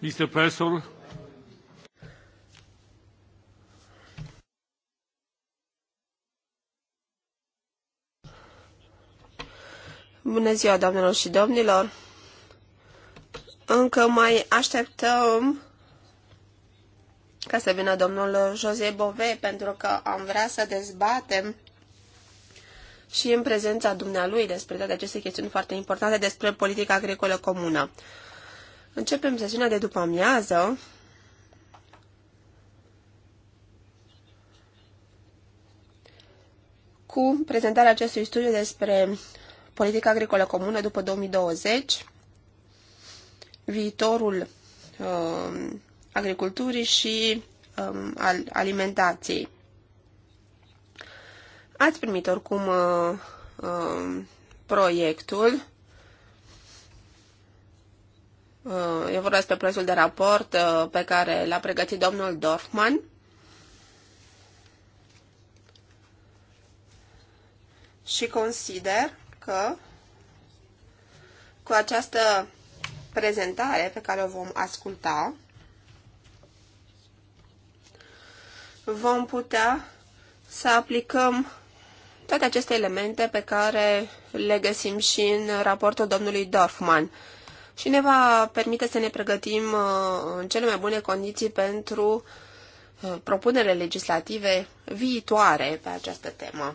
Domnule Președinte, Bună ziua, doamnelor și domnilor! Încă mai așteptăm ca să vină domnul Jose Bove, pentru că am vrea să dezbatem și în prezența dumnealui despre toate aceste chestiuni foarte importante despre politica agricolă comună. Începem sesiunea de după amiază. cu prezentarea acestui studiu despre politica agricolă comună după 2020, viitorul uh, agriculturii și um, al alimentației. Ați primit oricum uh, uh, proiectul. Uh, eu vorbesc pe proiectul de raport uh, pe care l-a pregătit domnul Dorfman. Și consider că cu această prezentare pe care o vom asculta, vom putea să aplicăm toate aceste elemente pe care le găsim și în raportul domnului Dorfman și ne va permite să ne pregătim uh, în cele mai bune condiții pentru uh, propunere legislative viitoare pe această temă.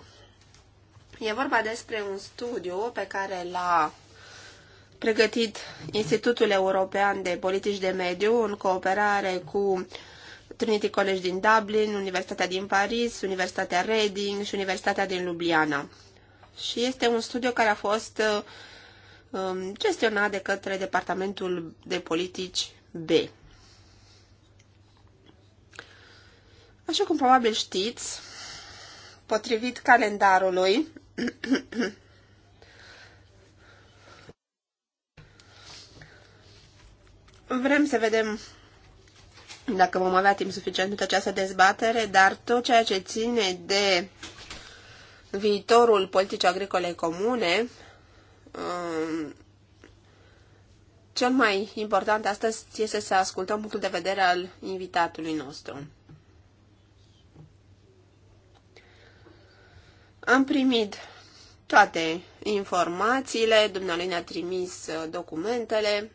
E vorba despre un studiu pe care l-a pregătit Institutul European de Politici de Mediu în cooperare cu Trinity College din Dublin, Universitatea din Paris, Universitatea Reading și Universitatea din Ljubljana. Și este un studiu care a fost uh, Um, gestionat de către Departamentul de Politici B. Așa cum probabil știți, potrivit calendarului, vrem să vedem dacă vom avea timp suficient pentru această dezbatere, dar tot ceea ce ține de viitorul politicii agricole comune Um, cel mai important astăzi este să ascultăm punctul de vedere al invitatului nostru. Am primit toate informațiile, dumnealui ne-a trimis uh, documentele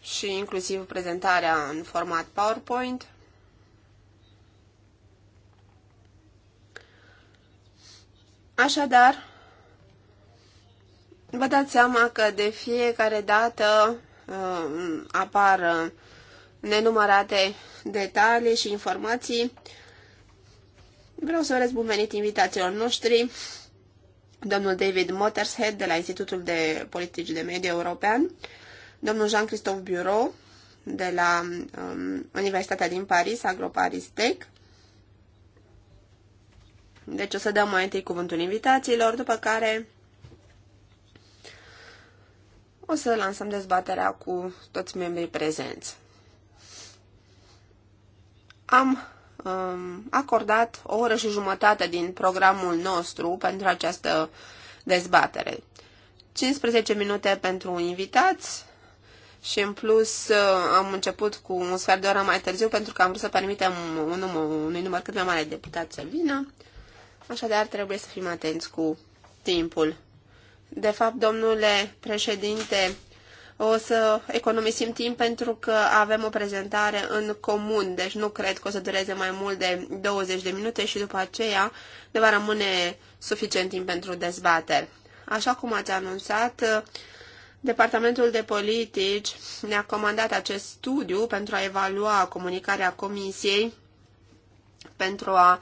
și inclusiv prezentarea în format PowerPoint. Așadar, vă dați seama că de fiecare dată uh, apar uh, nenumărate detalii și informații. Vreau să urez bun venit invitațiilor noștri, domnul David Mottershead de la Institutul de Politici de Mediu European, domnul Jean-Christophe Bureau de la um, Universitatea din Paris, AgroParis Tech, deci o să dăm mai întâi cuvântul invitațiilor, după care o să lansăm dezbaterea cu toți membrii prezenți. Am um, acordat o oră și jumătate din programul nostru pentru această dezbatere. 15 minute pentru invitați și în plus uh, am început cu un sfert de oră mai târziu pentru că am vrut să permitem un număr, unui număr cât mai mare de deputați să vină. Așadar, trebuie să fim atenți cu timpul. De fapt, domnule președinte, o să economisim timp pentru că avem o prezentare în comun, deci nu cred că o să dureze mai mult de 20 de minute și după aceea ne va rămâne suficient timp pentru dezbateri. Așa cum ați anunțat, Departamentul de Politici ne-a comandat acest studiu pentru a evalua comunicarea Comisiei, pentru a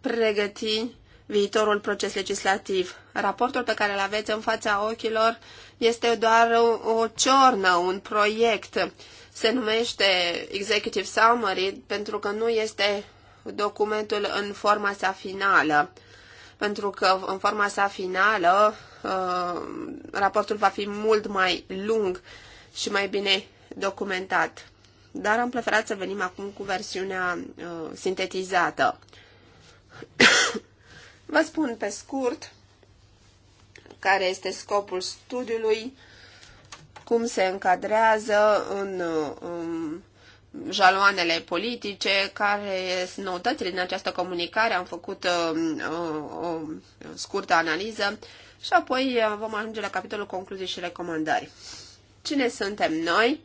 pregăti viitorul proces legislativ. Raportul pe care îl aveți în fața ochilor este doar o, o ciornă, un proiect. Se numește Executive Summary pentru că nu este documentul în forma sa finală. Pentru că în forma sa finală uh, raportul va fi mult mai lung și mai bine documentat. Dar am preferat să venim acum cu versiunea uh, sintetizată. Vă spun pe scurt care este scopul studiului, cum se încadrează în, în jaloanele politice, care sunt noutățile din această comunicare. Am făcut um, o, o scurtă analiză și apoi uh, vom ajunge la capitolul concluzii și recomandări. Cine suntem noi?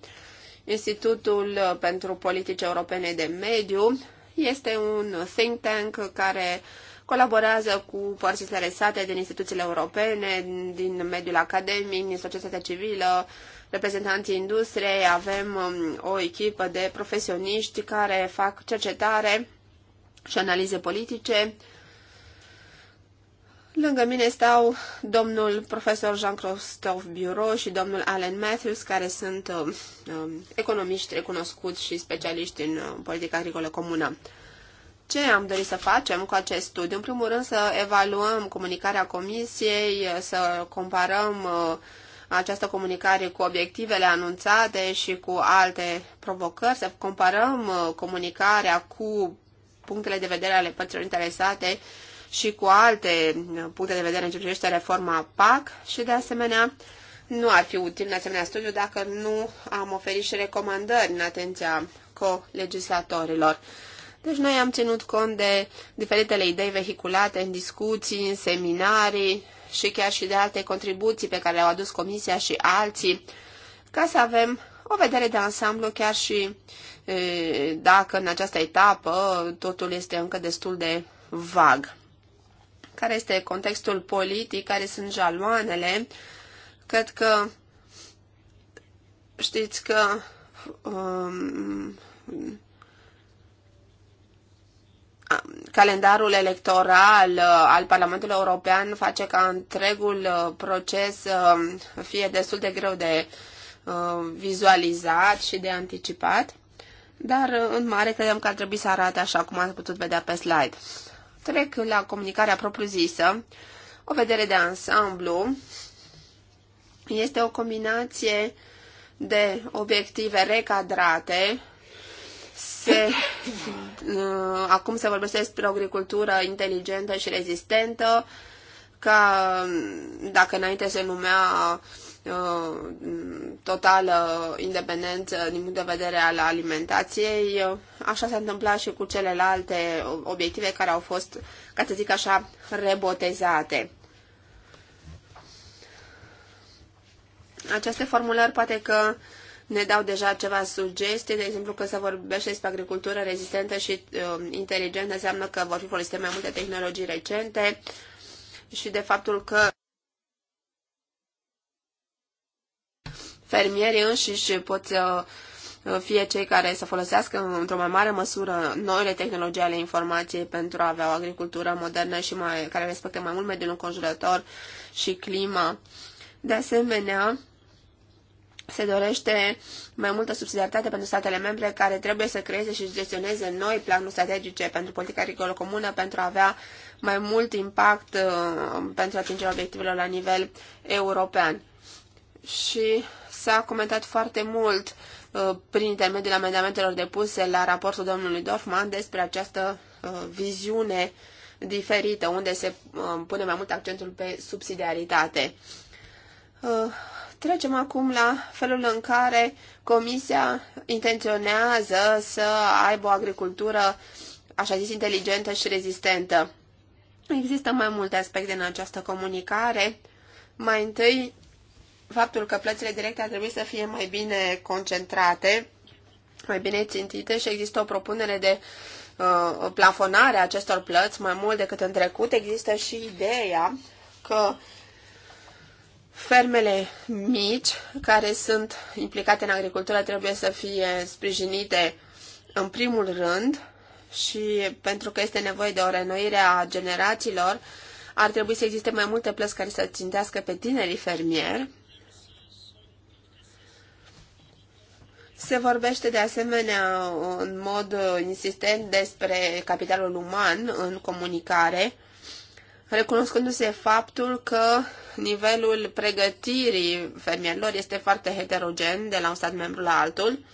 Institutul uh, pentru Politici Europene de Mediu este un think tank care uh, colaborează cu părți interesate din instituțiile europene, din mediul academic, din societatea civilă, reprezentanții industriei, avem um, o echipă de profesioniști care fac cercetare și analize politice. Lângă mine stau domnul profesor Jean-Christophe Bureau și domnul Alan Matthews, care sunt um, um, economiști recunoscuți și specialiști în uh, politica agricolă comună. Ce am dorit să facem cu acest studiu? În primul rând să evaluăm comunicarea comisiei, să comparăm uh, această comunicare cu obiectivele anunțate și cu alte provocări, să comparăm uh, comunicarea cu punctele de vedere ale părților interesate și cu alte uh, puncte de vedere în ce privește reforma PAC și, de asemenea, nu ar fi util în asemenea studiu dacă nu am oferit și recomandări în atenția colegislatorilor. legislatorilor deci noi am ținut cont de diferitele idei vehiculate în discuții, în seminarii și chiar și de alte contribuții pe care le-au adus Comisia și alții, ca să avem o vedere de ansamblu chiar și e, dacă în această etapă totul este încă destul de vag. Care este contextul politic, care sunt jaloanele? Cred că știți că um, calendarul electoral uh, al Parlamentului European face ca întregul uh, proces um, fie destul de greu de um, vizualizat și de anticipat, dar uh, în mare credem că ar trebui să arate așa cum ați putut vedea pe slide. Trec la comunicarea propriu-zisă. O vedere de ansamblu este o combinație de obiective recadrate se, uh, acum se vorbește despre o agricultură inteligentă și rezistentă, ca um, dacă înainte se numea uh, totală independență din punct de vedere al alimentației. Uh, așa s-a întâmplat și cu celelalte obiective care au fost, ca să zic așa, rebotezate. Aceste formulări poate că uh, ne dau deja ceva sugestii, de exemplu că să vorbește despre agricultură rezistentă și uh, inteligentă, înseamnă că vor fi folosite mai multe tehnologii recente și de faptul că fermierii înșiși pot să uh, fie cei care să folosească într-o mai mare măsură noile tehnologii ale informației pentru a avea o agricultură modernă și mai, care respecte mai mult mediul înconjurător și clima. De asemenea, se dorește mai multă subsidiaritate pentru statele membre care trebuie să creeze și gestioneze noi planuri strategice pentru politica agricolă comună pentru a avea mai mult impact uh, pentru atingerea obiectivelor la nivel european. Și s-a comentat foarte mult uh, prin intermediul amendamentelor depuse la raportul domnului Dorfman despre această uh, viziune diferită, unde se pune mai mult accentul pe subsidiaritate. Trecem acum la felul în care Comisia intenționează să aibă o agricultură, așa zis, inteligentă și rezistentă. Există mai multe aspecte în această comunicare. Mai întâi, faptul că plățile directe ar trebui să fie mai bine concentrate, mai bine țintite și există o propunere de uh, plafonare a acestor plăți mai mult decât în trecut. Există și ideea că Fermele mici care sunt implicate în agricultură trebuie să fie sprijinite în primul rând și pentru că este nevoie de o renoire a generațiilor, ar trebui să existe mai multe plăți care să țintească pe tinerii fermieri. Se vorbește de asemenea în mod insistent despre capitalul uman în comunicare recunoscându-se faptul că nivelul pregătirii fermierilor este foarte heterogen de la un stat membru la altul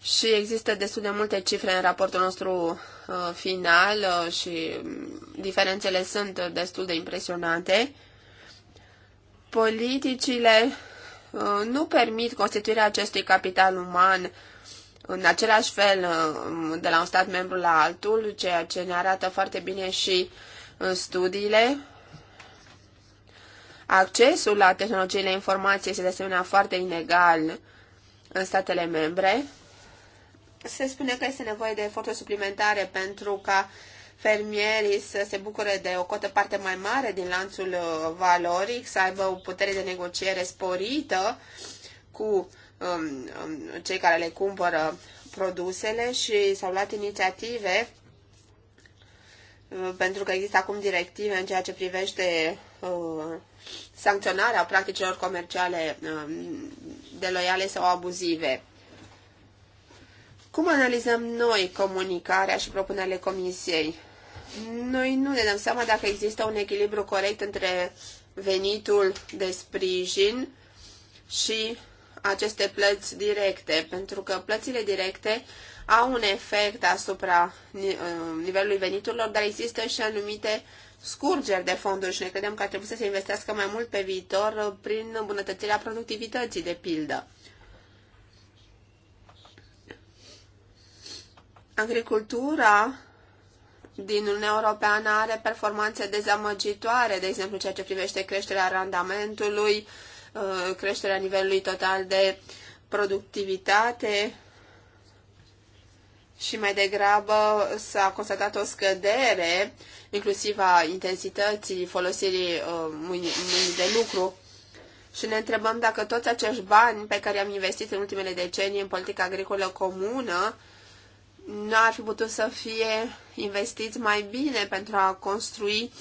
și există destul de multe cifre în raportul nostru uh, final uh, și diferențele sunt destul de impresionante. Politicile uh, nu permit constituirea acestui capital uman în același fel uh, de la un stat membru la altul, ceea ce ne arată foarte bine și studiile. Accesul la tehnologiile informației este de asemenea foarte inegal în statele membre. Se spune că este nevoie de eforturi suplimentare pentru ca fermierii să se bucure de o cotă parte mai mare din lanțul uh, valoric, să aibă o putere de negociere sporită cu Um, um, cei care le cumpără produsele și s-au luat inițiative uh, pentru că există acum directive în ceea ce privește uh, sancționarea practicilor comerciale um, deloiale sau abuzive. Cum analizăm noi comunicarea și propunerile comisiei? Noi nu ne dăm seama dacă există un echilibru corect între venitul de sprijin și aceste plăți directe, pentru că plățile directe au un efect asupra uh, nivelului veniturilor, dar există și anumite scurgeri de fonduri și ne credem că ar trebui să se investească mai mult pe viitor prin îmbunătățirea productivității, de pildă. Agricultura din Uniunea Europeană are performanțe dezamăgitoare, de exemplu, ceea ce privește creșterea randamentului, Uh, creșterea nivelului total de productivitate și mai degrabă s-a constatat o scădere, inclusiv a intensității folosirii uh, mâinii de lucru. Și ne întrebăm dacă toți acești bani pe care am investit în ultimele decenii în politica agricolă comună n-ar fi putut să fie investiți mai bine pentru a construi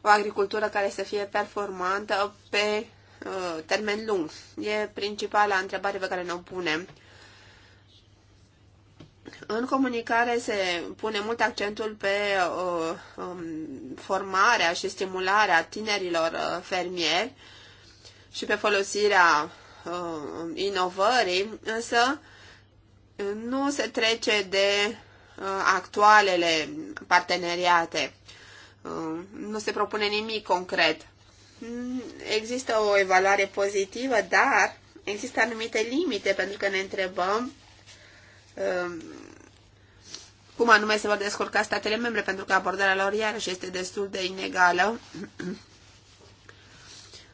o agricultură care să fie performantă pe Uh, termen lung. E principala întrebare pe care ne-o punem. În comunicare se pune mult accentul pe uh, um, formarea și stimularea tinerilor uh, fermieri și pe folosirea uh, inovării, însă nu se trece de uh, actualele parteneriate. Uh, nu se propune nimic concret. Mm, există o evaluare pozitivă, dar există anumite limite pentru că ne întrebăm um, cum anume se vor descurca statele membre, pentru că abordarea lor iarăși este destul de inegală.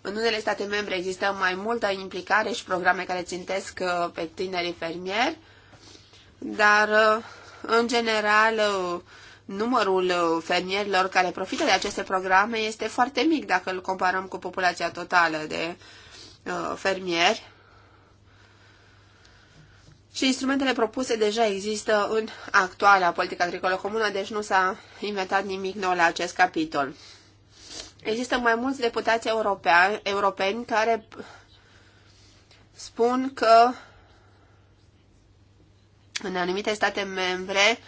În unele state membre există mai multă implicare și programe care țintesc uh, pe tinerii fermieri, dar uh, în general uh, numărul uh, fermierilor care profită de aceste programe este foarte mic dacă îl comparăm cu populația totală de uh, fermieri. Și instrumentele propuse deja există în actuala politică agricolă comună, deci nu s-a inventat nimic nou la acest capitol. Există mai mulți deputați europeani, europeni care spun că în anumite state membre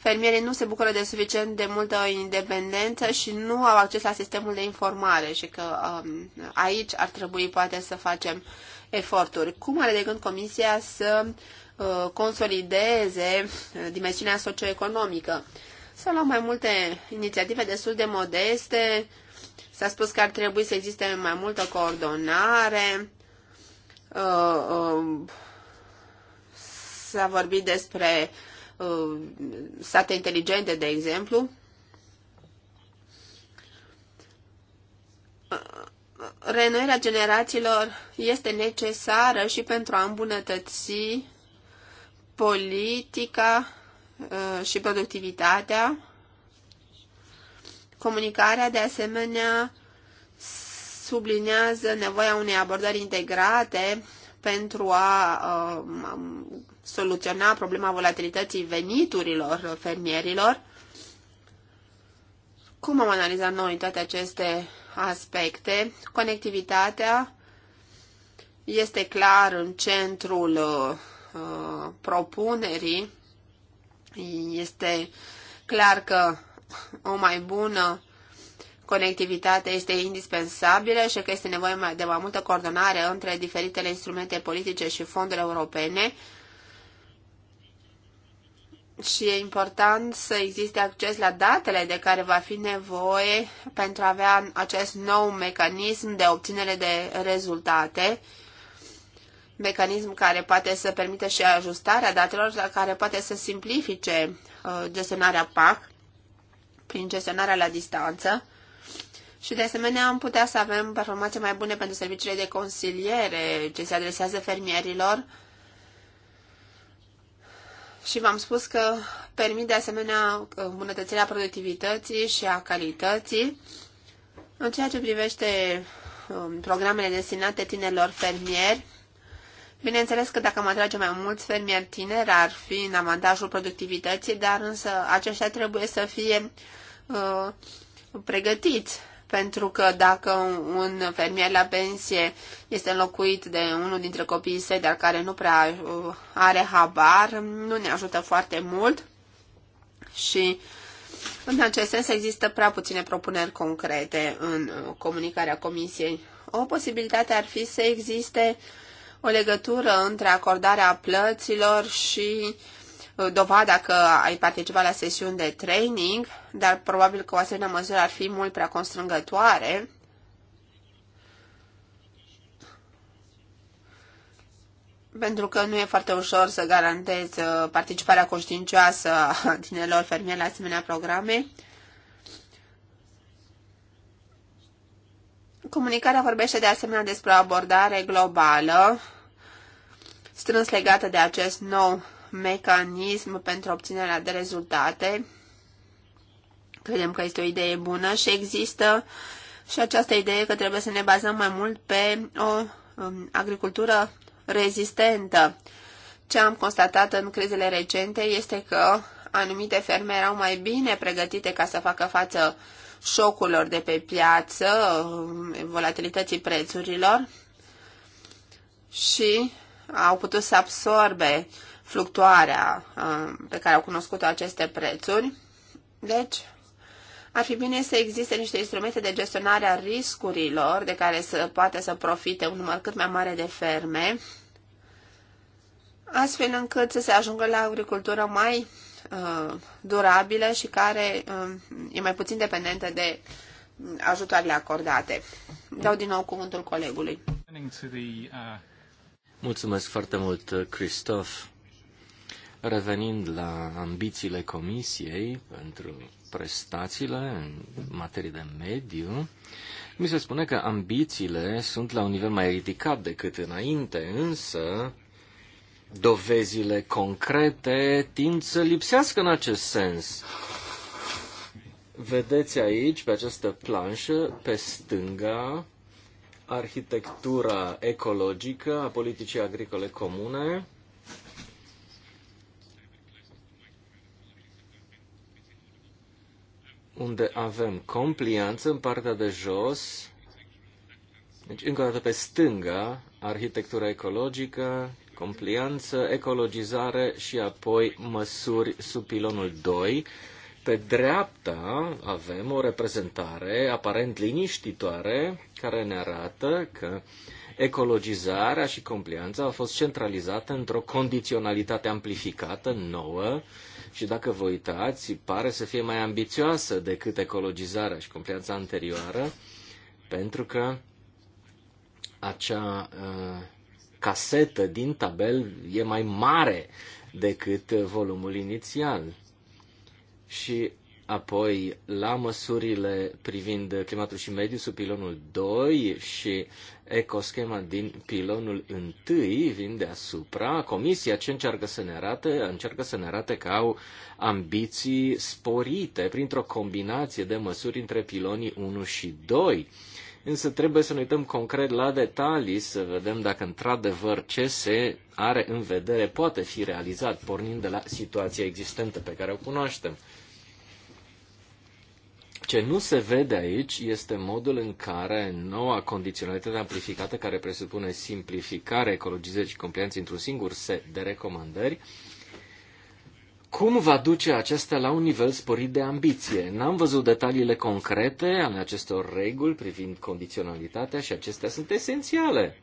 fermierii nu se bucură de suficient de multă independență și nu au acces la sistemul de informare și că um, aici ar trebui poate să facem eforturi. Cum are de gând Comisia să uh, consolideze uh, dimensiunea socioeconomică? S-au luat mai multe inițiative destul de modeste, s-a spus că ar trebui să existe mai multă coordonare, uh, uh, s-a vorbit despre uh, uh, sate inteligente, de exemplu, uh, renoirea generațiilor este necesară și pentru a îmbunătăți politica uh, și productivitatea. Comunicarea, de asemenea, sublinează nevoia unei abordări integrate pentru a uh, soluționa problema volatilității veniturilor fermierilor. Cum am analizat noi toate aceste aspecte? Conectivitatea este clar în centrul uh, propunerii. Este clar că o mai bună conectivitate este indispensabilă și că este nevoie de mai multă coordonare între diferitele instrumente politice și fonduri europene și e important să existe acces la datele de care va fi nevoie pentru a avea acest nou mecanism de obținere de rezultate, mecanism care poate să permită și ajustarea datelor, care poate să simplifice uh, gestionarea PAC prin gestionarea la distanță. Și de asemenea am putea să avem performanțe mai bune pentru serviciile de consiliere ce se adresează fermierilor, și v-am spus că permit de asemenea îmbunătățirea productivității și a calității. În ceea ce privește um, programele destinate tinerilor fermieri, bineînțeles că dacă am atrage mai mulți fermieri tineri ar fi în avantajul productivității, dar însă aceștia trebuie să fie uh, pregătiți pentru că dacă un fermier la pensie este înlocuit de unul dintre copiii săi, dar care nu prea uh, are habar, nu ne ajută foarte mult și în acest sens există prea puține propuneri concrete în uh, comunicarea comisiei. O posibilitate ar fi să existe o legătură între acordarea plăților și uh, dovada că ai participat la sesiuni de training, dar probabil că o asemenea măsură ar fi mult prea constrângătoare. Pentru că nu e foarte ușor să garantezi uh, participarea conștiincioasă a tinerilor fermieri la asemenea programe. Comunicarea vorbește de asemenea despre o abordare globală strâns legată de acest nou mecanism pentru obținerea de rezultate. Credem că este o idee bună și există și această idee că trebuie să ne bazăm mai mult pe o um, agricultură rezistentă. Ce am constatat în crizele recente este că anumite ferme erau mai bine pregătite ca să facă față șocurilor de pe piață, um, volatilității prețurilor și au putut să absorbe fluctuarea uh, pe care au cunoscut-o aceste prețuri. Deci, ar fi bine să existe niște instrumente de gestionare a riscurilor de care să poate să profite un număr cât mai mare de ferme, astfel încât să se ajungă la agricultură mai uh, durabilă și care uh, e mai puțin dependentă de ajutoarele acordate. Dau din nou cuvântul colegului. Mulțumesc foarte mult, Christoph. Revenind la ambițiile Comisiei pentru prestațiile în materie de mediu, mi se spune că ambițiile sunt la un nivel mai ridicat decât înainte, însă dovezile concrete tind să lipsească în acest sens. Vedeți aici, pe această planșă, pe stânga, arhitectura ecologică a politicii agricole comune, unde avem complianță în partea de jos, deci încă o dată pe stânga, arhitectura ecologică, complianță, ecologizare și apoi măsuri sub pilonul 2. Pe dreapta avem o reprezentare aparent liniștitoare care ne arată că ecologizarea și complianța a fost centralizată într-o condiționalitate amplificată nouă, și dacă vă uitați, pare să fie mai ambițioasă decât ecologizarea și compliața anterioară, pentru că acea uh, casetă din tabel e mai mare decât volumul inițial. Și apoi la măsurile privind climatul și mediul sub pilonul 2 și ecoschema din pilonul întâi vin deasupra. Comisia ce încearcă să ne arate? Încearcă să ne arate că au ambiții sporite printr-o combinație de măsuri între pilonii 1 și 2. Însă trebuie să ne uităm concret la detalii, să vedem dacă într-adevăr ce se are în vedere poate fi realizat, pornind de la situația existentă pe care o cunoaștem. Ce nu se vede aici este modul în care noua condiționalitate amplificată, care presupune simplificare, ecologizare și complianță într-un singur set de recomandări, cum va duce acestea la un nivel sporit de ambiție? N-am văzut detaliile concrete ale acestor reguli privind condiționalitatea și acestea sunt esențiale.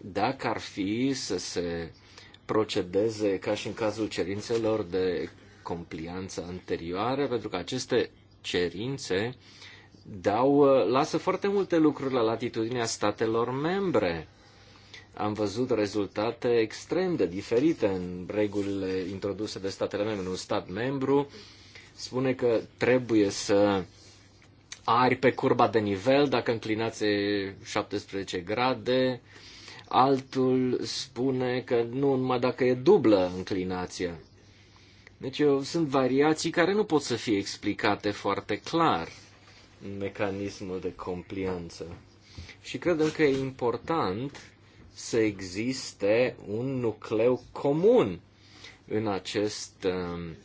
Dacă ar fi să se procedeze ca și în cazul cerințelor de complianță anterioară, pentru că aceste cerințe dau, uh, lasă foarte multe lucruri la latitudinea statelor membre. Am văzut rezultate extrem de diferite în regulile introduse de statele membre. Un stat membru spune că trebuie să ari pe curba de nivel dacă înclinați 17 grade, altul spune că nu numai dacă e dublă înclinația. Deci eu, sunt variații care nu pot să fie explicate foarte clar în mecanismul de complianță. Și credem că e important să existe un nucleu comun în acest um,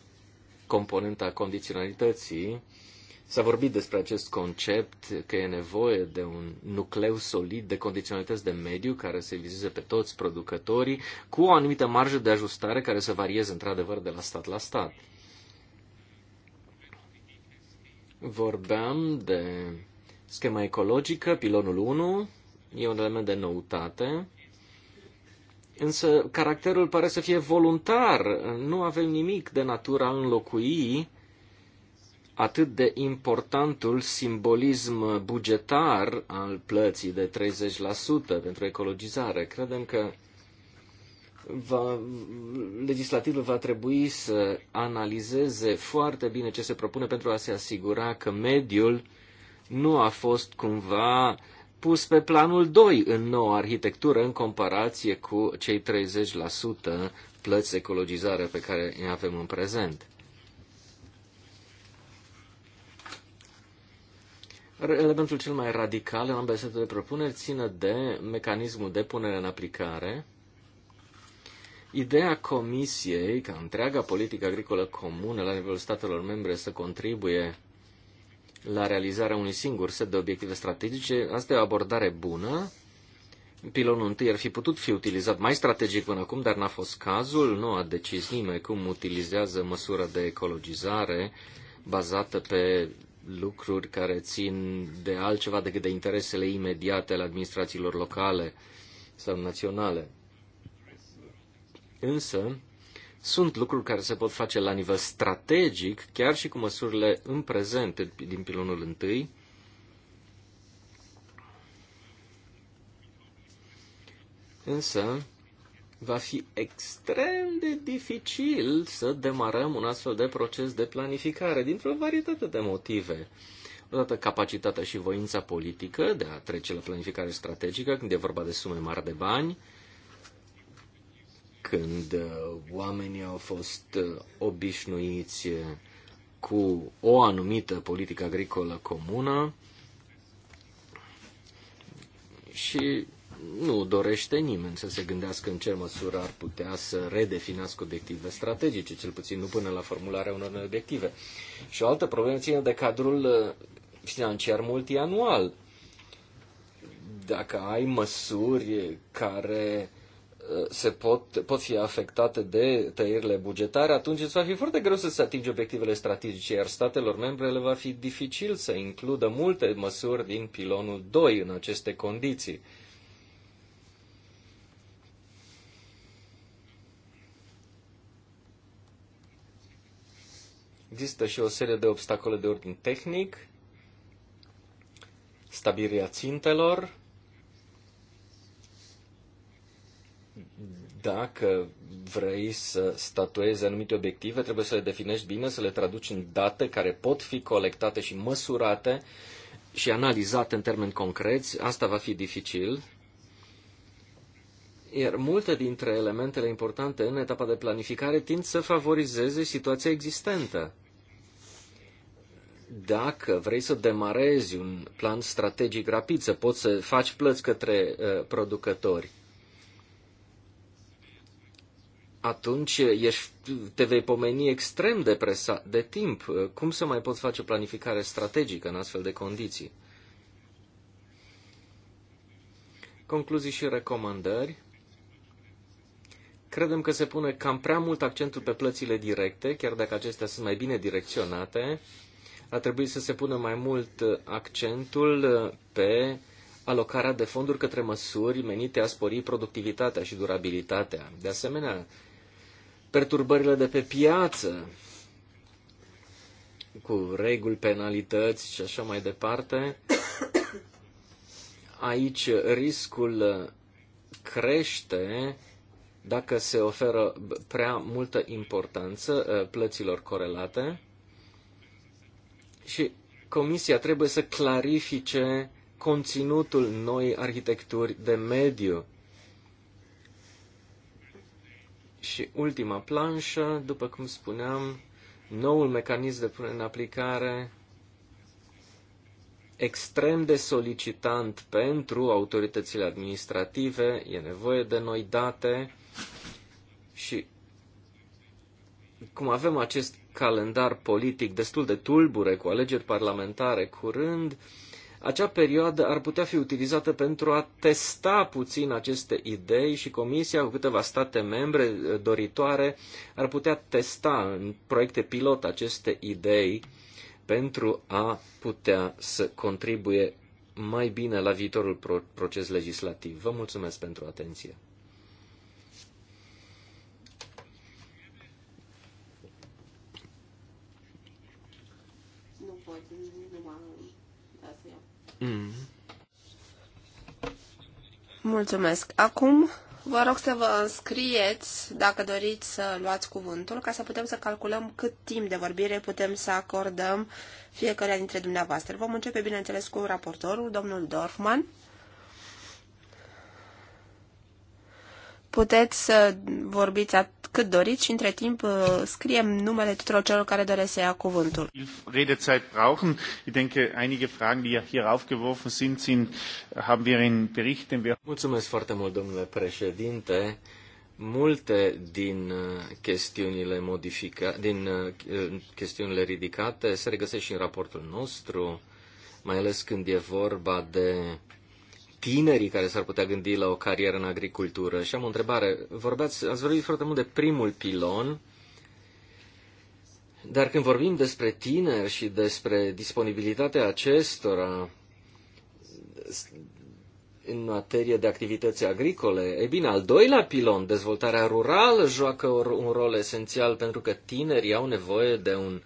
component a condiționalității S-a vorbit despre acest concept că e nevoie de un nucleu solid de condiționalități de mediu care să vizeze pe toți producătorii, cu o anumită marjă de ajustare care să varieze într-adevăr de la stat la stat. Vorbeam de schema ecologică, pilonul 1, e un element de noutate, însă caracterul pare să fie voluntar, nu avem nimic de natură a înlocui atât de importantul simbolism bugetar al plății de 30% pentru ecologizare. Credem că va, legislativul va trebui să analizeze foarte bine ce se propune pentru a se asigura că mediul nu a fost cumva pus pe planul 2 în noua arhitectură în comparație cu cei 30% plăți ecologizare pe care ne avem în prezent. Elementul cel mai radical în ambele sete de propuneri ține de mecanismul de punere în aplicare. Ideea Comisiei ca întreaga politică agricolă comună la nivelul statelor membre să contribuie la realizarea unui singur set de obiective strategice, asta e o abordare bună. Pilonul întâi ar fi putut fi utilizat mai strategic până acum, dar n-a fost cazul. Nu a decis nimeni cum utilizează măsura de ecologizare bazată pe lucruri care țin de altceva decât de interesele imediate ale administrațiilor locale sau naționale. Însă, sunt lucruri care se pot face la nivel strategic, chiar și cu măsurile în prezent din pilonul întâi, Însă, va fi extrem de dificil să demarăm un astfel de proces de planificare dintr-o varietate de motive. Odată capacitatea și voința politică de a trece la planificare strategică când e vorba de sume mari de bani, când uh, oamenii au fost uh, obișnuiți uh, cu o anumită politică agricolă comună și nu dorește nimeni să se gândească în ce măsură ar putea să redefinească obiective strategice, cel puțin nu până la formularea unor noi obiective. Și o altă problemă ține de cadrul uh, financiar multianual. Dacă ai măsuri care uh, se pot, pot fi afectate de tăierile bugetare, atunci îți va fi foarte greu să se atingi obiectivele strategice, iar statelor membre le va fi dificil să includă multe măsuri din pilonul 2 în aceste condiții. există și o serie de obstacole de ordin tehnic, stabilirea țintelor, dacă vrei să statuezi anumite obiective, trebuie să le definești bine, să le traduci în date care pot fi colectate și măsurate și analizate în termeni concreți. Asta va fi dificil. Iar multe dintre elementele importante în etapa de planificare tind să favorizeze situația existentă dacă vrei să demarezi un plan strategic rapid, să poți să faci plăți către uh, producători, atunci ești, te vei pomeni extrem de presat de timp. Uh, cum să mai poți face planificare strategică în astfel de condiții? Concluzii și recomandări. Credem că se pune cam prea mult accentul pe plățile directe, chiar dacă acestea sunt mai bine direcționate ar trebui să se pună mai mult uh, accentul uh, pe alocarea de fonduri către măsuri menite a spori productivitatea și durabilitatea. De asemenea, perturbările de pe piață cu reguli, penalități și așa mai departe, aici riscul uh, crește dacă se oferă prea multă importanță plăților corelate și Comisia trebuie să clarifice conținutul noii arhitecturi de mediu. Și ultima planșă, după cum spuneam, noul mecanism de punere în aplicare extrem de solicitant pentru autoritățile administrative, e nevoie de noi date și cum avem acest calendar politic destul de tulbure cu alegeri parlamentare curând, acea perioadă ar putea fi utilizată pentru a testa puțin aceste idei și Comisia cu câteva state membre eh, doritoare ar putea testa în proiecte pilot aceste idei pentru a putea să contribuie mai bine la viitorul proces legislativ. Vă mulțumesc pentru atenție. Mm. Mulțumesc. Acum vă rog să vă înscrieți dacă doriți să luați cuvântul ca să putem să calculăm cât timp de vorbire putem să acordăm fiecare dintre dumneavoastră. Vom începe, bineînțeles, cu raportorul, domnul Dorfman. Puteți să vorbiți cât doriți și între timp uh, scriem numele tuturor celor care doresc să ia cuvântul. Redezeit brauchen. Ich denke, einige Fragen, die hier aufgeworfen sind, sind äh, haben wir in Berichten. wir Mulțumesc foarte mult, domnule președinte. Multe din uh, chestiunile modifica, din uh, chestiunile ridicate se regăsesc și în raportul nostru, mai ales când e vorba de tinerii care s-ar putea gândi la o carieră în agricultură. Și am o întrebare. Vorbeați, ați vorbit foarte mult de primul pilon, dar când vorbim despre tineri și despre disponibilitatea acestora în materie de activități agricole, e bine, al doilea pilon, dezvoltarea rurală, joacă un rol esențial pentru că tinerii au nevoie de un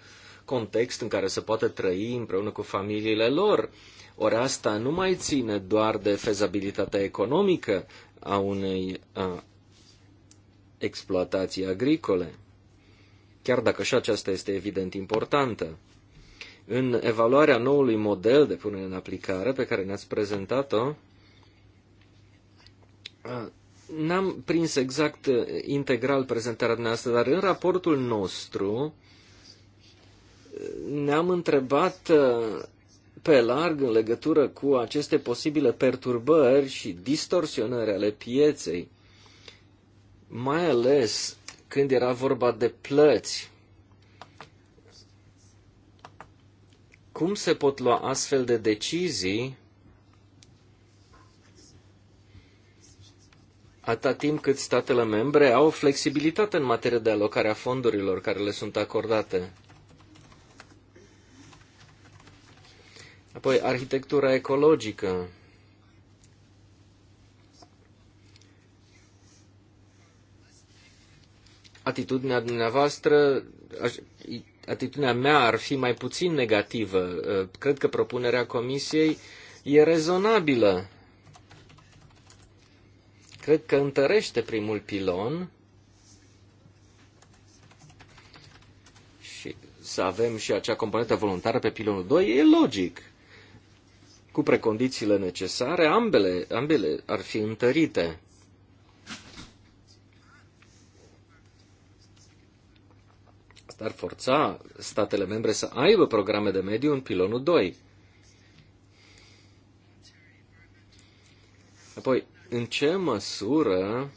context în care să poată trăi împreună cu familiile lor ori asta nu mai ține doar de fezabilitatea economică a unei a, exploatații agricole, chiar dacă și aceasta este evident importantă. În evaluarea noului model de punere în aplicare pe care ne-ați prezentat-o, n-am prins exact integral prezentarea dumneavoastră, dar în raportul nostru ne-am întrebat pe larg în legătură cu aceste posibile perturbări și distorsionări ale pieței, mai ales când era vorba de plăți. Cum se pot lua astfel de decizii atât timp cât statele membre au flexibilitate în materie de alocare a fondurilor care le sunt acordate? Apoi, arhitectura ecologică. Atitudinea dumneavoastră, atitudinea mea ar fi mai puțin negativă. Uh, cred că propunerea comisiei e rezonabilă. Cred că întărește primul pilon și să avem și acea componentă voluntară pe pilonul 2, e logic cu precondițiile necesare, ambele, ambele ar fi întărite. Asta ar forța statele membre să aibă programe de mediu în pilonul 2. Apoi, în ce măsură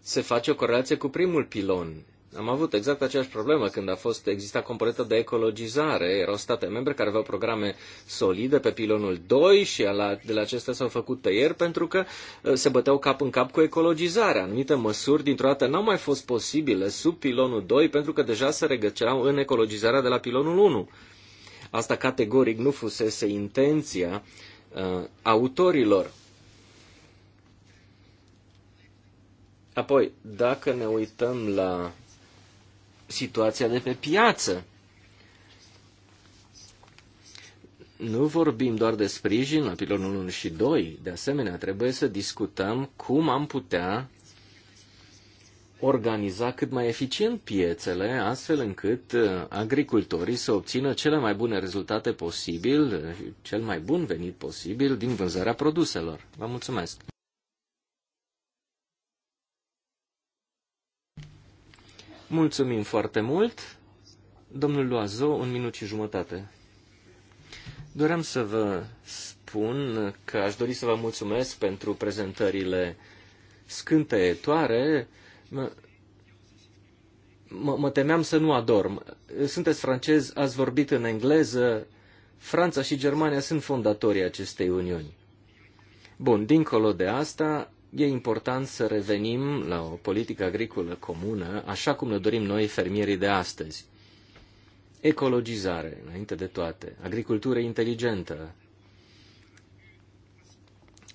se face o corelație cu primul pilon? Am avut exact aceeași problemă când a fost exista componentă de ecologizare. Erau state membre care aveau programe solide pe pilonul 2 și ala, de la acestea s-au făcut tăieri pentru că uh, se băteau cap în cap cu ecologizarea. Anumite măsuri dintr-o dată n-au mai fost posibile sub pilonul 2 pentru că deja se regăceau în ecologizarea de la pilonul 1. Asta categoric nu fusese intenția uh, autorilor. Apoi, dacă ne uităm la situația de pe piață. Nu vorbim doar de sprijin la pilonul 1 și 2. De asemenea, trebuie să discutăm cum am putea organiza cât mai eficient piețele, astfel încât uh, agricultorii să obțină cele mai bune rezultate posibil, uh, cel mai bun venit posibil din vânzarea produselor. Vă mulțumesc! Mulțumim foarte mult. Domnul Loazo, un minut și jumătate. Doream să vă spun că aș dori să vă mulțumesc pentru prezentările scânteietoare. Mă, mă, mă temeam să nu adorm. Sunteți francez, ați vorbit în engleză. Franța și Germania sunt fondatorii acestei uniuni. Bun, dincolo de asta, E important să revenim la o politică agricolă comună, așa cum ne dorim noi fermierii de astăzi. Ecologizare, înainte de toate, agricultură inteligentă.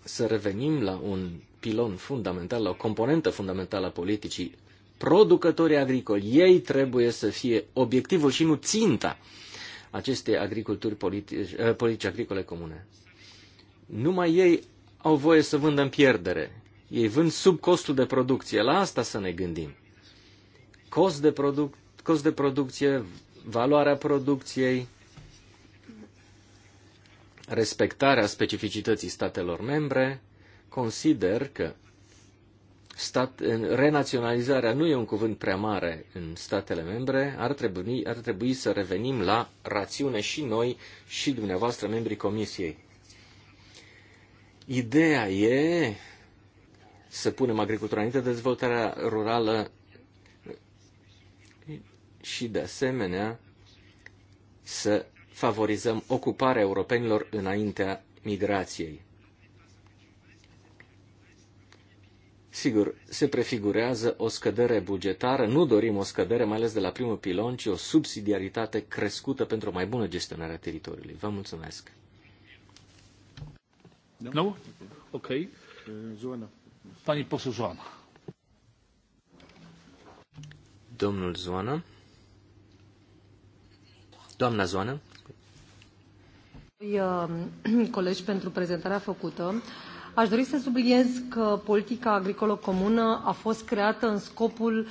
Să revenim la un pilon fundamental, la o componentă fundamentală a politicii. Producătorii agricoli, ei trebuie să fie obiectivul și nu ținta acestei agriculturi politici, eh, politici agricole comune. Numai ei au voie să vândă în pierdere. Ei vând sub costul de producție. La asta să ne gândim. Cost de, produc- cost de producție, valoarea producției, respectarea specificității statelor membre, consider că stat, renaționalizarea nu e un cuvânt prea mare în statele membre, ar trebui, ar trebui să revenim la rațiune și noi și dumneavoastră, membrii Comisiei. Ideea e să punem agricultura înainte, dezvoltarea rurală și, de asemenea, să favorizăm ocuparea europenilor înaintea migrației. Sigur, se prefigurează o scădere bugetară, nu dorim o scădere, mai ales de la primul pilon, ci o subsidiaritate crescută pentru o mai bună gestionare a teritoriului. Vă mulțumesc. Nu? No? Ok. Zona. Eh, Pani poseł Zoana. Domnul Zoana. Doamna Zoană. Um, colegi, pentru prezentarea făcută. Aș dori să subliniez că politica agricolă comună a fost creată în scopul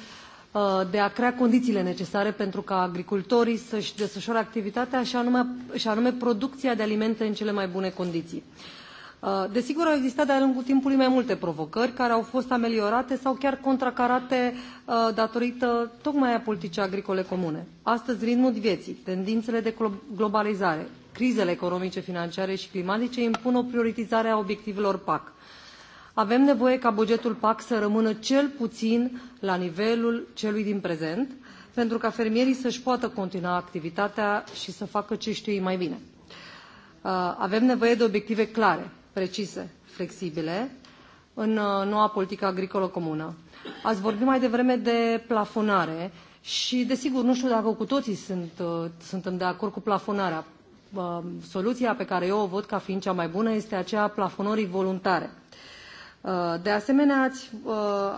uh, de a crea condițiile necesare pentru ca agricultorii să-și desfășoare activitatea și anume, și anume producția de alimente în cele mai bune condiții. Uh, Uh, desigur, au existat de-a lungul timpului mai multe provocări care au fost ameliorate sau chiar contracarate uh, datorită tocmai a politicii agricole comune. Astăzi, ritmul vieții, tendințele de globalizare, crizele economice, financiare și climatice impun o prioritizare a obiectivelor PAC. Avem nevoie ca bugetul PAC să rămână cel puțin la nivelul celui din prezent, pentru ca fermierii să-și poată continua activitatea și să facă ce știu ei mai bine. Uh, avem nevoie de obiective clare, precise, flexibile, în uh, noua politică agricolă comună. Ați vorbit mai devreme de plafonare și, desigur, nu știu dacă cu toții sunt, uh, suntem de acord cu plafonarea. Uh, soluția pe care eu o văd ca fiind cea mai bună este aceea plafonării voluntare. De asemenea, ați,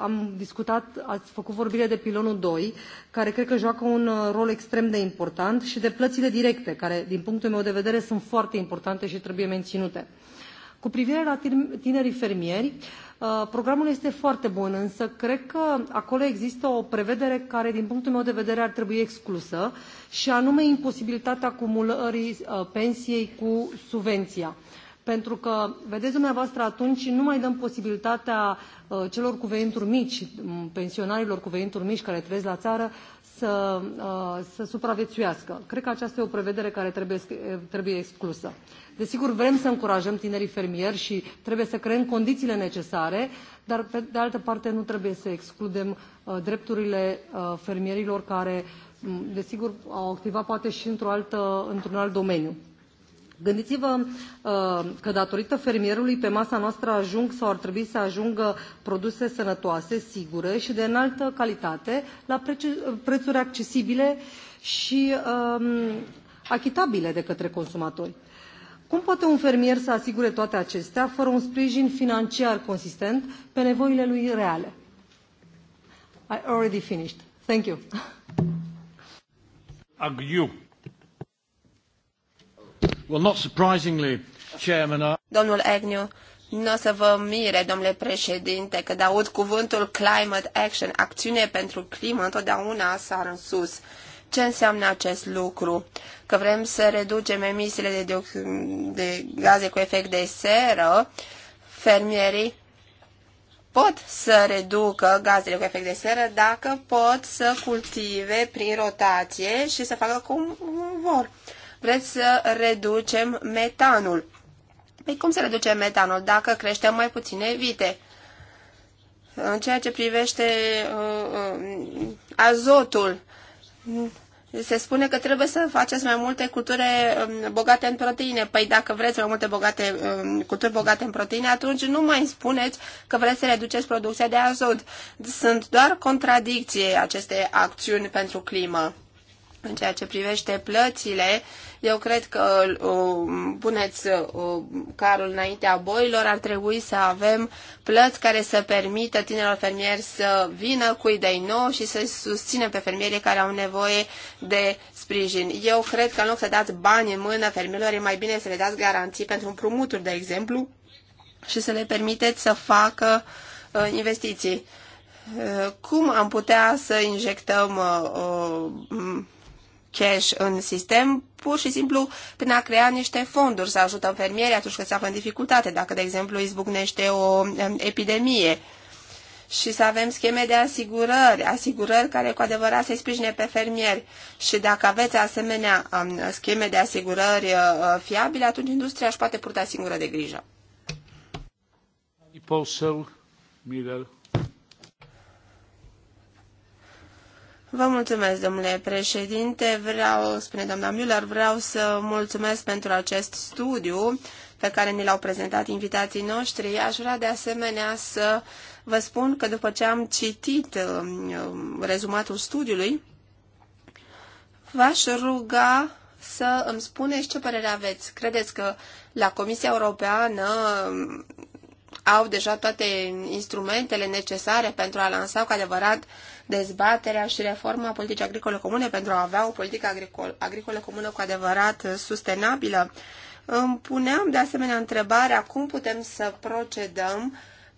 am discutat, ați făcut vorbire de pilonul 2, care cred că joacă un rol extrem de important, și de plățile directe, care, din punctul meu de vedere, sunt foarte importante și trebuie menținute. Cu privire la tinerii fermieri, uh, programul este foarte bun, însă cred că acolo există o prevedere care, din punctul meu de vedere, ar trebui exclusă, și anume imposibilitatea acumulării uh, pensiei cu subvenția. Pentru că, vedeți dumneavoastră, atunci nu mai dăm posibilitatea uh, celor cu venituri mici, mm, pensionarilor cu venituri mici care trăiesc la țară, să, să supraviețuiască. Cred că aceasta e o prevedere care trebuie, trebuie exclusă. Desigur, vrem să încurajăm tinerii fermieri și trebuie să creăm condițiile necesare, dar, pe de altă parte, nu trebuie să excludem uh, drepturile uh, fermierilor care, mm, desigur, au activat poate și într-o altă, într-un alt domeniu. Gândiți-vă uh, că datorită fermierului pe masa noastră ajung sau ar trebui să ajungă produse sănătoase, sigure și de înaltă calitate la prețuri accesibile și um, achitabile de către consumatori. Cum poate un fermier să asigure toate acestea fără un sprijin financiar consistent pe nevoile lui reale? I already finished. Thank you. Well, not surprisingly, Chairman, I... Domnul Agnew, nu o să vă mire, domnule președinte, că aud cuvântul climate action, acțiune pentru climă, întotdeauna sar în sus. Ce înseamnă acest lucru? Că vrem să reducem emisiile de, de gaze cu efect de seră, fermierii pot să reducă gazele cu efect de seră dacă pot să cultive prin rotație și să facă cum vor. Vreți să reducem metanul Păi cum se reduce metanul dacă creștem mai puține vite? În ceea ce privește uh, uh, azotul, se spune că trebuie să faceți mai multe culturi um, bogate în proteine. Păi dacă vreți mai multe bogate, um, culturi bogate în proteine, atunci nu mai spuneți că vreți să reduceți producția de azot. Sunt doar contradicție aceste acțiuni pentru climă. În ceea ce privește plățile, uh, eu cred că um, puneți um, carul înaintea boilor, ar trebui să avem plăți care să permită tinerilor fermieri să vină cu idei noi și să susținem pe fermierii care au nevoie de sprijin. Eu cred că în loc să dați bani în mână fermierilor, e mai bine să le dați garanții pentru împrumuturi, de exemplu, și să le permiteți să facă uh, investiții. Uh, cum am putea să injectăm uh, uh, cash în sistem, pur și simplu prin a crea niște fonduri, să ajută fermierii atunci când se află în dificultate, dacă, de exemplu, izbucnește o um, epidemie și să avem scheme de asigurări, asigurări care cu adevărat să-i sprijine pe fermieri. Și dacă aveți asemenea um, scheme de asigurări uh, uh, fiabile, atunci industria își poate purta singură de grijă. Miller. Vă mulțumesc, domnule președinte. Vreau, spune doamna Müller, vreau să mulțumesc pentru acest studiu pe care ni l-au prezentat invitații noștri. Aș vrea de asemenea să vă spun că după ce am citit um, rezumatul studiului, v-aș ruga să îmi spuneți ce părere aveți. Credeți că la Comisia Europeană um, au deja toate instrumentele necesare pentru a lansa cu adevărat dezbaterea și reforma politicii agricole comune pentru a avea o politică agricol, agricolă comună cu adevărat uh, sustenabilă, îmi puneam de asemenea întrebarea cum putem să procedăm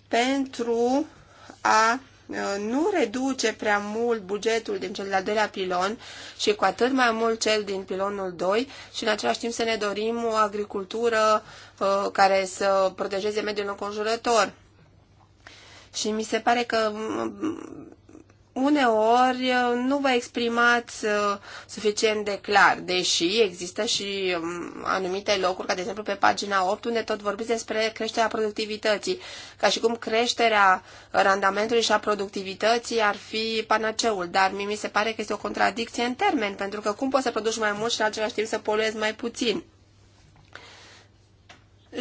pentru a uh, nu reduce prea mult bugetul din cel de-al doilea pilon și cu atât mai mult cel din pilonul 2 și în același timp să ne dorim o agricultură uh, care să protejeze mediul înconjurător. Și mi se pare că mm, uneori uh, nu vă exprimați uh, suficient de clar, deși există și um, anumite locuri, ca de exemplu pe pagina 8, unde tot vorbiți despre creșterea productivității, ca și cum creșterea randamentului și a productivității ar fi panaceul, dar mie mi se pare că este o contradicție în termen, pentru că cum poți să produci mai mult și în același timp să poluezi mai puțin?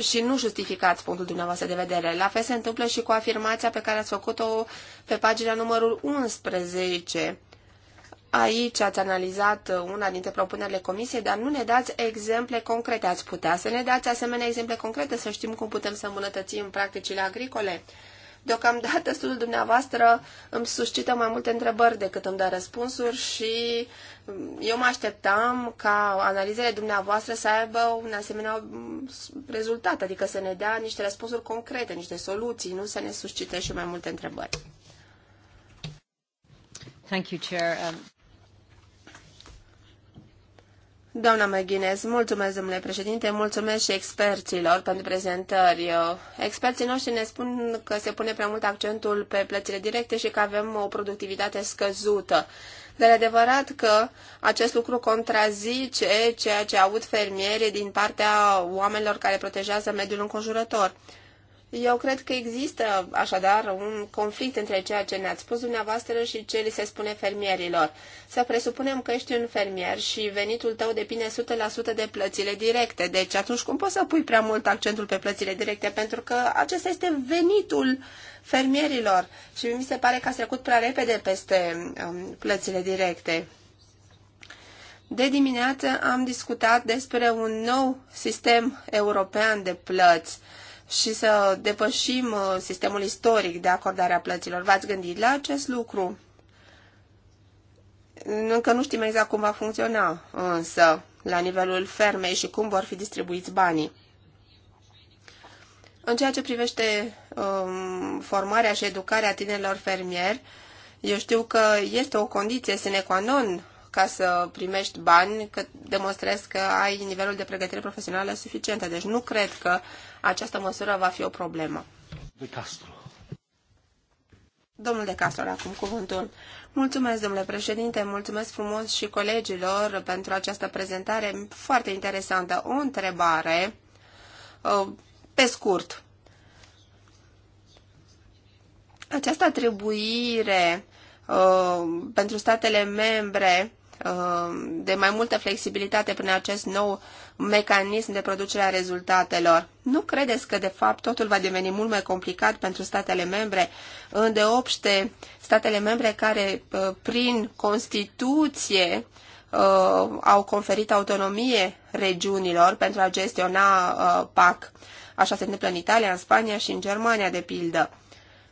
și nu justificați punctul dumneavoastră de vedere. La fel se întâmplă și cu afirmația pe care ați făcut-o pe pagina numărul 11. Aici ați analizat una dintre propunerile comisiei, dar nu ne dați exemple concrete. Ați putea să ne dați asemenea exemple concrete, să știm cum putem să îmbunătățim practicile agricole? Deocamdată studiul dumneavoastră îmi suscită mai multe întrebări decât îmi dă răspunsuri și mm, eu mă așteptam ca analizele dumneavoastră să aibă un asemenea mm, rezultat, adică să ne dea niște răspunsuri concrete, niște soluții, nu să ne suscite și mai multe întrebări. Thank you, Chair. Um... Doamna Măghinez, mulțumesc, domnule președinte, mulțumesc și experților pentru prezentări. Experții noștri ne spun că se pune prea mult accentul pe plățile directe și că avem o productivitate scăzută. Dar adevărat că acest lucru contrazice ceea ce aud fermierii din partea oamenilor care protejează mediul înconjurător. Eu cred că există așadar un conflict între ceea ce ne-ați spus dumneavoastră și ce li se spune fermierilor. Să presupunem că ești un fermier și venitul tău depinde 100% de plățile directe. Deci atunci cum poți să pui prea mult accentul pe plățile directe? Pentru că acesta este venitul fermierilor și mi se pare că s-a trecut prea repede peste um, plățile directe. De dimineață am discutat despre un nou sistem european de plăți și să depășim uh, sistemul istoric de acordare a plăților. V-ați gândit la acest lucru? Încă nu știm exact cum va funcționa, însă, la nivelul fermei și cum vor fi distribuiți banii. În ceea ce privește um, formarea și educarea tinerilor fermieri, eu știu că este o condiție sine qua non ca să primești bani, că demonstrezi că ai nivelul de pregătire profesională suficientă. Deci nu cred că această măsură va fi o problemă. De Castro. Domnul de Castro, acum cuvântul. Mulțumesc, domnule președinte, mulțumesc frumos și colegilor pentru această prezentare foarte interesantă. O întrebare, uh, pe scurt. Această atribuire uh, pentru statele membre Uh, de mai multă flexibilitate prin acest nou mecanism de producere a rezultatelor. Nu credeți că, de fapt, totul va deveni mult mai complicat pentru statele membre, îndeopște statele membre care, uh, prin Constituție, uh, au conferit autonomie regiunilor pentru a gestiona PAC. Așa se întâmplă în Italia, în Spania și în Germania, de pildă.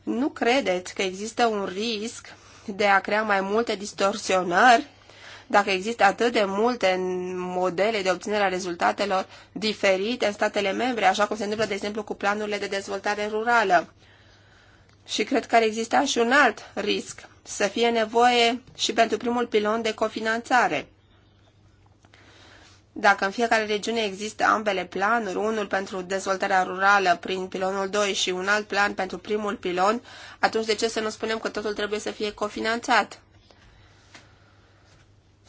Nu credeți că există un risc de a crea mai multe distorsionări dacă există atât de multe modele de obținere a rezultatelor diferite în statele membre, așa cum se întâmplă, de exemplu, cu planurile de dezvoltare rurală. Și cred că ar exista și un alt risc, să fie nevoie și pentru primul pilon de cofinanțare. Dacă în fiecare regiune există ambele planuri, unul pentru dezvoltarea rurală prin pilonul 2 și un alt plan pentru primul pilon, atunci de ce să nu spunem că totul trebuie să fie cofinanțat?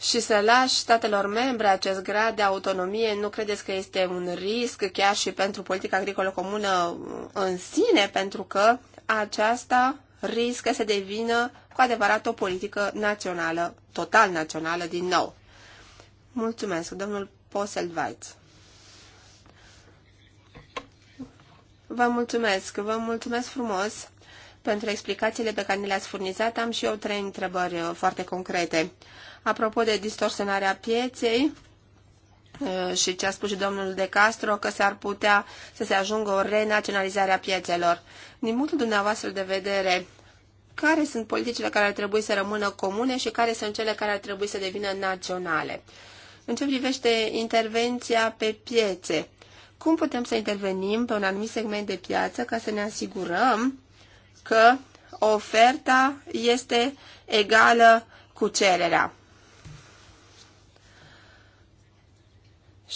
și să lași statelor membre acest grad de autonomie, nu credeți că este un risc chiar și pentru politica agricolă comună în sine, pentru că aceasta riscă să devină cu adevărat o politică națională, total națională din nou. Mulțumesc, domnul Poselvait. Vă mulțumesc, vă mulțumesc frumos pentru explicațiile pe care ne le-ați furnizat. Am și eu trei întrebări uh, foarte concrete. Apropo de distorsionarea pieței uh, și ce a spus și domnul De Castro, că s-ar putea să se ajungă o renaționalizare a piețelor. Din punctul dumneavoastră de vedere, care sunt politicile care ar trebui să rămână comune și care sunt cele care ar trebui să devină naționale? În ce privește intervenția pe piețe, cum putem să intervenim pe un anumit segment de piață ca să ne asigurăm că oferta este egală cu cererea.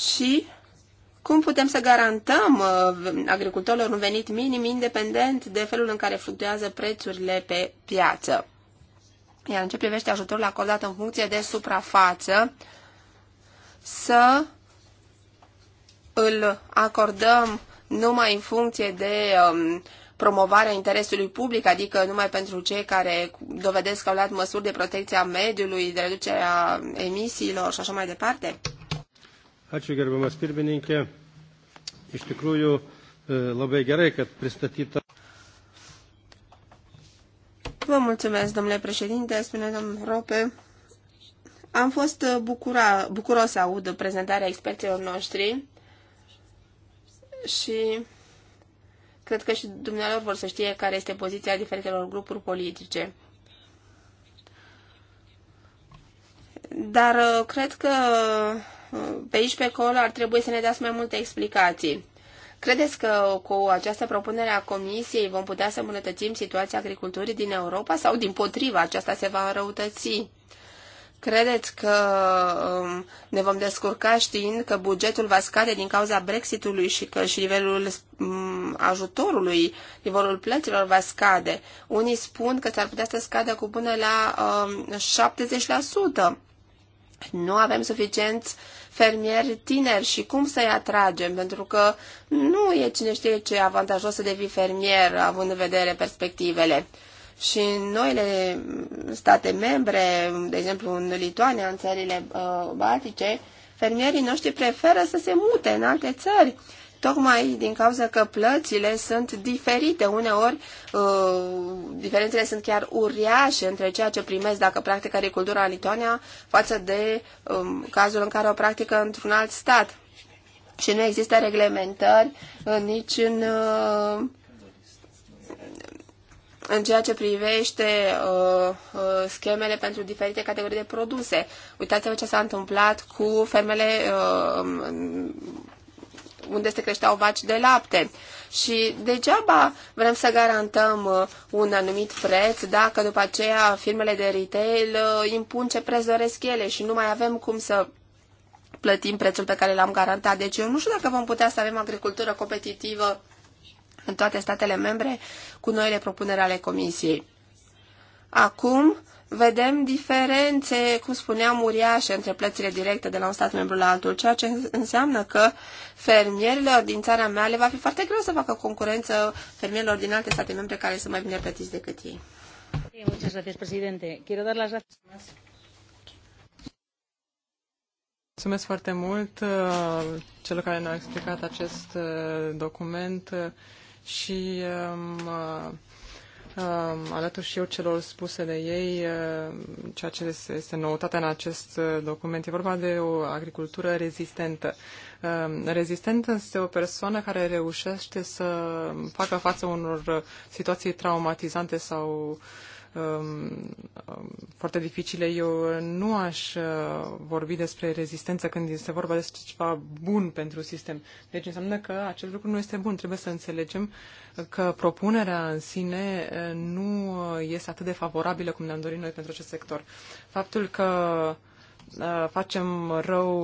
și cum putem să garantăm uh, agricultorilor un venit minim independent de felul în care fluctuează prețurile pe piață. Iar în ce privește ajutorul acordat în funcție de suprafață, să îl acordăm numai în funcție de um, promovarea interesului public, adică numai pentru cei care dovedesc că au luat măsuri de protecție a mediului, de reducerea emisiilor și așa mai departe? Ačiū gerbiamas pirmininkė. Iš tikrųjų labai gerai, kad pristatyta. Vă mulțumesc, domnule președinte, spune domnul Rope. Am fost bucura, bucuros să aud prezentarea experților noștri și cred că și dumnealor vor să știe care este poziția diferitelor grupuri politice. Dar cred că pe aici pe acolo ar trebui să ne dați mai multe explicații. Credeți că cu această propunere a Comisiei vom putea să îmbunătățim situația agriculturii din Europa sau, din potriva, aceasta se va înrăutăți? Credeți că um, ne vom descurca știind că bugetul va scade din cauza Brexitului și că și nivelul mm, ajutorului, nivelul plăților va scade? Unii spun că s-ar putea să scadă cu până la 70%. Um, nu avem suficienți fermieri tineri și cum să-i atragem, pentru că nu e cine știe ce avantajos să devii fermier, având în vedere perspectivele. Și noile state membre, de exemplu în Lituania, în țările uh, baltice, fermierii noștri preferă să se mute în alte țări tocmai din cauza că plățile sunt diferite. Uneori, uh, diferențele sunt chiar uriașe între ceea ce primesc dacă practică agricultura în Lituania față de um, cazul în care o practică într-un alt stat. Și nu există reglementări uh, nici în, uh, în ceea ce privește schemele pentru diferite categorii de produse. Uitați-vă ce s-a întâmplat cu fermele unde se creșteau vaci de lapte. Și degeaba vrem să garantăm uh, un anumit preț dacă după aceea firmele de retail uh, impun ce preț doresc ele și nu mai avem cum să plătim prețul pe care l-am garantat. Deci eu nu știu dacă vom putea să avem agricultură competitivă în toate statele membre cu noile propuneri ale Comisiei. Acum, vedem diferențe, cum spuneam, uriașe între plățile directe de la un stat membru la altul, ceea ce înseamnă că fermierilor din țara mea le va fi foarte greu să facă concurență fermierilor din alte state membre care sunt mai bine plătiți decât ei. Mulțumesc foarte mult uh, celor care ne-au explicat acest uh, document uh, și um, alături și eu celor spuse de ei, uh, ceea ce este noutatea în acest uh, document. E vorba de o agricultură rezistentă. Um, rezistentă este o persoană care reușește să facă față unor uh, situații traumatizante sau uh, Ehm, ehm, foarte dificile. Eu nu aș eh, vorbi despre rezistență când este vorba despre ceva bun pentru sistem. Deci înseamnă că acel lucru nu este bun. Trebuie să înțelegem că propunerea în sine eh, nu eh, este atât de favorabilă cum ne-am dorit noi pentru acest sector. Faptul că facem rău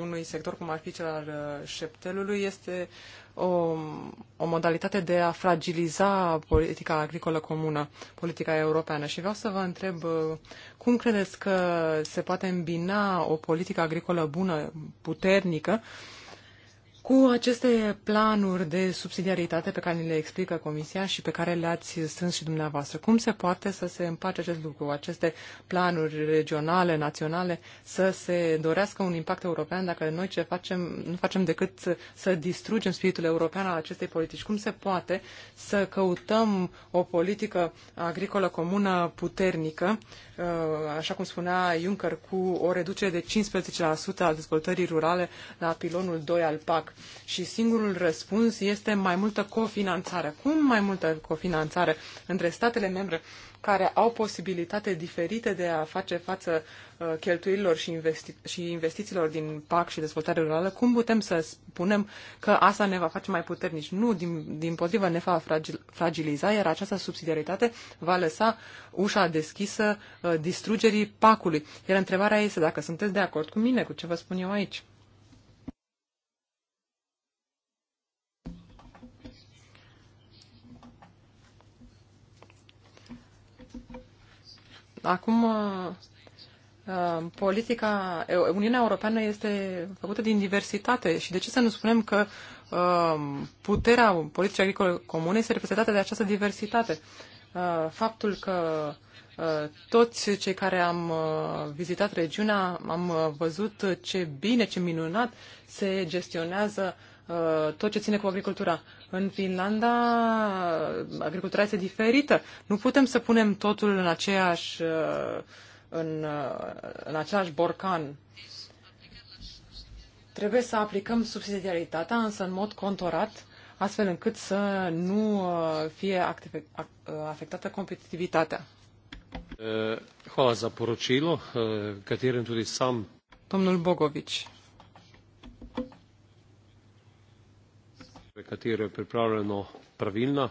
unui sector cum ar fi cel al șeptelului este o, o modalitate de a fragiliza politica agricolă comună, politica europeană. Și vreau să vă întreb uh, cum credeți că se poate îmbina o politică agricolă bună, puternică, uh, cu aceste planuri de subsidiaritate pe care ni le explică Comisia și pe care le-ați strâns și dumneavoastră, cum se poate să se împace acest lucru, aceste planuri regionale, naționale, să se dorească un impact european dacă noi ce facem, nu facem decât să distrugem spiritul european al acestei politici? Cum se poate să căutăm o politică agricolă comună puternică Uh, așa cum spunea Juncker, cu o reducere de 15% a dezvoltării rurale la pilonul 2 al PAC. Și singurul răspuns este mai multă cofinanțare. Cum mai multă cofinanțare între statele membre? care au posibilitate diferite de a face față uh, cheltuielilor și, investi- și investițiilor din PAC și dezvoltare rurală, cum putem să spunem că asta ne va face mai puternici? Nu, din, din potrivă ne va fragil- fragiliza, iar această subsidiaritate va lăsa ușa deschisă uh, distrugerii PAC-ului. Iar întrebarea este dacă sunteți de acord cu mine, cu ce vă spun eu aici. Acum, uh, uh, politica, Uniunea Europeană este făcută din diversitate și de ce să nu spunem că uh, puterea politicii agricole comune este reprezentată de această diversitate? Faptul că toți cei care am vizitat regiunea am văzut ce bine, ce minunat se gestionează uh, Uh, tot ce ține cu agricultura. În Finlanda, uh, agricultura este diferită. Nu putem să punem totul în aceeași, uh, în, în același borcan. Trebuie să aplicăm subsidiaritatea, însă în mod contorat, astfel încât să nu fie afectată competitivitatea. Hvala za poročilo, katerem tudi sam. Domnul Bogovici. katero je pripravljeno, pravilna.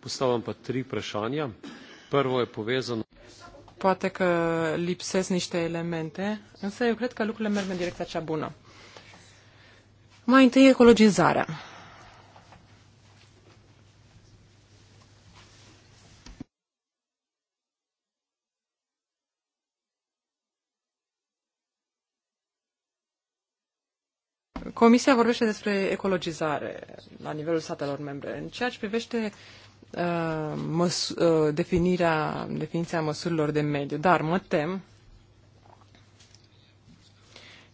Postavljam pa tri vprašanja. Prvo je povezano. Poate că lipsesc niște elemente, însă eu cred că lucrurile merg în direcția cea bună. Mai întâi ecologizarea. Comisia vorbește despre ecologizare la nivelul statelor membre. În ceea ce privește uh, măs, uh, definirea, definiția măsurilor de mediu, dar mă tem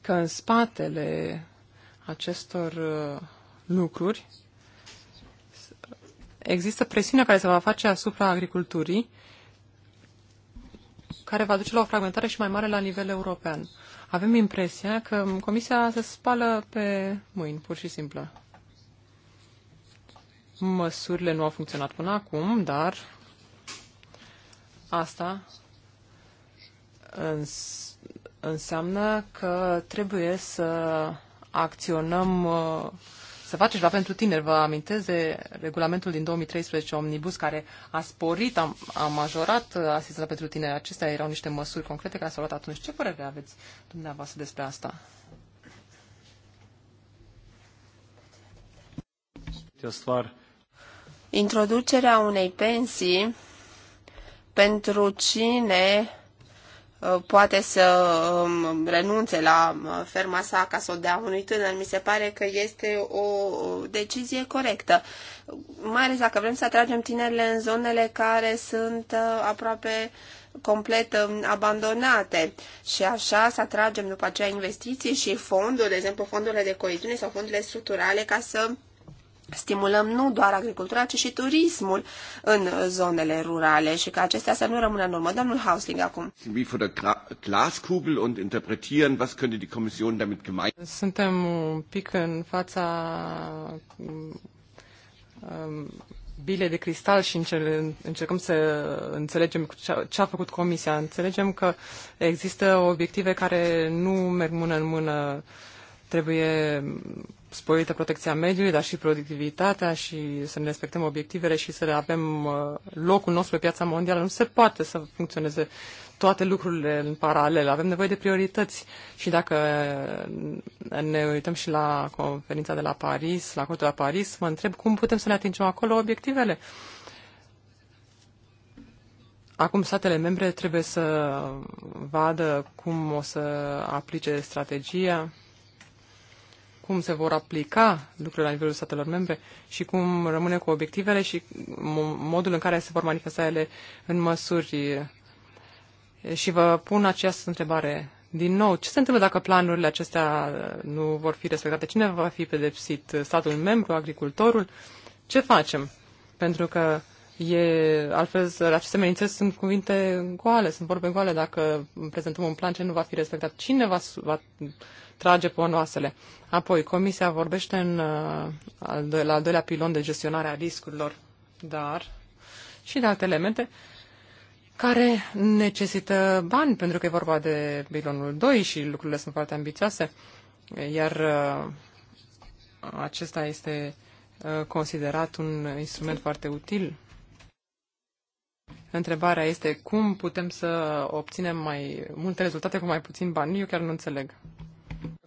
că în spatele acestor uh, lucruri există presiunea care se va face asupra agriculturii, care va duce la o fragmentare și mai mare la nivel european. Avem impresia că Comisia se spală pe mâini, pur și simplu. Măsurile nu au funcționat până acum, dar asta înseamnă că trebuie să acționăm uh, să face ceva pentru tineri. Vă amintesc de regulamentul din 2013 Omnibus care a sporit, a, a majorat uh, asistența pentru tineri. Acestea erau niște măsuri concrete care s-au luat atunci. Ce părere aveți dumneavoastră despre asta? Introducerea unei pensii pentru cine Uh, poate să um, renunțe la uh, ferma sa ca să o dea unui tânăr. Mi se pare că este o decizie corectă, mai ales dacă vrem să atragem tinerile în zonele care sunt uh, aproape complet um, abandonate și așa să atragem după aceea investiții și fonduri, de exemplu fondurile de coeziune sau fondurile structurale ca să stimulăm nu doar agricultura, ci și turismul în zonele rurale și ca acestea să nu rămână în urmă. Domnul Hausling acum. Suntem un pic în fața um, bile de cristal și încercăm să înțelegem ce a făcut Comisia. Înțelegem că există obiective care nu merg mână în mână. Trebuie sporită protecția mediului, dar și productivitatea și să ne respectăm obiectivele și să avem uh, locul nostru pe piața mondială. Nu se poate să funcționeze toate lucrurile în paralel. Avem nevoie de priorități și dacă uh, ne uităm și la conferința de la Paris, la cortul la Paris, mă întreb cum putem să ne atingem acolo obiectivele. Acum statele membre trebuie să vadă cum o să aplice strategia cum se vor aplica lucrurile la nivelul statelor membre și cum rămâne cu obiectivele și modul în care se vor manifesta ele în măsuri. Și vă pun această întrebare din nou. Ce se întâmplă dacă planurile acestea nu vor fi respectate? Cine va fi pedepsit? Statul membru? Agricultorul? Ce facem? Pentru că E, altfel, aceste amenințări sunt cuvinte goale, sunt vorbe goale. Dacă prezentăm un plan ce nu va fi respectat, cine va, va trage ponoasele. Apoi, Comisia vorbește în, uh, al doilea, la al doilea pilon de gestionare a riscurilor, dar și de alte elemente care necesită bani, pentru că e vorba de pilonul 2 și lucrurile sunt foarte ambițioase, iar uh, acesta este uh, considerat un instrument foarte util. Întrebarea este cum putem să obținem mai multe rezultate cu mai puțin bani? Eu chiar nu înțeleg.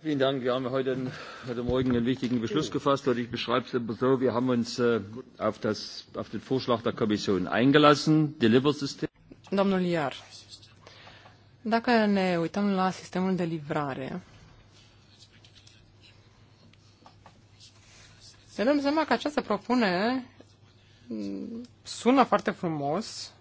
Vielen Dank. Wir haben heute, heute Morgen einen wichtigen Beschluss gefasst und ich beschreibe es so. Wir haben uns äh, auf, das, auf den Vorschlag der Kommission eingelassen. Deliver-System. Domnul Iar, dacă ne uităm la sistemul de livrare, ne dăm seama că această propunere mm, sună foarte frumos,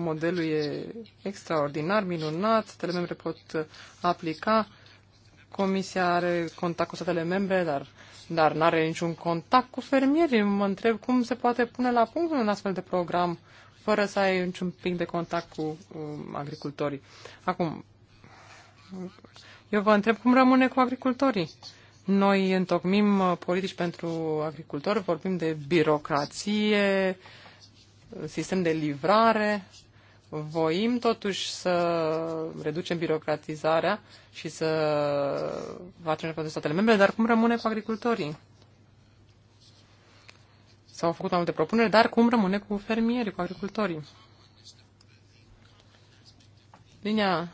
Modelul e extraordinar, minunat, statele membre pot uh, aplica. Comisia are contact cu statele membre, dar, dar nu are niciun contact cu fermierii. Mă întreb cum se poate pune la punct un astfel de program fără să ai niciun pic de contact cu um, agricultorii. Acum, eu vă întreb cum rămâne cu agricultorii. Noi întocmim uh, politici pentru agricultori, vorbim de birocrație, uh, sistem de livrare, voim totuși să reducem birocratizarea și să facem pentru statele membre, dar cum rămâne cu agricultorii? S-au făcut mai multe propuneri, dar cum rămâne cu fermierii, cu agricultorii? Linia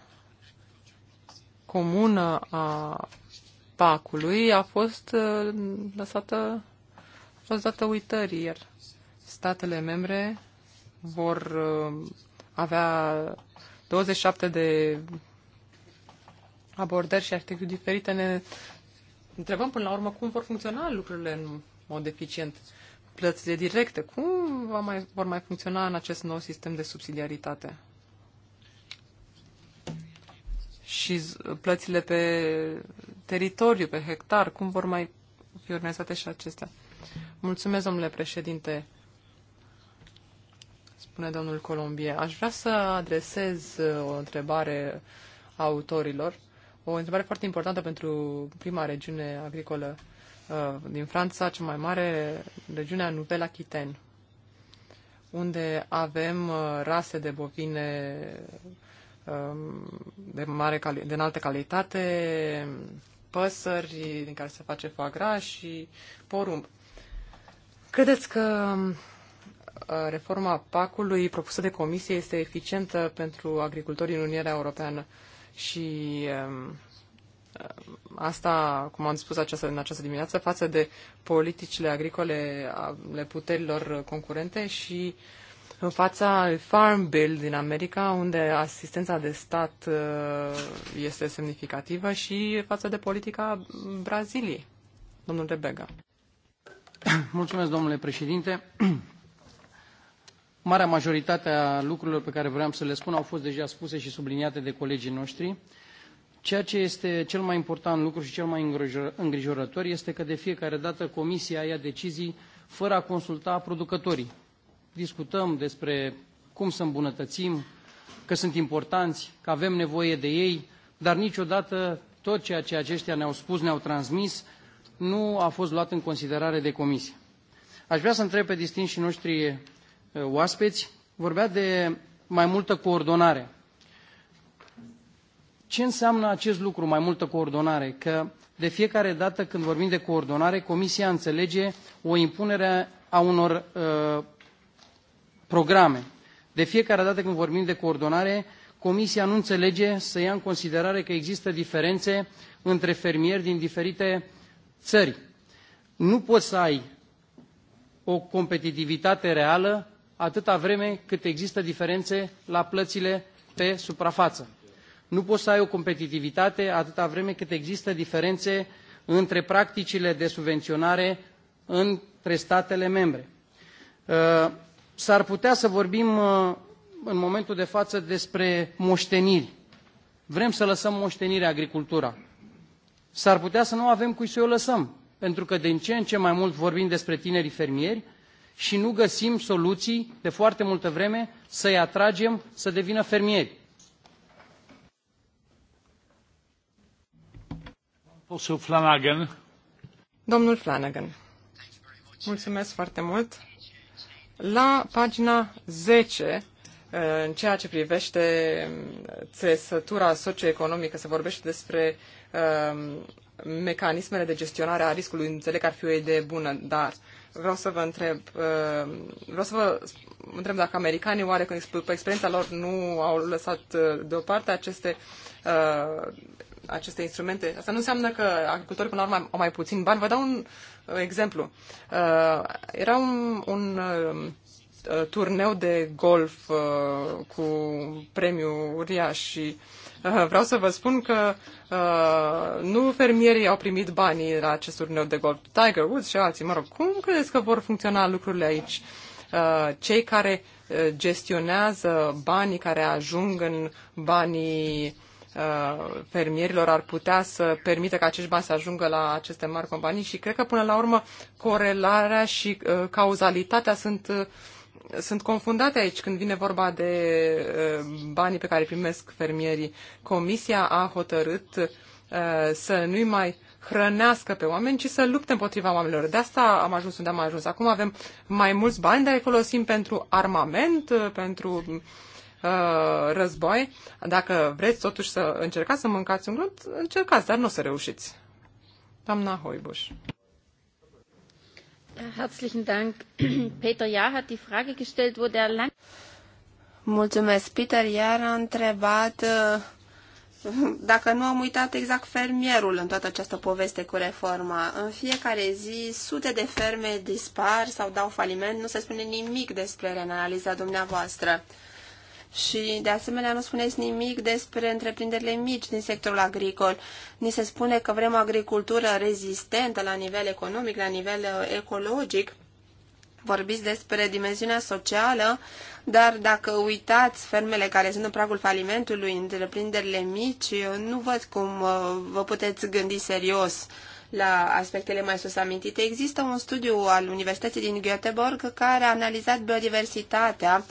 comună a pacului a fost uh, lăsată, a fost dată uitării, iar statele membre vor uh, avea 27 de abordări și arhitecturi diferite, ne întrebăm până la urmă cum vor funcționa lucrurile în mod eficient. Plățile directe, cum va mai, vor mai funcționa în acest nou sistem de subsidiaritate? Și plățile pe teritoriu, pe hectar, cum vor mai fi organizate și acestea? Mulțumesc, domnule președinte spune domnul Colombie. Aș vrea să adresez uh, o întrebare autorilor, o întrebare foarte importantă pentru prima regiune agricolă uh, din Franța, cea mai mare regiune, Nouvelle Aquitaine, unde avem uh, rase de bovine um, de, mare, de înaltă calitate, păsări din care se face foagra și porumb. Credeți că um, Uh, reforma PAC-ului propusă de comisie este eficientă pentru agricultorii în Uniunea Europeană și um, uh, asta, cum am spus această, în această dimineață, față de politicile agricole ale puterilor concurente și în fața Farm Bill din America, unde asistența de stat uh, este semnificativă și față de politica Braziliei. Domnul Rebega. Mulțumesc, domnule președinte. Marea majoritate a lucrurilor pe care vreau să le spun au fost deja spuse și subliniate de colegii noștri. Ceea ce este cel mai important lucru și cel mai îngrijorător este că de fiecare dată Comisia ia decizii fără a consulta producătorii. Discutăm despre cum să îmbunătățim, că sunt importanți, că avem nevoie de ei, dar niciodată tot ceea ce aceștia ne-au spus, ne-au transmis, nu a fost luat în considerare de Comisie. Aș vrea să întreb pe distinși noștri Eh, oaspeți, vorbea de mai multă coordonare. Ce înseamnă acest lucru, mai multă coordonare? Că de fiecare dată când vorbim de coordonare, Comisia înțelege o impunere a unor uh, programe. De fiecare dată când vorbim de coordonare, Comisia nu înțelege să ia în considerare că există diferențe între fermieri din diferite țări. Nu poți să ai o competitivitate reală atâta vreme cât există diferențe la plățile pe suprafață. Nu poți să ai o competitivitate atâta vreme cât există diferențe între practicile de subvenționare între statele membre. Uh, s-ar putea să vorbim uh, în momentul de față despre moșteniri. Vrem să lăsăm moștenire agricultura. S-ar putea să nu avem cui să o lăsăm, pentru că din ce în ce mai mult vorbim despre tinerii fermieri, și nu găsim soluții de foarte multă vreme să-i atragem să devină fermieri. Flanagan. Domnul Flanagan, mulțumesc foarte mult. La pagina 10 în ceea ce privește țesătura socioeconomică, se vorbește despre um, mecanismele de gestionare a riscului, înțeleg că ar fi o idee bună, dar Vreau să vă întreb, uh, vreau să vă întreb dacă americanii, oare când pe experiența lor nu au lăsat uh, deoparte aceste, uh, aceste instrumente. Asta nu înseamnă că agricultorii până la urmă au mai puțin bani. Vă dau un exemplu. Era un, un turneu de golf cu premiu uriaș și vreau să vă spun că uh, nu fermierii au primit banii la acest turneu de golf. Tiger Woods și alții, mă rog, cum credeți că vor funcționa lucrurile aici? Uh, cei care uh, gestionează banii care ajung în banii fermierilor ar putea să permită ca acești bani să ajungă la aceste mari companii și cred că până la urmă corelarea și cauzalitatea sunt sunt confundate aici când vine vorba de uh, banii pe care primesc fermierii. Comisia a hotărât uh, să nu-i mai hrănească pe oameni, ci să lupte împotriva oamenilor. De asta am ajuns unde am ajuns. Acum avem mai mulți bani, dar îi folosim pentru armament, uh, pentru război. Dacă vreți totuși să încercați să mâncați un grot, încercați, dar nu o să reușiți. Doamna Hoibuș. Peter Jahr hat die Frage gestellt, wo der Land... Mulțumesc. Peter Iar a întrebat uh, dacă nu am uitat exact fermierul în toată această poveste cu reforma. În fiecare zi, sute de ferme dispar sau dau faliment, nu se spune nimic despre ele în analiza dumneavoastră. Și, de asemenea, nu spuneți nimic despre întreprinderile mici din sectorul agricol. Ni se spune că vrem o agricultură rezistentă la nivel economic, la nivel uh, ecologic. Vorbiți despre dimensiunea socială, dar dacă uitați fermele care sunt în pragul falimentului, întreprinderile mici, nu văd cum uh, vă puteți gândi serios la aspectele mai sus amintite. Există un studiu al Universității din Göteborg care a analizat biodiversitatea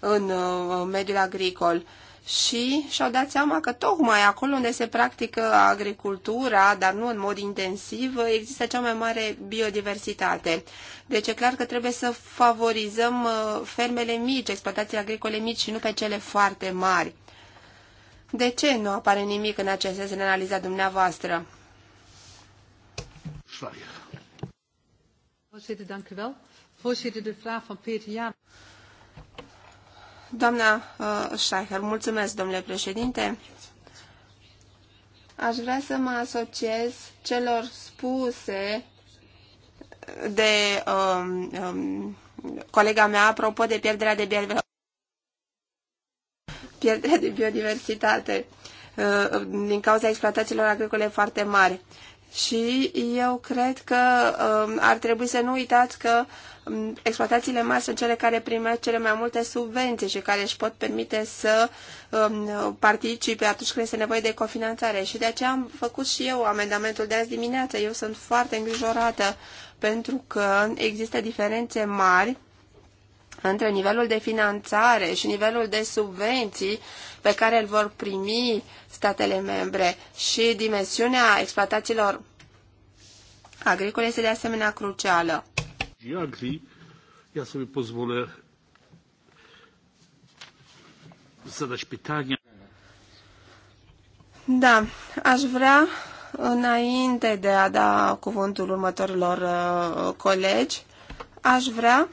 în uh, mediul agricol. Și și-au dat seama că tocmai acolo unde se practică agricultura, dar nu în mod intensiv, există cea mai mare biodiversitate. Deci e clar că trebuie să favorizăm uh, fermele mici, exploatații agricole mici și nu pe cele foarte mari. De ce nu apare nimic în acest sens în analiza dumneavoastră? Voorzitter, dank u wel. Voorzitter, de vraag van Peter Jan. Doamna uh, mulțumesc, domnule președinte. Aș vrea să mă asociez celor spuse de um, um, colega mea apropo de pierderea de, pierderea de biodiversitate uh, din cauza exploatațiilor agricole foarte mari. Și eu cred că um, ar trebui să nu uitați că um, exploatațiile mari sunt cele care primesc cele mai multe subvenții și care își pot permite să um, participe atunci când este nevoie de cofinanțare. Și de aceea am făcut și eu amendamentul de azi dimineață. Eu sunt foarte îngrijorată pentru că există diferențe mari între nivelul de finanțare și nivelul de subvenții pe care îl vor primi statele membre și dimensiunea exploatațiilor agricole este de asemenea crucială. Agri, mi sobie să zadać pytania. Da, aș vrea înainte de a da cuvântul următorilor uh, colegi, aș vrea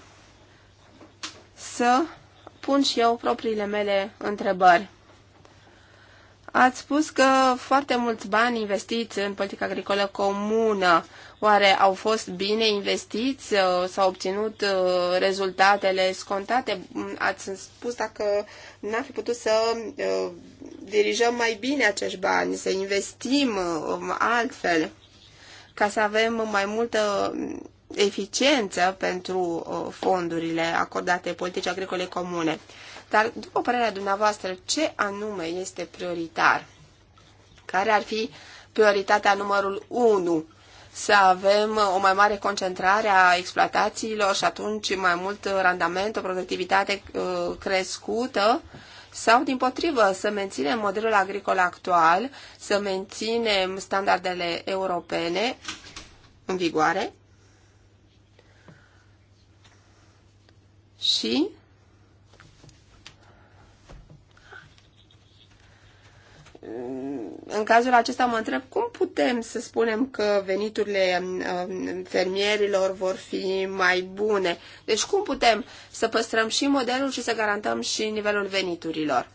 să pun și eu propriile mele întrebări. Ați spus că foarte mulți bani investiți în politica agricolă comună, oare au fost bine investiți? Uh, s-au obținut uh, rezultatele scontate? Ați spus dacă n-ar fi putut să uh, dirijăm mai bine acești bani, să investim altfel, ca să avem mai multă eficiență pentru uh, fondurile acordate politici agricole comune. Dar, după părerea dumneavoastră, ce anume este prioritar? Care ar fi prioritatea numărul 1? Să avem uh, o mai mare concentrare a exploatațiilor și atunci mai mult randament, o productivitate uh, crescută? sau, din potrivă, să menținem modelul agricol actual, să menținem standardele europene în vigoare și în cazul acesta mă întreb cum putem să spunem că veniturile um, fermierilor vor fi mai bune. Deci cum putem să păstrăm și modelul și să garantăm și nivelul veniturilor.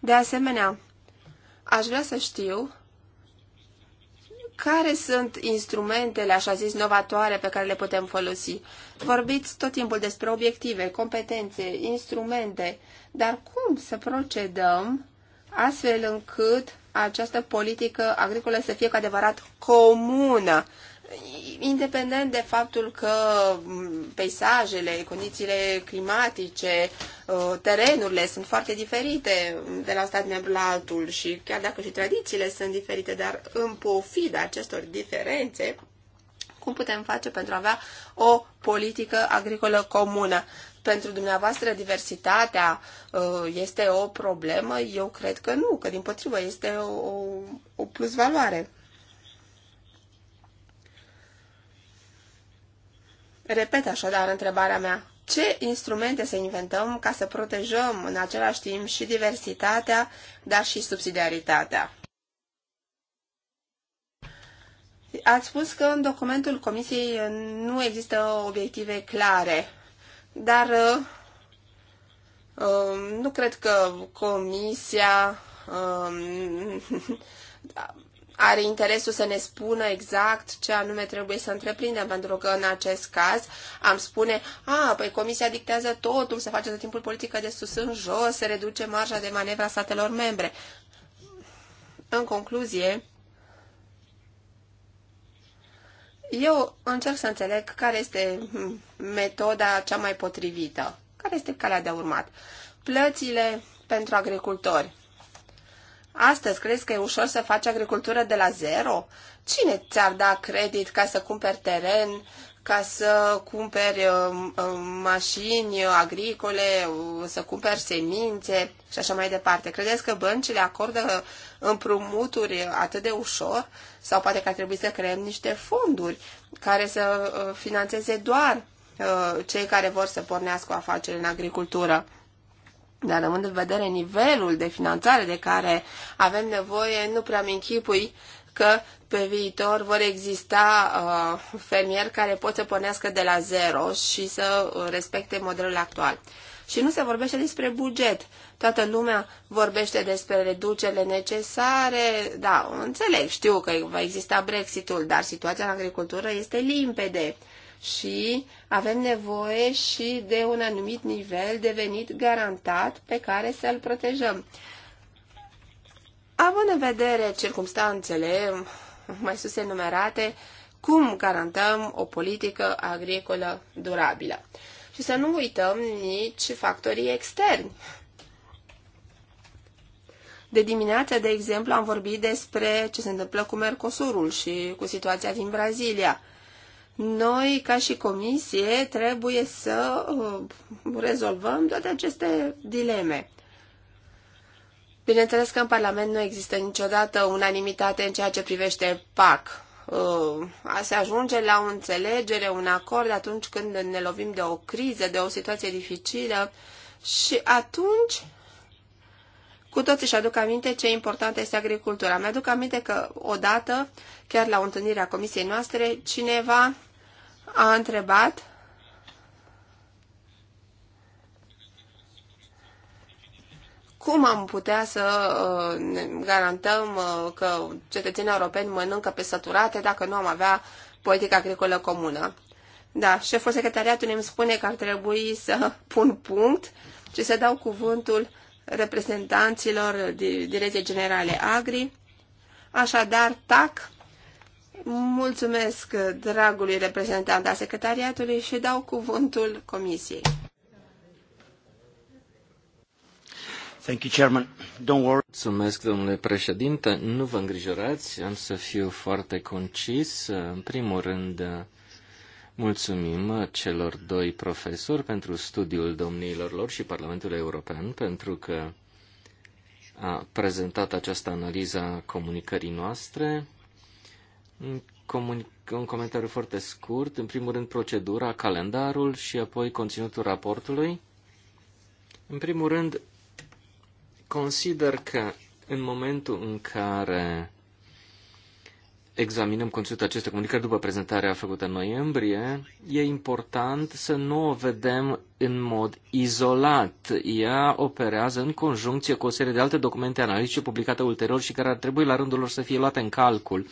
De asemenea, aș vrea să știu care sunt instrumentele, așa zis, novatoare pe care le putem folosi? Vorbiți tot timpul despre obiective, competențe, instrumente, dar cum să procedăm astfel încât această politică agricolă să fie cu adevărat comună independent de faptul că peisajele, condițiile climatice, uh, terenurile sunt foarte diferite de la stat membru la altul și chiar dacă și tradițiile sunt diferite, dar în pofida acestor diferențe, cum putem face pentru a avea o politică agricolă comună? Pentru dumneavoastră diversitatea uh, este o problemă? Eu cred că nu, că din potrivă este o, o plusvaloare. Repet așadar întrebarea mea. Ce instrumente să inventăm ca să protejăm în același timp și diversitatea, dar și subsidiaritatea? Ați spus că în documentul Comisiei nu există obiective clare, dar uh, uh nu cred că Comisia uh, are interesul să ne spună exact ce anume trebuie să întreprindem, pentru că în acest caz am spune, a, păi comisia dictează totul, se face de timpul politică de sus în jos, se reduce marja de manevră a statelor membre. În concluzie, eu încerc să înțeleg care este hmm, metoda cea mai potrivită, care este calea de urmat. Plățile pentru agricultori Astăzi crezi că e ușor să faci agricultură de la zero? Cine ți-ar da credit ca să cumperi teren, ca să cumperi um, um, mașini agricole, um, să cumperi semințe și așa mai departe? Credeți că băncile acordă împrumuturi atât de ușor? Sau poate că ar trebui să creăm niște fonduri care să uh, financeze doar uh, cei care vor să pornească o afacere în agricultură? Dar rămân în vedere nivelul de finanțare de care avem nevoie, nu prea mi închipui că pe viitor vor exista uh, fermieri care pot să pornească de la zero și să respecte modelul actual. Și nu se vorbește despre buget. Toată lumea vorbește despre reducerile necesare. Da, înțeleg, știu că va exista Brexitul, dar situația în agricultură este limpede și avem nevoie și de un anumit nivel de venit garantat pe care să-l protejăm. Având în vedere circumstanțele mai sus enumerate, cum garantăm o politică agricolă durabilă? Și să nu uităm nici factorii externi. De dimineață, de exemplu, am vorbit despre ce se întâmplă cu Mercosurul și cu situația din Brazilia. Noi, ca și comisie, trebuie să uh, rezolvăm toate aceste dileme. Bineînțeles că în Parlament nu există niciodată unanimitate în ceea ce privește PAC. A uh, se ajunge la o înțelegere, un acord atunci când ne lovim de o criză, de o situație dificilă și atunci cu toții își aduc aminte ce importantă este agricultura. Mi-aduc aminte că odată, chiar la o întâlnire a comisiei noastre, cineva a întrebat cum am putea să uh, ne garantăm uh, că cetățenii europeni mănâncă pe săturate dacă nu am avea politica agricolă comună. Da, șeful secretariatului îmi spune că ar trebui să pun punct și să dau cuvântul reprezentanților Direcției Generale Agri. Așadar, TAC, mulțumesc dragului reprezentant al Secretariatului și dau cuvântul Comisiei. Thank you, Chairman. Don't worry. Mulțumesc, domnule președinte. Nu vă îngrijorați, am să fiu foarte concis. În primul rând, Mulțumim celor doi profesori pentru studiul domniilor lor și Parlamentul European pentru că a prezentat această analiză a comunicării noastre. un comentariu foarte scurt. În primul rând, procedura, calendarul și apoi conținutul raportului. În primul rând, consider că în momentul în care examinăm conținutul acestei comunicări după prezentarea făcută în noiembrie, e important să nu o vedem în mod izolat. Ea operează în conjuncție cu o serie de alte documente analitice publicate ulterior și care ar trebui la rândul lor să fie luate în calcul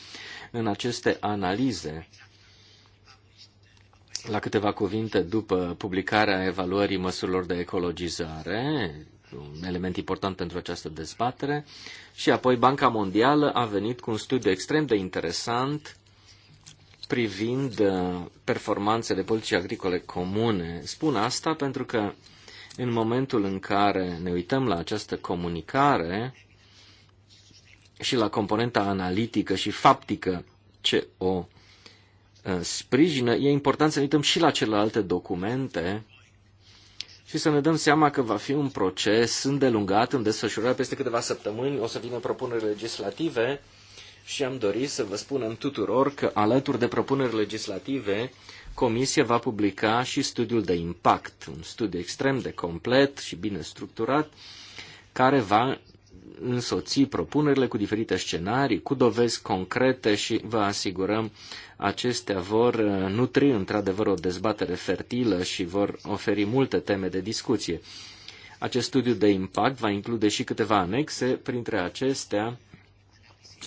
în aceste analize. La câteva cuvinte după publicarea evaluării măsurilor de ecologizare, un element important pentru această dezbatere. Și apoi Banca Mondială a venit cu un studiu extrem de interesant privind uh, performanțele politicii agricole comune. Spun asta pentru că în momentul în care ne uităm la această comunicare și la componenta analitică și faptică ce o uh, sprijină, e important să ne uităm și la celelalte documente și să ne dăm seama că va fi un proces îndelungat, în desfășurare, peste câteva săptămâni o să vină propuneri legislative și am dorit să vă spunem tuturor că alături de propuneri legislative, Comisia va publica și studiul de impact, un studiu extrem de complet și bine structurat, care va însoți propunerile cu diferite scenarii, cu dovezi concrete și vă asigurăm acestea vor uh, nutri într-adevăr o dezbatere fertilă și vor oferi multe teme de discuție. Acest studiu de impact va include și câteva anexe, printre acestea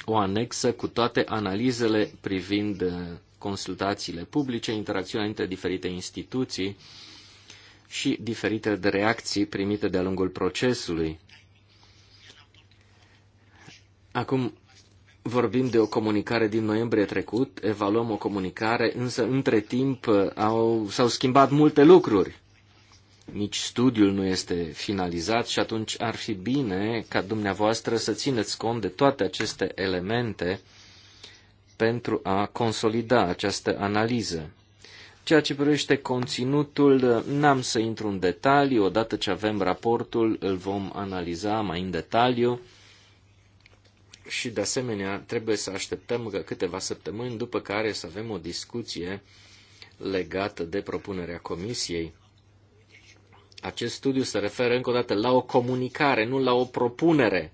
o anexă cu toate analizele privind uh, consultațiile publice, interacțiunea între diferite instituții și diferite reacții primite de-a lungul procesului. Acum vorbim de o comunicare din noiembrie trecut, evaluăm o comunicare, însă între timp uh, au, s-au schimbat multe lucruri. Nici studiul nu este finalizat și atunci ar fi bine ca dumneavoastră să țineți cont de toate aceste elemente pentru a consolida această analiză. Ceea ce privește conținutul, n-am să intru în detalii, odată ce avem raportul, îl vom analiza mai în detaliu și, de asemenea, trebuie să așteptăm câteva săptămâni, după care să avem o discuție legată de propunerea Comisiei. Acest studiu se referă încă o dată la o comunicare, nu la o propunere.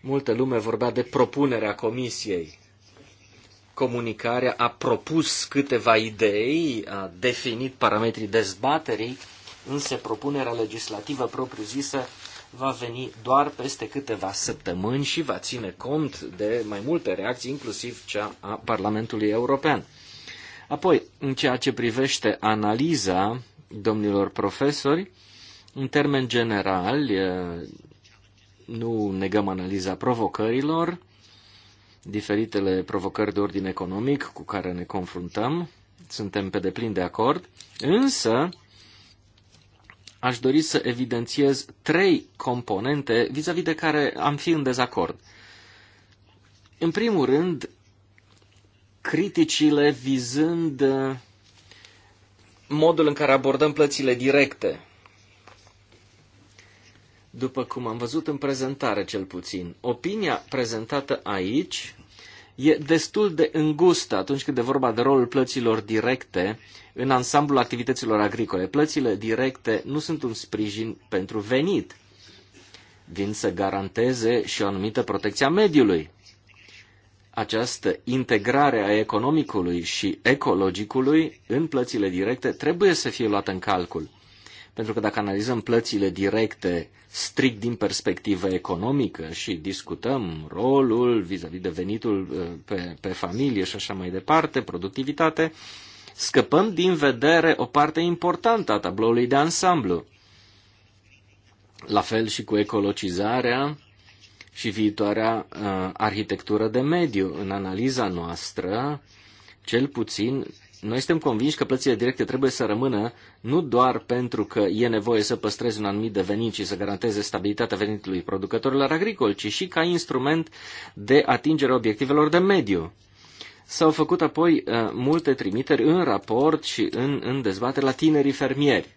Multă lume vorbea de propunerea Comisiei. Comunicarea a propus câteva idei, a definit parametrii dezbaterii, însă propunerea legislativă propriu-zisă va veni doar peste câteva săptămâni și va ține cont de mai multe reacții, inclusiv cea a Parlamentului European. Apoi, în ceea ce privește analiza domnilor profesori, în termen general, nu negăm analiza provocărilor, diferitele provocări de ordin economic cu care ne confruntăm, suntem pe deplin de acord, însă aș dori să evidențiez trei componente vis-a-vis -vis de care am fi în dezacord. În primul rând, criticile vizând uh, modul în care abordăm plățile directe. După cum am văzut în prezentare cel puțin, opinia prezentată aici e destul de îngustă atunci când e vorba de rolul plăților directe în ansamblul activităților agricole. Plățile directe nu sunt un sprijin pentru venit, vin să garanteze și o anumită protecție a mediului. Această integrare a economicului și ecologicului în plățile directe trebuie să fie luată în calcul pentru că dacă analizăm plățile directe strict din perspectivă economică și discutăm rolul vis-a-vis de venitul uh, pe, pe familie și așa mai departe, productivitate, scăpăm din vedere o parte importantă a tabloului de ansamblu. La fel și cu ecologizarea și viitoarea uh, arhitectură de mediu. În analiza noastră, cel puțin noi suntem convinși că plățile directe trebuie să rămână nu doar pentru că e nevoie să păstreze un anumit devenit și să garanteze stabilitatea venitului producătorilor agricoli, ci și ca instrument de atingere obiectivelor de mediu. S-au făcut apoi uh, multe trimiteri în raport și în, în dezbatere la tinerii fermieri,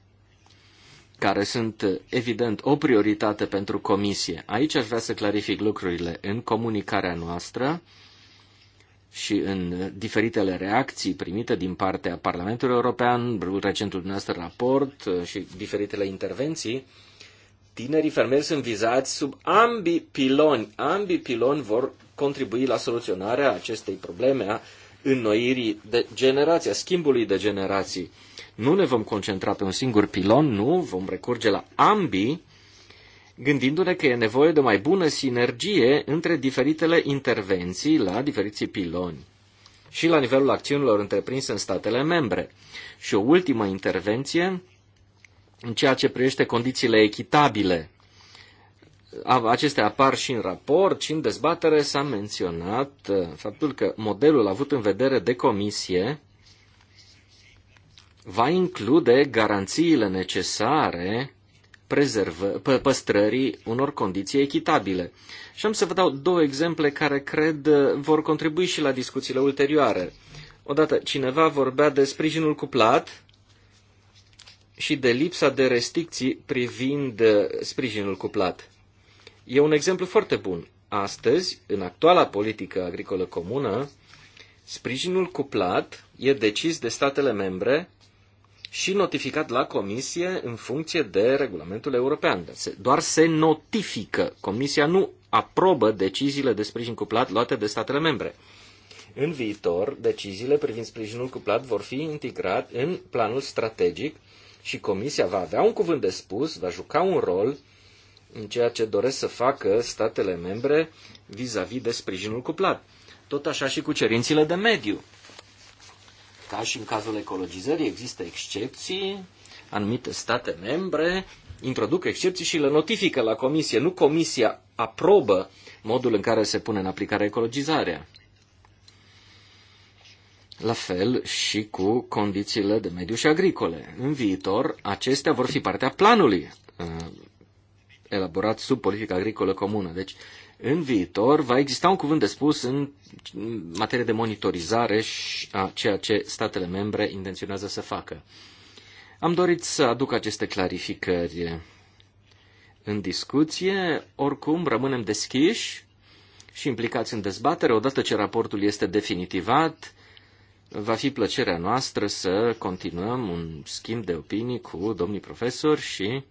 care sunt uh, evident o prioritate pentru comisie. Aici aș vrea să clarific lucrurile. În comunicarea noastră, uh, și în diferitele reacții primite din partea Parlamentului European, recentul dumneavoastră raport uh, și diferitele intervenții, tinerii fermeri sunt vizați sub ambi piloni. Ambi piloni vor contribui la soluționarea acestei probleme a înnoirii de generație, a schimbului de generații. Nu ne vom concentra pe un singur pilon, nu, vom recurge la ambii gândindu-ne că e nevoie de o mai bună sinergie între diferitele intervenții la diferiții piloni și la nivelul acțiunilor întreprinse în statele membre. Și o ultimă intervenție în ceea ce privește condițiile echitabile. Acestea apar și în raport, și în dezbatere s-a menționat uh, faptul că modelul avut în vedere de comisie va include garanțiile necesare prezervă, păstrării unor condiții echitabile. Și am să vă dau două exemple care cred vor contribui și la discuțiile ulterioare. Odată, cineva vorbea de sprijinul cuplat și de lipsa de restricții privind uh, sprijinul cuplat. E un exemplu foarte bun. Astăzi, în actuala politică agricolă comună, sprijinul cuplat e decis de statele membre și notificat la comisie în funcție de regulamentul european. Doar se notifică. Comisia nu aprobă deciziile de sprijin cuplat luate de statele membre. În viitor, deciziile privind sprijinul cuplat vor fi integrat în planul strategic și Comisia va avea un cuvânt de spus, va juca un rol în ceea ce doresc să facă statele membre vis-a-vis -vis de sprijinul cuplat. Tot așa și cu cerințele de mediu. Ca și în cazul ecologizării, există excepții, anumite state membre introduc excepții și le notifică la comisie. Nu comisia aprobă modul în care se pune în aplicare ecologizarea. La fel și cu condițiile de mediu și agricole. În viitor, acestea vor fi partea planului uh, elaborat sub politica agricolă comună. Deci, în viitor va exista un cuvânt de spus în materie de monitorizare și a ceea ce statele membre intenționează să facă. Am dorit să aduc aceste clarificări în discuție, oricum rămânem deschiși și implicați în dezbatere. Odată ce raportul este definitivat, va fi plăcerea noastră să continuăm un schimb de opinii cu domnii profesori și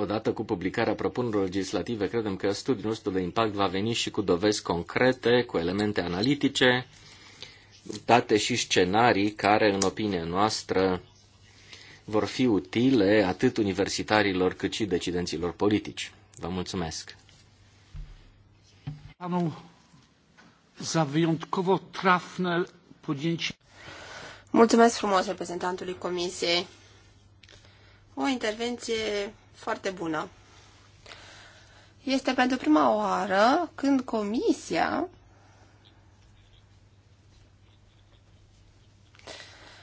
odată cu publicarea propunerilor legislative, credem că studiul nostru de impact va veni și cu dovezi concrete, cu elemente analitice, date și scenarii care, în opinia noastră, vor fi utile atât universitarilor cât și decidenților politici. Vă mulțumesc! Mulțumesc frumos reprezentantului Comisiei. O intervenție foarte bună. Este pentru prima oară când Comisia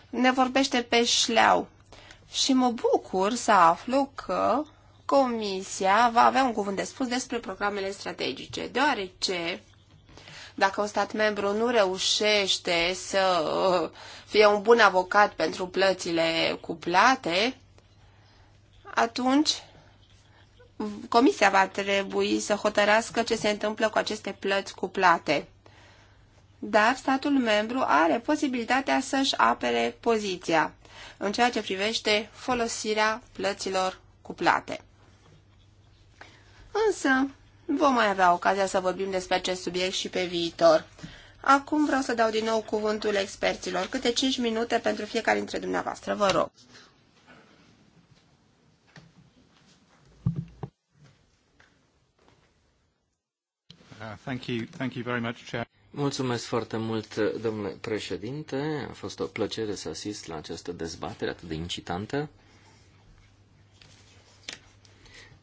ne vorbește pe șleau și mă bucur să aflu că Comisia va avea un cuvânt de spus despre programele strategice, deoarece dacă un stat membru nu reușește să fie un bun avocat pentru plățile cuplate, atunci Comisia va trebui să hotărească ce se întâmplă cu aceste plăți cuplate. Dar statul membru are posibilitatea să-și apere poziția în ceea ce privește folosirea plăților cuplate. Însă, vom mai avea ocazia să vorbim despre acest subiect și pe viitor. Acum vreau să dau din nou cuvântul experților, câte 5 minute pentru fiecare dintre dumneavoastră, vă rog. Uh, thank you, thank you very much, Chair. Mulțumesc foarte mult, domnule președinte. A fost o plăcere să asist la această dezbatere atât de incitantă.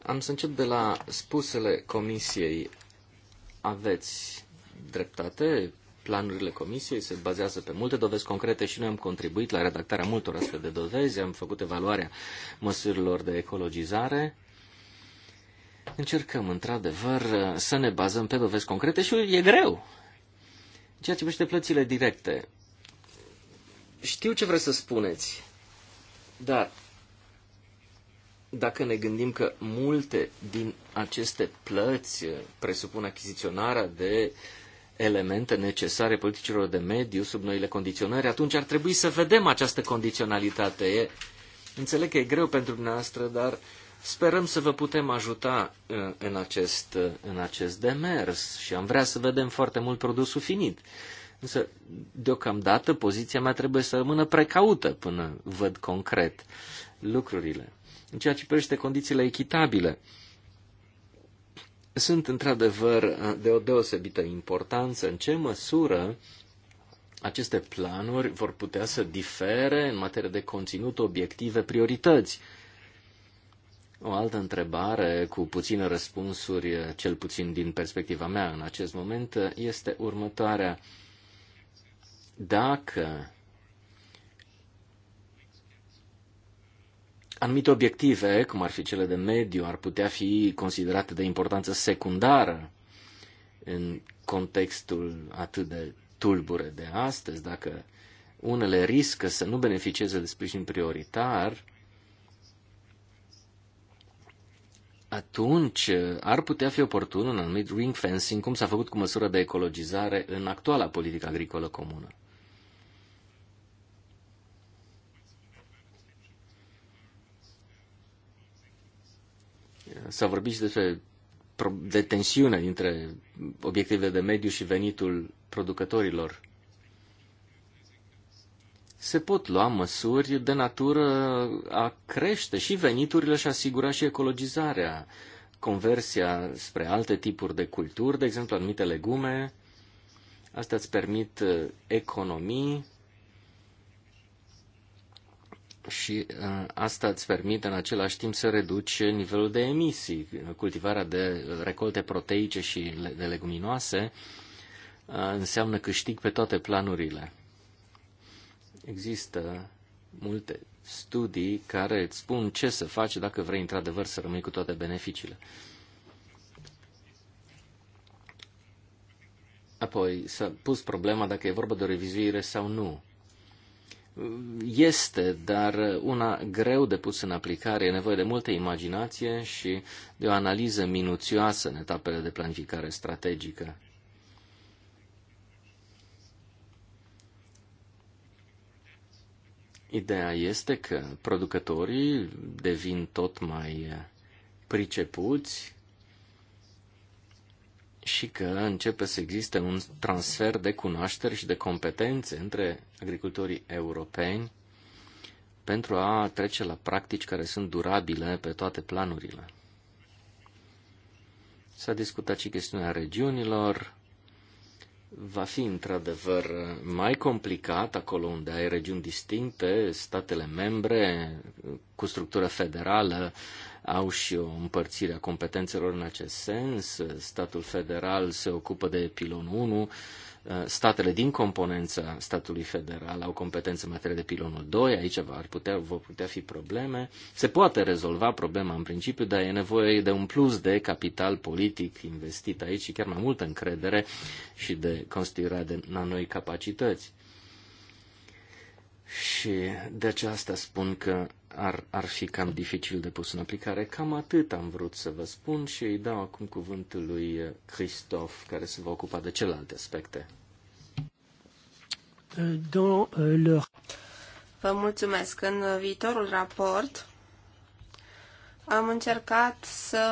Am să încep de la spusele comisiei. Aveți dreptate, planurile comisiei se bazează pe multe dovezi concrete și noi am contribuit la redactarea multor astfel de dovezi, am făcut evaluarea măsurilor de ecologizare Încercăm, într-adevăr, să ne bazăm pe dovezi concrete și e greu. Ceea ce privește plățile directe, știu ce vreți să spuneți, dar dacă ne gândim că multe din aceste plăți eh, presupun achiziționarea de elemente necesare politicilor de mediu sub noile condiționări, atunci ar trebui să vedem această condiționalitate. E, înțeleg că e greu pentru dumneavoastră, dar Sperăm să vă putem ajuta uh, în acest, uh, în acest demers și am vrea să vedem foarte mult produsul finit. Însă, deocamdată, poziția mea trebuie să rămână precaută până văd concret lucrurile. În ceea ce privește condițiile echitabile, sunt într-adevăr uh, de o deosebită importanță în ce măsură aceste planuri vor putea să difere în materie de conținut, obiective, priorități. O altă întrebare cu puține răspunsuri, cel puțin din perspectiva mea în acest moment, este următoarea. Dacă anumite obiective, cum ar fi cele de mediu, ar putea fi considerate de importanță secundară în contextul atât de tulbure de astăzi, dacă unele riscă să nu beneficieze de sprijin prioritar, atunci uh, ar putea fi oportun un anumit ring fencing, cum s-a făcut cu măsura de ecologizare în actuala politică agricolă comună. S-a vorbit și despre de tensiune dintre obiectivele de mediu și venitul producătorilor se pot lua măsuri de natură a crește și veniturile și asigura și ecologizarea, conversia spre alte tipuri de culturi, de exemplu anumite legume. Astea îți permit uh, economii și uh, asta îți permite în același timp să reduci nivelul de emisii. Cultivarea de recolte proteice și de leguminoase uh, înseamnă câștig pe toate planurile. Există multe studii care îți spun ce să faci dacă vrei într-adevăr să rămâi cu toate beneficiile. Apoi s-a pus problema dacă e vorba de o revizuire sau nu. Este, dar una greu de pus în aplicare, e nevoie de multă imaginație și de o analiză minuțioasă în etapele de planificare strategică. Ideea este că producătorii devin tot mai pricepuți și că începe să existe un transfer de cunoașteri și de competențe între agricultorii europeni pentru a trece la practici care sunt durabile pe toate planurile. S-a discutat și chestiunea regiunilor, va fi într-adevăr mai complicat acolo unde ai regiuni distincte, statele membre cu structură federală au și o împărțire a competențelor în acest sens. Statul federal se ocupă de pilon 1, statele din componența statului federal au competențe în materie de pilonul 2, aici ar putea, vor putea fi probleme. Se poate rezolva problema în principiu, dar e nevoie de un plus de capital politic investit aici și chiar mai multă încredere și de construirea de noi capacități. Și de aceasta spun că ar, ar fi cam dificil de pus în aplicare. Cam atât am vrut să vă spun și îi dau acum cuvântul lui eh, Cristof, care se va ocupa de celelalte aspecte. Euh, euh, vă mulțumesc. În viitorul raport am încercat să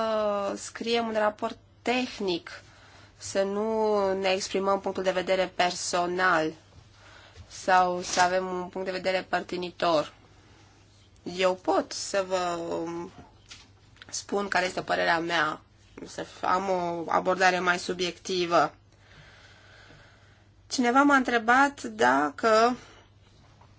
scriem un raport tehnic, să nu ne exprimăm punctul de vedere personal sau să avem un punct de vedere părtinitor. Eu pot să vă spun care este părerea mea, să am o abordare mai subiectivă. Cineva m-a întrebat dacă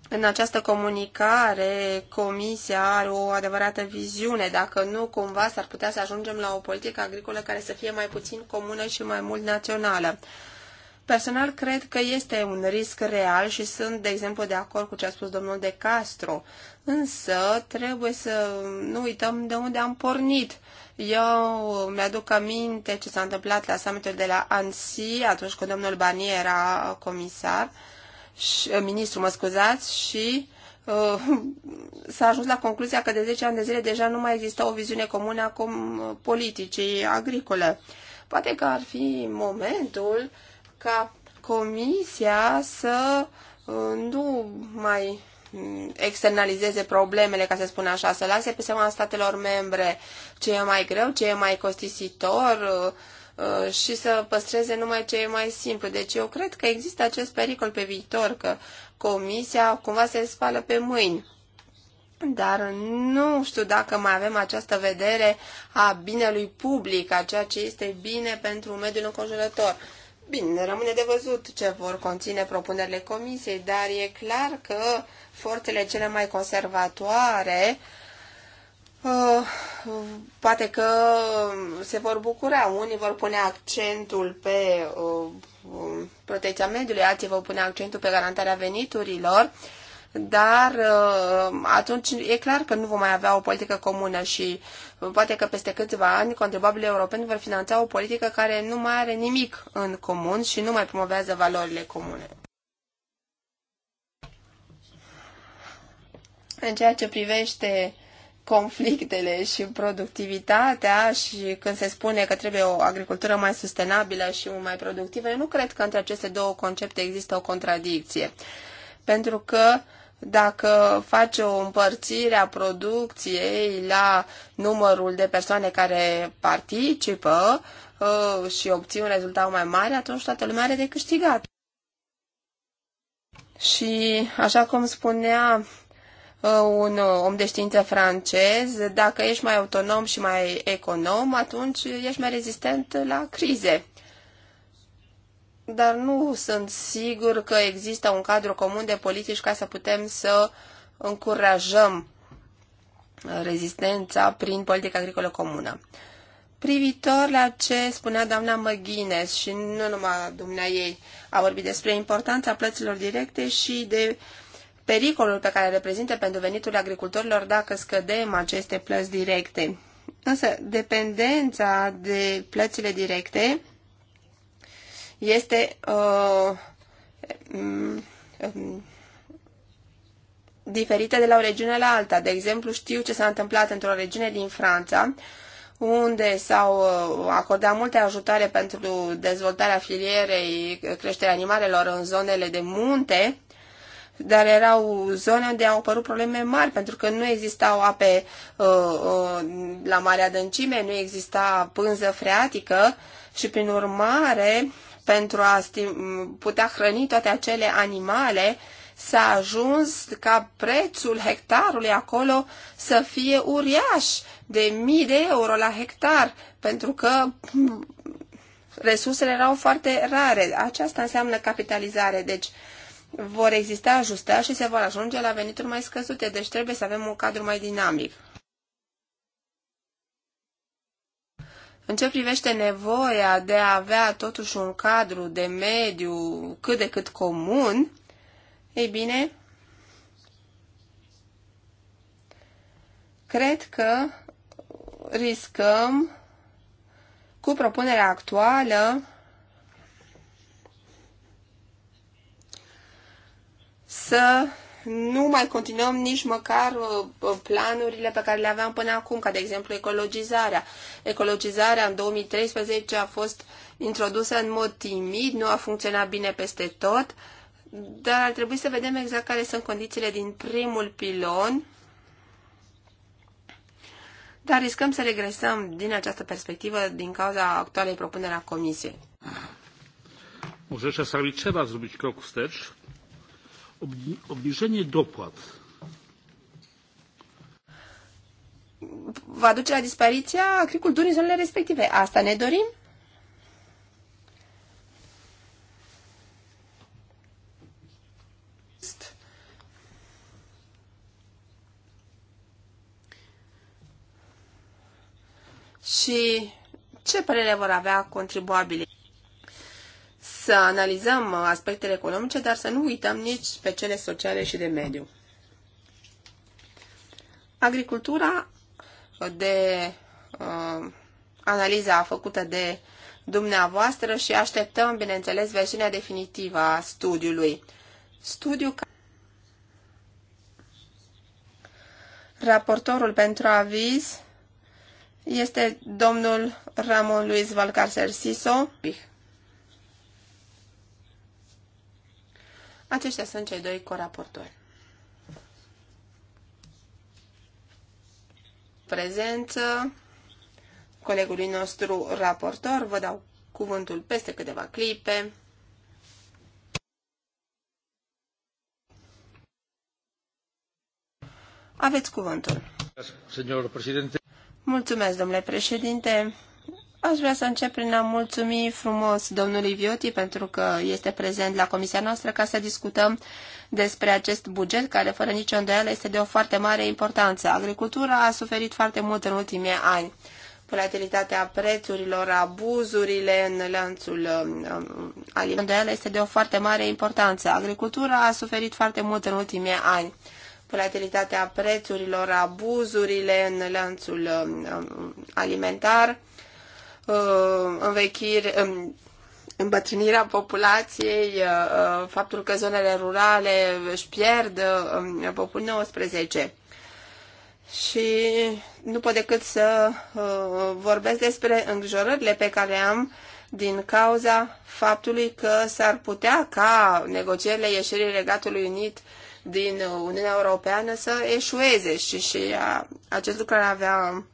în această comunicare Comisia are o adevărată viziune, dacă nu cumva s-ar putea să ajungem la o politică agricolă care să fie mai puțin comună și mai mult națională. Personal, cred că este un risc real și sunt, de exemplu, de acord cu ce a spus domnul De Castro. Însă trebuie să nu uităm de unde am pornit. Eu mi-aduc aminte ce s-a întâmplat la summitul de la Ansi, atunci când domnul Barnier era comisar, și, eh, ministru, mă scuzați, și uh, s-a ajuns la concluzia că de 10 ani de zile deja nu mai exista o viziune comună a eh, politicii agricole. Poate că ar fi momentul ca comisia să uh, nu mai externalizeze problemele, ca să spun așa, să lase pe seama statelor membre ce e mai greu, ce e mai costisitor uh, și să păstreze numai ce e mai simplu. Deci eu cred că există acest pericol pe viitor, că comisia cumva se spală pe mâini. Dar nu știu dacă mai avem această vedere a binelui public, a ceea ce este bine pentru mediul înconjurător. Bine, rămâne de văzut ce vor conține propunerile comisiei, dar e clar că forțele cele mai conservatoare uh, poate că se vor bucura. Unii vor pune accentul pe uh, um, protecția mediului, alții vor pune accentul pe garantarea veniturilor, dar uh, atunci e clar că nu vom mai avea o politică comună și poate că peste câțiva ani contribuabilii europeni vor finanța o politică care nu mai are nimic în comun și nu mai promovează valorile comune. în ceea ce privește conflictele și productivitatea și când se spune că trebuie o agricultură mai sustenabilă și mai productivă, eu nu cred că între aceste două concepte există o contradicție. Pentru că dacă faci o împărțire a producției la numărul de persoane care participă uh, și obții un rezultat mai mare, atunci toată lumea are de câștigat. Și așa cum spunea Uh, un uh, om de știință francez, dacă ești mai autonom și mai econom, atunci ești mai rezistent la crize. Dar nu sunt sigur că există un cadru comun de politici ca să putem să încurajăm rezistența prin politica agricolă comună. Privitor la ce spunea doamna Măghines și nu numai dumnea ei, a vorbit despre importanța plăților directe și de uh, pericolul pe care reprezintă pentru venitul agricultorilor dacă scădem aceste plăți directe. Însă, dependența de plățile directe este uh, um, um, diferită de la o regiune la alta. De exemplu, știu ce s-a întâmplat într-o regiune din Franța, unde s-au uh, acordat multe ajutare pentru dezvoltarea filierei, creșterea animalelor în zonele de munte, dar erau zone unde au apărut probleme mari, pentru că nu existau ape uh, uh, la mare adâncime, nu exista pânză freatică și, prin urmare, pentru a putea hrăni toate acele animale, s-a ajuns ca prețul hectarului acolo să fie uriaș, de mii de euro la hectar, pentru că mm, resursele erau foarte rare. Aceasta înseamnă capitalizare. Deci, vor exista ajustări și se vor ajunge la venituri mai scăzute, deci trebuie să avem un cadru mai dinamic. În ce privește nevoia de a avea totuși un cadru de mediu cât de cât comun, ei bine, cred că riscăm cu propunerea actuală să nu mai continuăm nici măcar uh, planurile pe care le aveam până acum, ca de exemplu ecologizarea. Ecologizarea în 2013 a fost introdusă în mod timid, nu a funcționat bine peste tot, dar ar trebui să vedem exact care sunt condițiile din primul pilon, dar riscăm să regresăm din această perspectivă din cauza actualei propunere a Comisiei. Może czasami trzeba zrobić krok wstecz, obniżenie dopłat va duce la dispariția agriculturii în zonele respective. Asta ne dorim? Și ce părere vor avea contribuabilii? să analizăm aspectele economice, dar să nu uităm nici pe cele sociale și de mediu. Agricultura de uh, analiza făcută de dumneavoastră și așteptăm, bineînțeles, versiunea definitivă a studiului. Studiu ca... Raportorul pentru aviz este domnul Ramon Luis Valcarcer Siso. Aceștia sunt cei doi coraportori. Prezență colegului nostru raportor, vă dau cuvântul peste câteva clipe. Aveți cuvântul. Mulțumesc, domnule președinte. Aș vrea să încep prin a mulțumi frumos domnului Vioti pentru că este prezent la comisia noastră ca să discutăm despre acest buget care, fără nicio îndoială, este de o foarte mare importanță. Agricultura a suferit foarte mult în ultimii ani. Volatilitatea prețurilor, abuzurile în lanțul um, um, alimentar este de o foarte mare importanță. Agricultura a suferit foarte mult în ultimii ani. Volatilitatea prețurilor, abuzurile în lanțul um, alimentar Uh, um, îmbătrânirea populației, uh, uh, faptul că zonele rurale își pierd um, popul 19. Și nu pot decât să vorbesc despre îngrijorările pe care am din cauza faptului că s-ar putea ca negocierile ieșirii Regatului Unit din Uniunea Europeană să eșueze și, și a acest lucru ar avea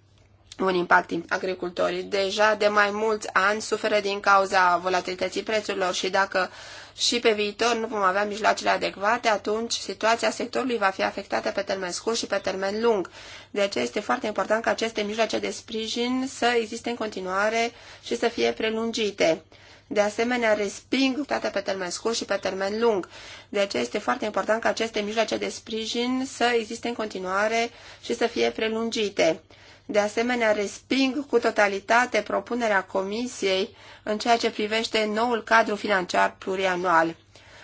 un impact agricultorii. Deja de mai mulți ani suferă din cauza volatilității prețurilor și dacă și pe viitor nu vom avea mijloacele adecvate, atunci situația sectorului va fi afectată pe termen scurt și pe termen lung. De aceea este foarte important ca aceste mijloace de sprijin să existe în continuare și să fie prelungite. De asemenea, resping toate pe termen scurt și pe termen lung. De aceea este foarte important ca aceste mijloace de sprijin să existe în continuare și să fie prelungite. De asemenea, resping cu totalitate propunerea Comisiei în ceea ce privește noul cadru financiar plurianual,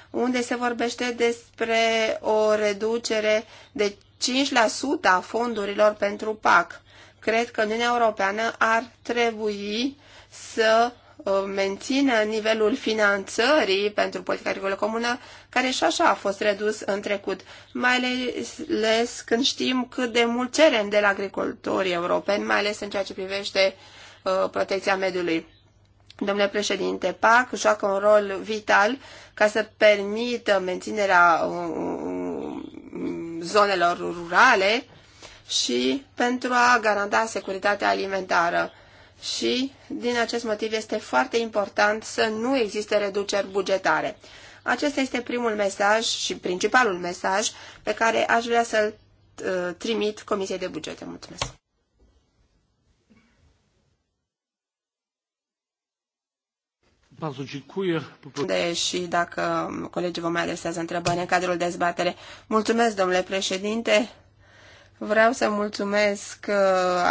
unde se vorbește despre o reducere de 5% a fondurilor pentru PAC. Cred că Uniunea Europeană ar trebui să Uh, menține nivelul finanțării pentru politica agricolă comună, care și așa a fost redus în trecut, mai ales când știm cât de mult cerem de la agricultorii europeni, mai ales în ceea ce privește uh, protecția mediului. Domnule președinte, PAC joacă un rol vital ca să permită menținerea uh, zonelor rurale și pentru a garanta securitatea alimentară și din acest motiv este foarte important să nu existe reduceri bugetare. Acesta este primul mesaj și principalul mesaj pe care aș vrea să-l uh, trimit Comisiei de Bugete. Mulțumesc! Și dacă colegii vă mai adresează întrebări în cadrul dezbatere. Mulțumesc, domnule președinte! Vreau să mulțumesc uh,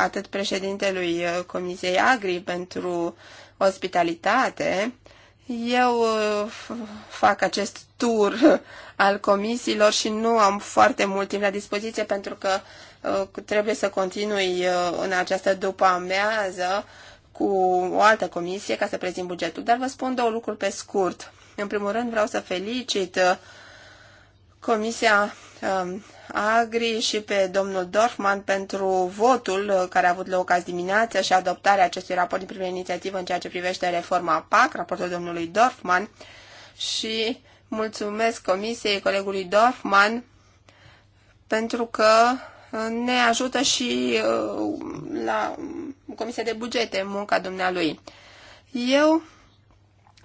atât președintelui uh, Comisiei Agri pentru ospitalitate. Eu uh, fac acest tur al comisiilor și nu am foarte mult timp la dispoziție pentru că trebuie să continui în această după-amiază cu o altă comisie ca să prezint bugetul. Dar vă spun două lucruri pe scurt. În primul rând vreau să felicit Comisia um, Agri și pe domnul Dorfman pentru votul uh, care a avut loc azi dimineața și adoptarea acestui raport din primă inițiativă în ceea ce privește reforma PAC, raportul domnului Dorfman și mulțumesc comisiei colegului Dorfman pentru că uh, ne ajută și uh, la um, Comisia de Bugete munca dumnealui. Eu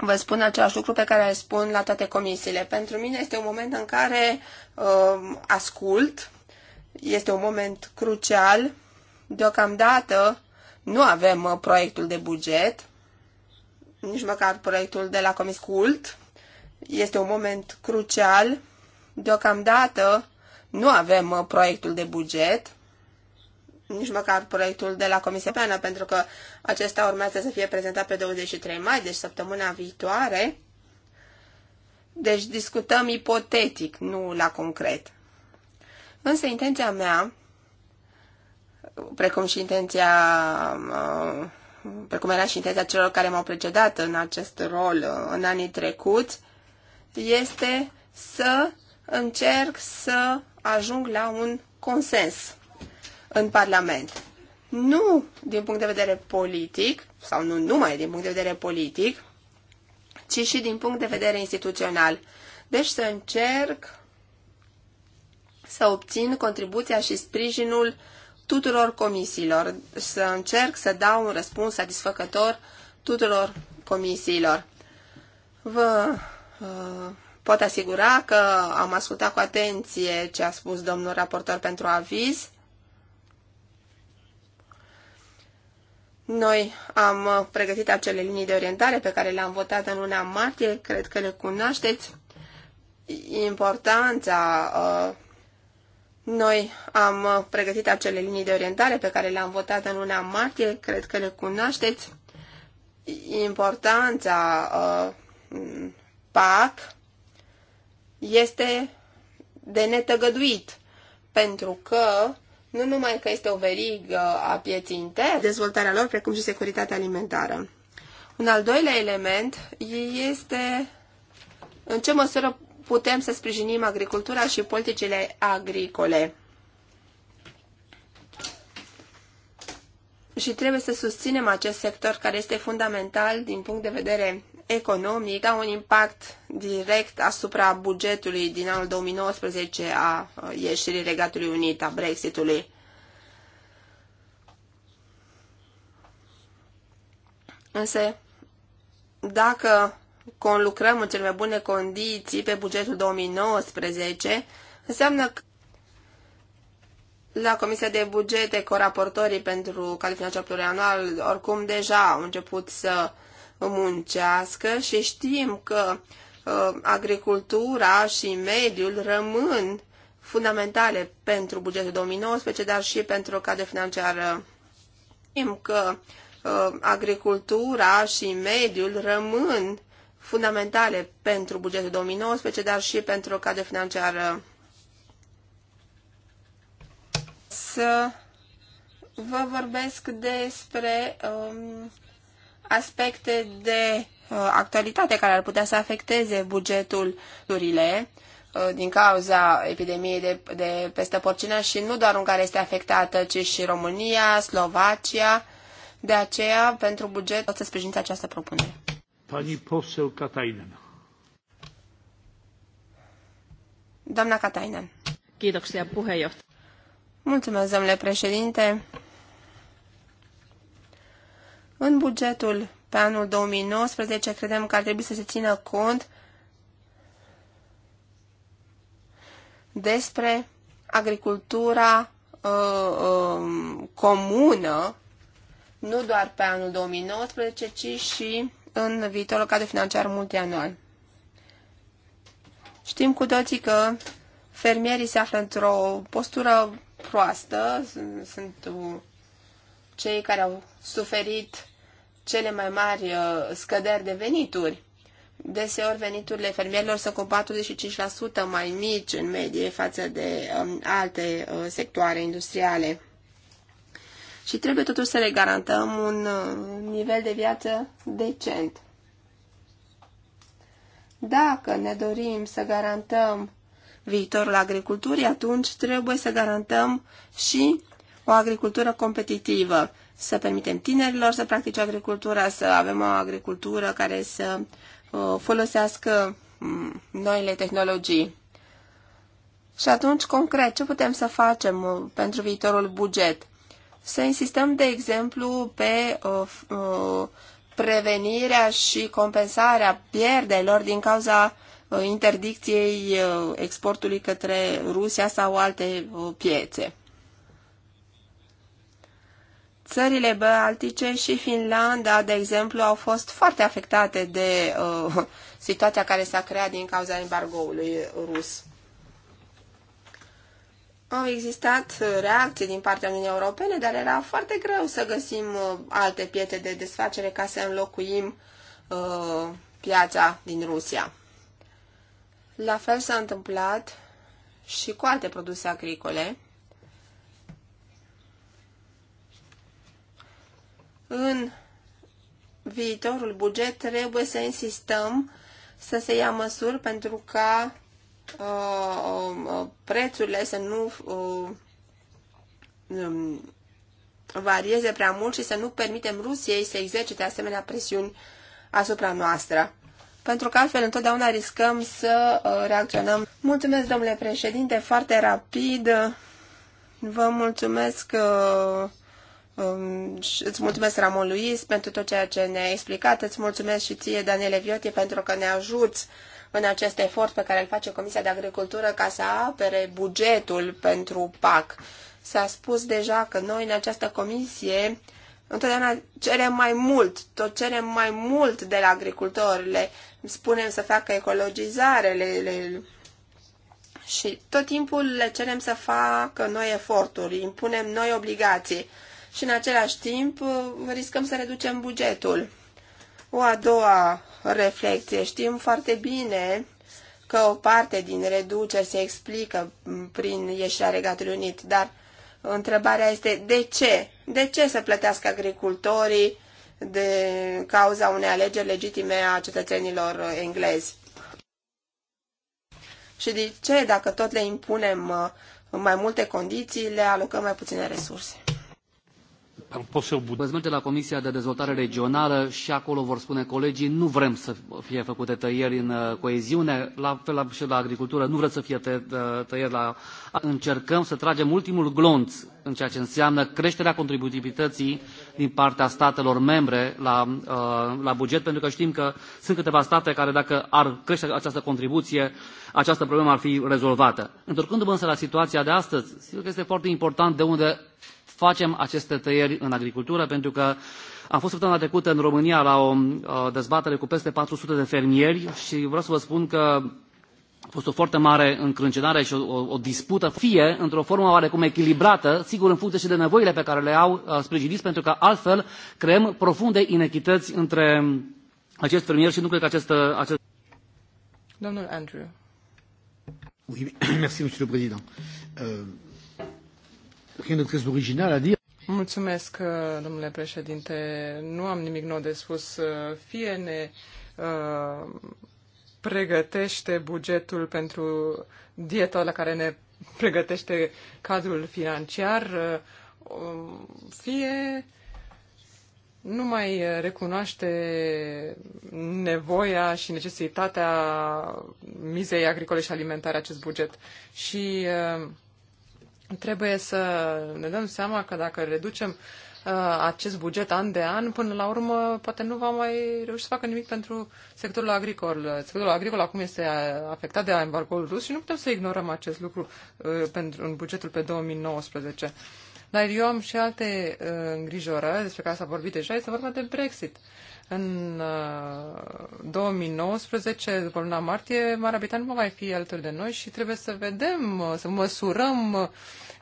vă spun același lucru pe care îl spun la toate comisiile. Pentru mine este un moment în care uh, ascult, este un moment crucial. Deocamdată nu avem uh, proiectul de buget, nici măcar proiectul de la Comis Cult. Este un moment crucial. Deocamdată nu avem uh, proiectul de buget nici măcar proiectul de la Comisia Europeană, pentru că acesta urmează să fie prezentat pe 23 mai, deci săptămâna viitoare. Deci discutăm ipotetic, nu la concret. Însă intenția mea, precum și intenția precum era și intenția celor care m-au precedat în acest rol în anii trecuți, este să încerc să ajung la un consens în Parlament. Nu din punct de vedere politic, sau nu numai din punct de vedere politic, ci și din punct de vedere instituțional. Deci să încerc să obțin contribuția și sprijinul tuturor comisiilor, să încerc să dau un răspuns satisfăcător tuturor comisiilor. Vă uh, pot asigura că am ascultat cu atenție ce a spus domnul raportor pentru aviz Noi am uh, pregătit acele linii de orientare pe care le-am votat în luna martie, cred că le cunoașteți. Importanța uh, noi am uh, pregătit acele linii de orientare pe care le-am votat în luna martie, cred că le cunoașteți. Importanța uh, PAC este de netăgăduit, pentru că nu numai că este o verigă a pieții interne, dezvoltarea lor, precum și securitatea alimentară. Un al doilea element este în ce măsură putem să sprijinim agricultura și politicile agricole. și trebuie să susținem acest sector care este fundamental din punct de vedere economic, da un impact direct asupra bugetului din anul 2019 a uh, ieșirii Regatului Unit, a Brexitului. Însă, dacă conlucrăm în cele mai bune condiții pe bugetul 2019, înseamnă că la Comisia de Bugete, coraportorii pentru cadrul financiar plurianual, oricum deja au început să muncească și știm că uh, agricultura și mediul rămân fundamentale pentru bugetul 2019, dar și pentru cadrul financiar. Știm că uh, agricultura și mediul rămân fundamentale pentru bugetul 2019, dar și pentru cadrul financiar să vă vorbesc despre um, aspecte de uh, actualitate care ar putea să afecteze bugetul turile uh, din cauza epidemiei de, de peste porcină și nu doar în care este afectată, ci și România, Slovacia. De aceea, pentru buget, o să sprijiniți această propunere. Pani posel Katainen. Doamna Katainen. Kiitoksia puheenjohtaja. Mulțumesc, domnule președinte. În bugetul pe anul 2019 credem că ar trebui să se țină cont despre agricultura uh, uh, comună, nu doar pe anul 2019, ci și în viitorul cadru financiar multianual. Știm cu toții că fermierii se află într-o postură proastă, sunt, sunt uh, cei care au suferit cele mai mari uh, scăderi de venituri. Deseori veniturile fermierilor sunt cu 45% mai mici în medie față de um, alte uh, sectoare industriale. Și trebuie totuși să le garantăm un uh, nivel de viață decent. Dacă ne dorim să garantăm viitorul agriculturii, atunci trebuie să garantăm și o agricultură competitivă, să permitem tinerilor să practice agricultura, să avem o agricultură care să uh, folosească mm, noile tehnologii. Și atunci, concret, ce putem să facem uh, pentru viitorul buget? Să insistăm, de exemplu, pe uh, uh prevenirea și compensarea pierderilor din cauza Uh, interdicției uh, exportului către Rusia sau alte uh, piețe. Țările baltice și Finlanda, de exemplu, au fost foarte afectate de uh, situația care s-a creat din cauza embargoului rus. Au existat reacții din partea Uniunii Europene, dar era foarte greu să găsim alte piețe de desfacere ca să înlocuim uh, piața din Rusia. La fel s-a întâmplat și cu alte produse agricole. În viitorul buget trebuie să insistăm să se ia măsuri pentru ca uh, uh prețurile să nu uh, um, varieze prea mult și să nu permitem Rusiei să exercite asemenea presiuni asupra noastră pentru că altfel întotdeauna riscăm să uh, reacționăm. Mulțumesc, domnule președinte, foarte rapid. Vă mulțumesc, uh, um, îți mulțumesc, Ramon Luis, pentru tot ceea ce ne-ai explicat. Îți mulțumesc și ție, Daniele Vioti, pentru că ne ajuți în acest efort pe care îl face Comisia de Agricultură ca să apere bugetul pentru PAC. S-a spus deja că noi în această comisie Întotdeauna cerem mai mult, tot cerem mai mult de la agricultori, le spunem să facă ecologizare le, le, și tot timpul le cerem să facă noi eforturi, impunem noi obligații și în același timp uh, riscăm să reducem bugetul. O a doua reflecție. Știm foarte bine că o parte din reduceri se explică mm, prin ieșirea Regatului Unit, dar întrebarea este de ce de ce să plătească agricultorii de cauza unei alegeri legitime a cetățenilor englezi? Și de ce, dacă tot le impunem uh, mai multe condiții, le alocăm mai puține resurse? Văzmente la Comisia de Dezvoltare Regională și acolo vor spune colegii, nu vrem să fie făcute tăieri în uh, coeziune, la fel și la agricultură, nu vrem să fie tă uh, tăieri la... Încercăm să tragem ultimul glonț în ceea ce înseamnă creșterea contributivității din partea statelor membre la, uh, la buget, pentru că știm că sunt câteva state care dacă ar crește această contribuție, această problemă ar fi rezolvată. Întorcându-mă însă la situația de astăzi, sigur că este foarte important de unde facem aceste tăieri în agricultură, pentru că am fost săptămâna trecută în România la o uh, dezbatere cu peste 400 de fermieri și vreau să vă spun că a fost o foarte mare încrâncenare și o, o, o dispută, fie într-o formă oarecum echilibrată, sigur în funcție și de nevoile pe care le au uh, sprijiniți, pentru că altfel creăm profunde inechități între acest fermier și nu cred că acest... Uh, acest... Domnul Andrew. Oui, merci, monsieur le président. Euh, Mulțumesc, uh, domnule președinte. Nu am nimic nou de spus. Uh, fie ne uh, pregătește bugetul pentru dieta la care ne pregătește cadrul financiar, uh, um, fie nu mai recunoaște nevoia și necesitatea mizei agricole și alimentare acest buget. Și uh, Trebuie să ne dăm seama că dacă reducem uh, acest buget an de an, până la urmă poate nu va mai reuși să facă nimic pentru sectorul agricol. Sectorul agricol acum este uh, afectat de embargoul rus și nu putem să ignorăm acest lucru uh, pentru, în bugetul pe 2019. Dar eu am și alte îngrijorări despre care s-a vorbit deja, este vorba de Brexit. Uh, în 2019, uh, după luna martie, Marea Britanie nu va mai fi alături de noi și trebuie să vedem, uh, să măsurăm uh,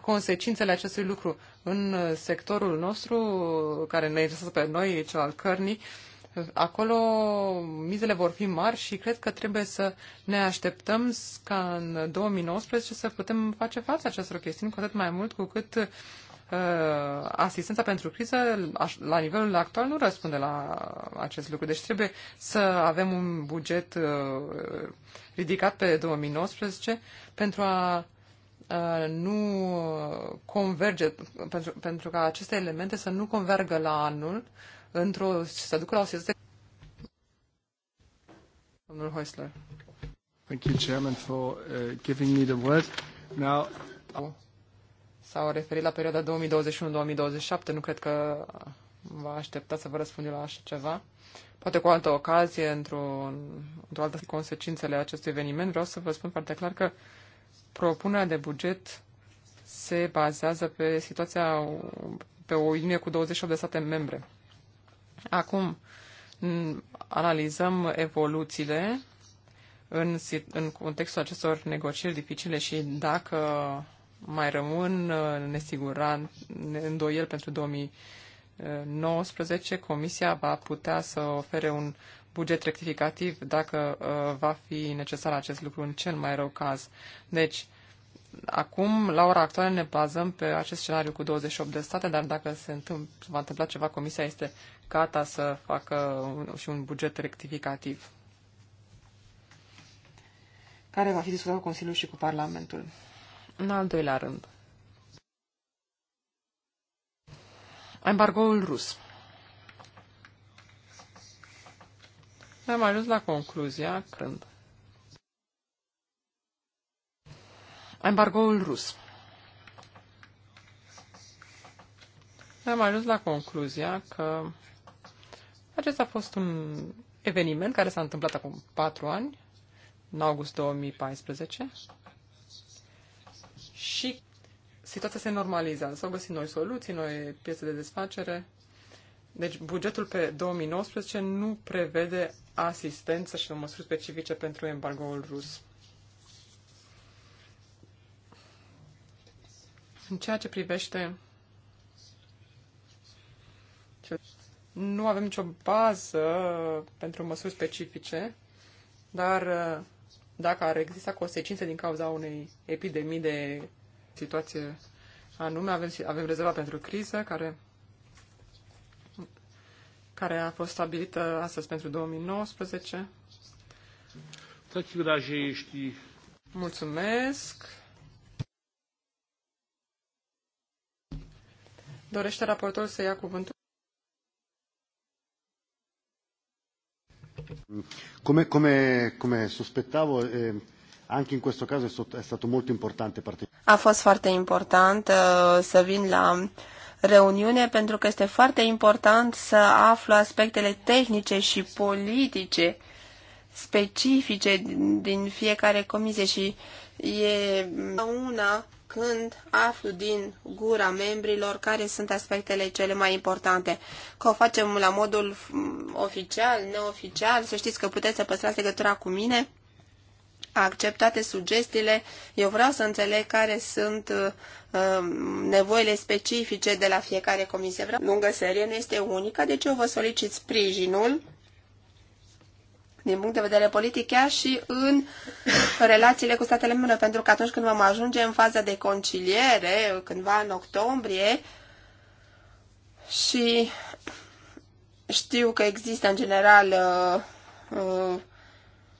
consecințele acestui lucru în sectorul nostru, care ne interesează pe noi, cel al cărnii, acolo mizele vor fi mari și cred că trebuie să ne așteptăm ca în 2019 să putem face față acestor chestiuni, cu atât mai mult cu cât Uh, asistența pentru criză la nivelul actual nu răspunde la acest lucru. Deci trebuie să avem un buget uh, ridicat pe 2019 pentru a uh, nu converge, pentru, pentru ca aceste elemente să nu convergă la anul într-o, să ducă la o situație. Domnul Heusler. Thank you, Chairman, for uh, giving me the word. Now, oh s-au referit la perioada 2021-2027. Nu cred că va aștepta să vă răspund eu la așa ceva. Poate cu o altă ocazie, într-o într altă consecințele acestui eveniment, vreau să vă spun foarte clar că propunerea de buget se bazează pe situația, pe o linie cu 28 de state membre. Acum analizăm evoluțiile în, în contextul acestor negocieri dificile și dacă mai rămân uh, nesiguran îndoiel pentru 2019. Comisia va putea să ofere un buget rectificativ dacă uh, va fi necesar acest lucru în cel mai rău caz. Deci, acum, la ora actuală, ne bazăm pe acest scenariu cu 28 de state, dar dacă se întâmpl, va întâmpla ceva, Comisia este gata să facă un, și un buget rectificativ care va fi discutat cu Consiliul și cu Parlamentul. În al doilea rând, embargoul rus. Am ajuns la concluzia când embargoul rus. Am ajuns la concluzia că acesta a fost un eveniment care s-a întâmplat acum patru ani, în august 2014, și situația se normalizează. S-au găsit noi soluții, noi piese de desfacere. Deci bugetul pe 2019 nu prevede asistență și măsuri specifice pentru embargoul rus. În ceea ce privește nu avem nicio bază pentru măsuri specifice, dar dacă ar exista consecințe din cauza unei epidemii de situație anume, avem, avem rezerva pentru criză care, care a fost stabilită astăzi pentru 2019. Mulțumesc. Dorește raportorul să ia cuvântul? Come, come, come sospettavo, eh, anche in questo caso è stato molto importante A fost foarte important uh, să vin la reuniune pentru că este foarte important să aflu aspectele tehnice și politice specifice din fiecare comisie și e una când aflu din gura membrilor care sunt aspectele cele mai importante. Că o facem la modul mm, oficial, neoficial, să știți că puteți să păstrați legătura cu mine. Acceptate sugestiile, eu vreau să înțeleg care sunt uh, uh, nevoile specifice de la fiecare comisie. Vreau lungă serie nu este unică, deci eu vă solicit sprijinul din punct de vedere politic, chiar și în relațiile cu statele membre, pentru că atunci când vom ajunge în faza de conciliere, cândva în octombrie, și știu că există în general uh, uh,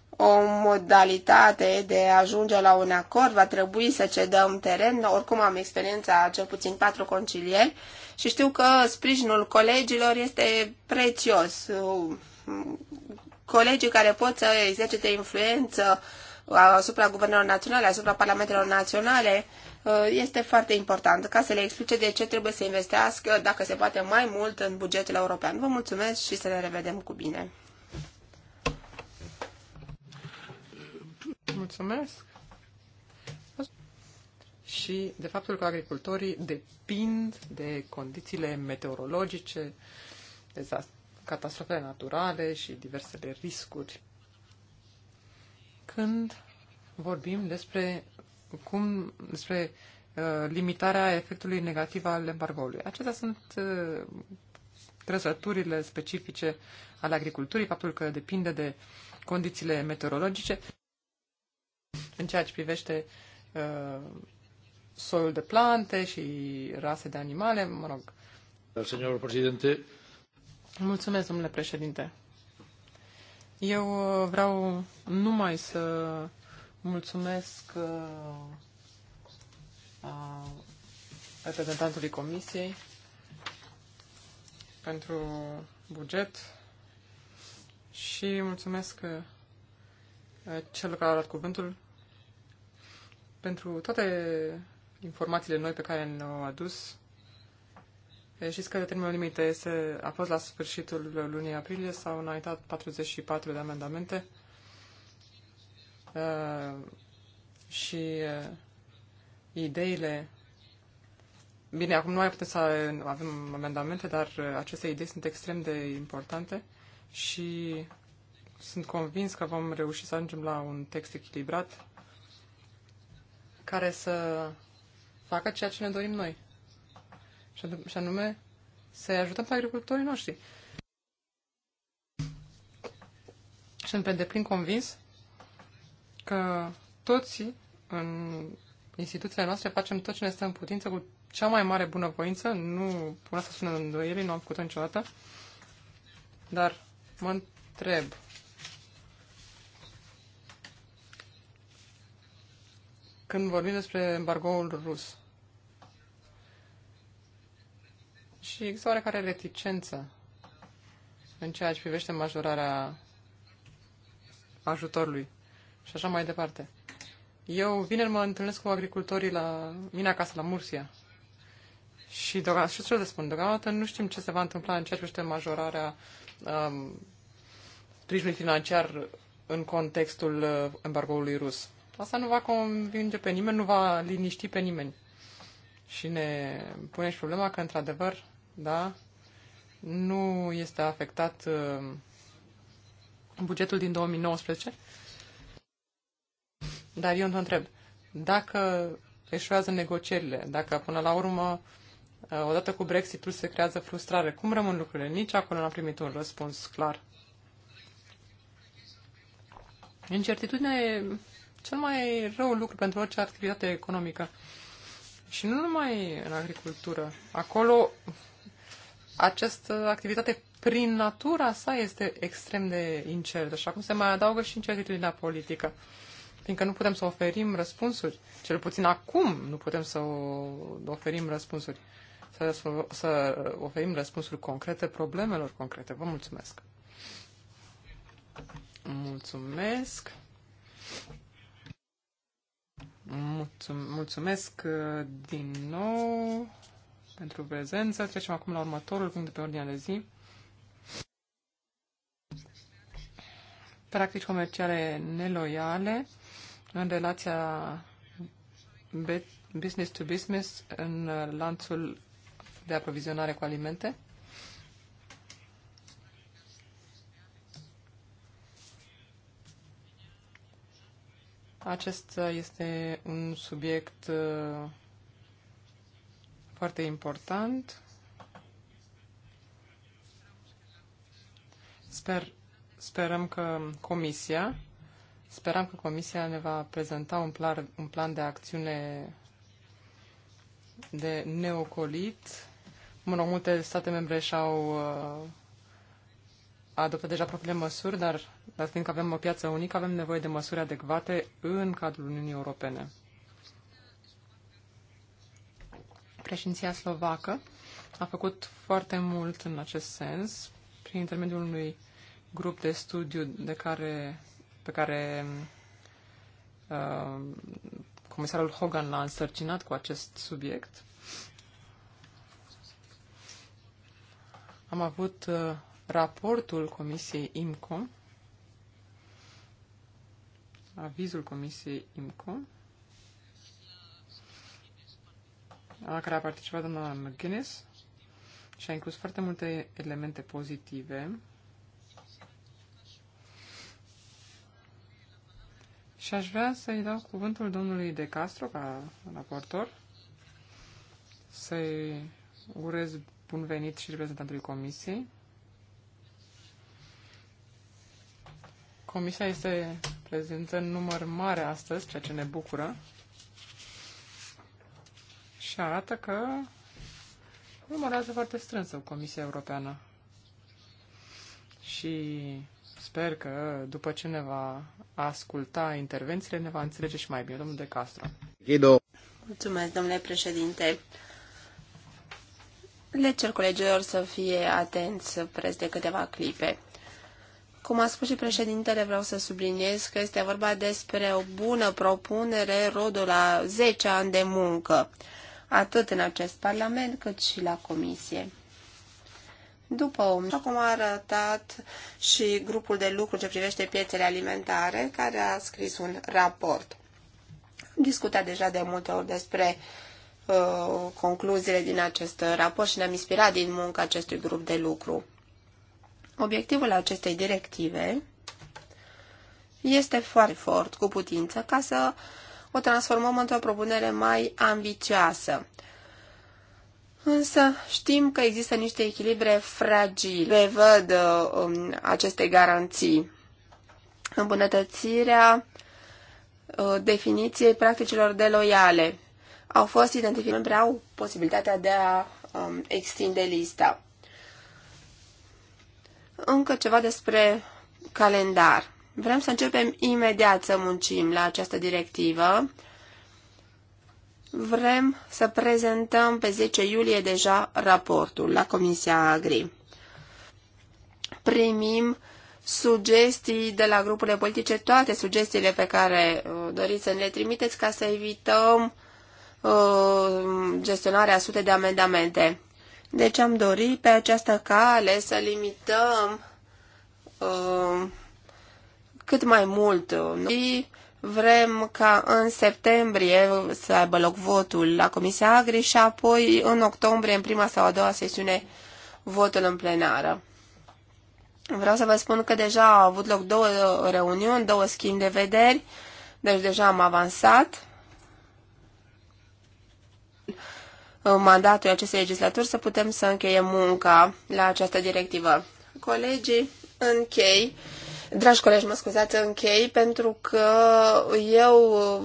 o modalitate de a ajunge la un acord, va trebui să cedăm teren. Oricum am experiența cel puțin patru concilieri și știu că sprijinul colegilor este prețios. Uh, colegii care pot să exercite influență asupra guvernelor naționale, asupra parlamentelor naționale, uh, este foarte important ca să le explice de ce trebuie să investească, dacă se poate, mai mult în bugetul european. Vă mulțumesc și să ne revedem cu bine! Mulțumesc! Și de faptul că agricultorii depind de condițiile meteorologice, dezastre catastrofele naturale și diversele riscuri. Când vorbim despre cum despre uh, limitarea efectului negativ al embargoului. Acestea sunt uh, trăsăturile specifice ale agriculturii, faptul că depinde de condițiile meteorologice în ceea ce privește uh, soiul de plante și rase de animale, mă rog. Domnul președinte, Mulțumesc, domnule președinte. Eu uh, vreau numai să mulțumesc uh, reprezentantului Comisiei pentru buget și mulțumesc uh, celor care au luat cuvântul pentru toate informațiile noi pe care le-au adus Știți că termenul limită este, a fost la sfârșitul lunii aprilie, s-au înaintat 44 de amendamente uh, și uh, ideile Bine, acum nu mai putem să avem amendamente, dar aceste idei sunt extrem de importante și sunt convins că vom reuși să ajungem la un text echilibrat care să facă ceea ce ne dorim noi și anume să-i ajutăm pe agricultorii noștri. Sunt pe deplin convins că toți în instituțiile noastre facem tot ce ne stă în putință cu cea mai mare bunăvoință, nu pun să sună îndoielii, nu am făcut-o niciodată, dar mă întreb când vorbim despre embargoul rus, Și există oarecare reticență în ceea ce privește majorarea ajutorului și așa mai departe. Eu vineri mă întâlnesc cu agricultorii la mine acasă, la Mursia. Și, deocamdată, și ce le spun, deocamdată nu știm ce se va întâmpla în ceea ce privește majorarea um, financiar în contextul uh, embargoului rus. Asta nu va convinge pe nimeni, nu va liniști pe nimeni. Și ne pune și problema că, într-adevăr, da? Nu este afectat uh, bugetul din 2019. Dar eu îmi întreb, dacă eșuează negocierile, dacă până la urmă, uh, odată cu Brexitul se creează frustrare, cum rămân lucrurile? Nici acolo n-am primit un răspuns clar. Incertitudinea e cel mai rău lucru pentru orice activitate economică. Și nu numai în agricultură. Acolo această activitate prin natura sa este extrem de incertă și acum se mai adaugă și incertitudinea politică, fiindcă nu putem să oferim răspunsuri, cel puțin acum nu putem să oferim răspunsuri, să, să oferim răspunsuri concrete problemelor concrete. Vă mulțumesc! Mulțumesc! Mulțumesc uh, din nou pentru prezență. Trecem acum la următorul punct de pe ordinea de zi. Practici comerciale neloiale în relația business to business în lanțul de aprovizionare cu alimente. Acesta este un subiect uh, foarte important. Sper, sperăm că Comisia, sperăm că Comisia ne va prezenta un plan, un plan de acțiune de neocolit. Mă rog, multe state membre și-au uh, adoptat deja propriile măsuri, dar, dar fiindcă avem o piață unică, avem nevoie de măsuri adecvate în cadrul Uniunii Europene. Președinția slovacă a făcut foarte mult în acest sens prin intermediul unui grup de studiu de care, pe care uh, comisarul Hogan l-a însărcinat cu acest subiect. Am avut uh, raportul Comisiei IMCO, avizul Comisiei IMCO, la care a participat doamna McGuinness și a inclus foarte multe elemente pozitive. Și aș vrea să-i dau cuvântul domnului De Castro, ca raportor, să-i urez bun venit și reprezentantului comisiei. Comisia este prezentă în număr mare astăzi, ceea ce ne bucură și arată că urmărează foarte strânsă Comisia Europeană. Și sper că după ce ne va asculta intervențiile, ne va înțelege și mai bine. Domnul De Castro. Ido. Mulțumesc, domnule președinte. Le cer colegilor să fie atenți preț de câteva clipe. Cum a spus și președintele, vreau să subliniez că este vorba despre o bună propunere, rodul la 10 ani de muncă atât în acest Parlament cât și la Comisie. După om, așa cum a arătat și grupul de lucru ce privește piețele alimentare, care a scris un raport. Am discutat deja de multe ori despre uh, concluziile din acest raport și ne-am inspirat din munca acestui grup de lucru. Obiectivul acestei directive este foarte fort, cu putință, ca să uh, o transformăm într-o propunere mai ambicioasă. Însă știm că există niște echilibre fragile. Prevăd um, aceste garanții. Îmbunătățirea uh, definiției practicilor loiale. Au fost identificate, au posibilitatea de a um, extinde lista. Încă ceva despre calendar. Vrem să începem imediat să muncim la această directivă. Vrem să prezentăm pe 10 iulie deja raportul la Comisia Agri. Primim sugestii de la grupurile politice, toate sugestiile pe care uh, doriți să ne le trimiteți ca să evităm uh, gestionarea sute de amendamente. Deci am dorit pe această cale să limităm uh, cât mai mult. Noi vrem ca în septembrie să aibă loc votul la Comisia Agri și apoi în octombrie, în prima sau a doua sesiune, votul în plenară. Vreau să vă spun că deja au avut loc două reuniuni, două schimb de vederi, deci deja am avansat. În mandatul acestei legislaturi să putem să încheiem munca la această directivă. Colegii închei Dragi colegi, mă scuzați, închei pentru că eu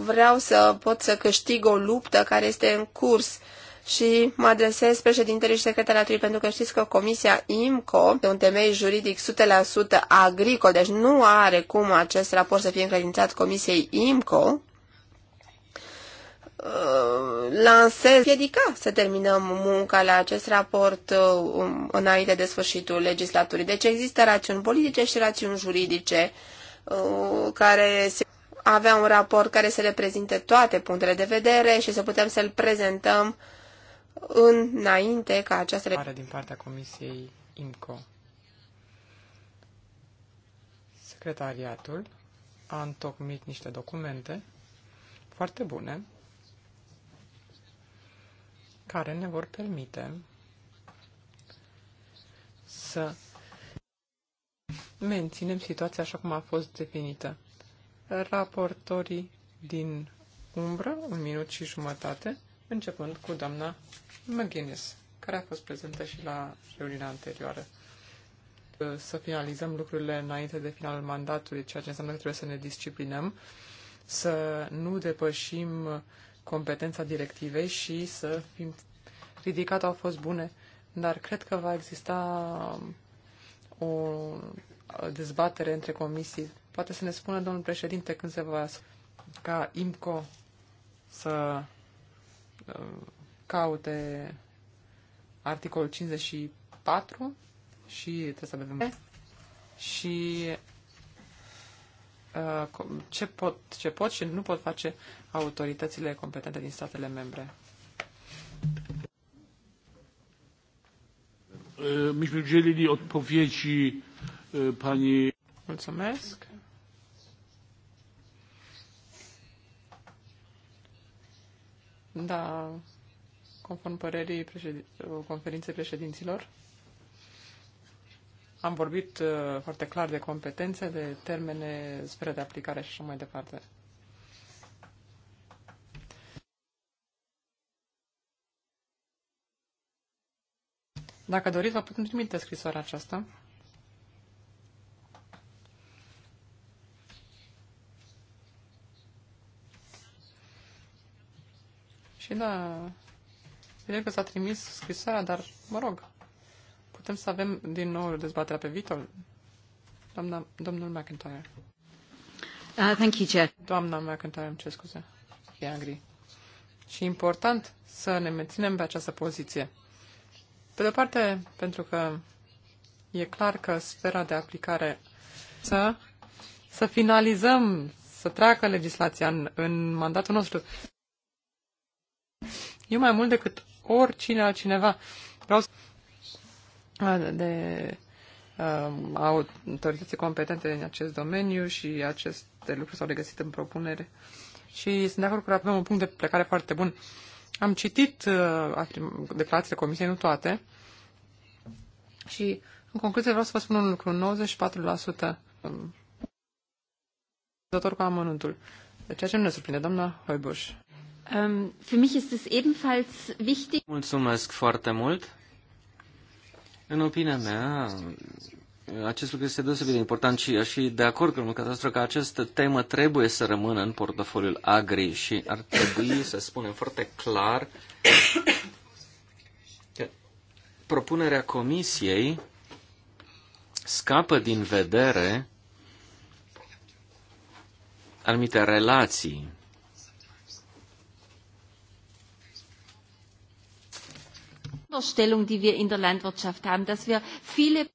vreau să pot să câștig o luptă care este în curs și mă adresez președintele și secretariatului pentru că știți că Comisia IMCO de un temei juridic 100% agricol, deci nu are cum acest raport să fie încredințat Comisiei IMCO, Uh, lansez, piedica să terminăm munca la acest raport uh, um, înainte de sfârșitul legislaturii. Deci există rațiuni politice și rațiuni juridice uh, care se avea un raport care să reprezinte toate punctele de vedere și să putem să-l prezentăm înainte ca această... Pare din partea Comisiei IMCO. Secretariatul a întocmit niște documente foarte bune care ne vor permite să menținem situația așa cum a fost definită. Raportorii din umbră, un minut și jumătate, începând cu doamna McGuinness, care a fost prezentă și la reuniunea anterioară. Să finalizăm lucrurile înainte de finalul mandatului, ceea ce înseamnă că trebuie să ne disciplinăm, să nu depășim competența directivei și să fim ridicat au fost bune, dar cred că va exista o dezbatere între comisii. Poate să ne spună domnul președinte când se va ca IMCO să uh, caute articolul 54 și trebuie să avem și uh, ce, pot, ce pot și nu pot face autoritățile competente din statele membre. Myśmy udzielili odpowiedzi pani. Mulțumesc. Da, conform părerii președin... conferinței președinților, am vorbit foarte clar de competențe, de termene, sfere de aplicare și așa mai departe. Dacă doriți, vă putem trimite scrisoarea aceasta. Și da, bine că s-a trimis scrisoarea, dar, mă rog, putem să avem din nou dezbaterea pe viitor. Doamna, domnul McIntyre. Uh, thank you, Chair. Doamna McIntyre, îmi cer scuze. E Și important să ne menținem pe această poziție. Pe de o parte, pentru că e clar că sfera de aplicare să, să finalizăm, să treacă legislația în, în mandatul nostru. Eu mai mult decât oricine altcineva vreau să... de uh, um, autorități competente în acest domeniu și aceste lucruri s-au regăsit în propunere. Și sunt de acord că avem un punct de plecare foarte bun. Uh, am citit uh, declarațiile comisiei, nu toate, și în concluzie vreau să vă spun un lucru. 94% dator um, cu amănuntul. Deci, ceea ce nu ne surprinde, doamna Hoibuș. Um, für mich ist es ebenfalls wichtig. Mulțumesc foarte mult. În opinia mea, acest lucru este deosebit de important și aș și de acord cu dumneavoastră că această temă trebuie să rămână în portofoliul agri și ar trebui să spunem foarte clar că propunerea comisiei scapă din vedere anumite relații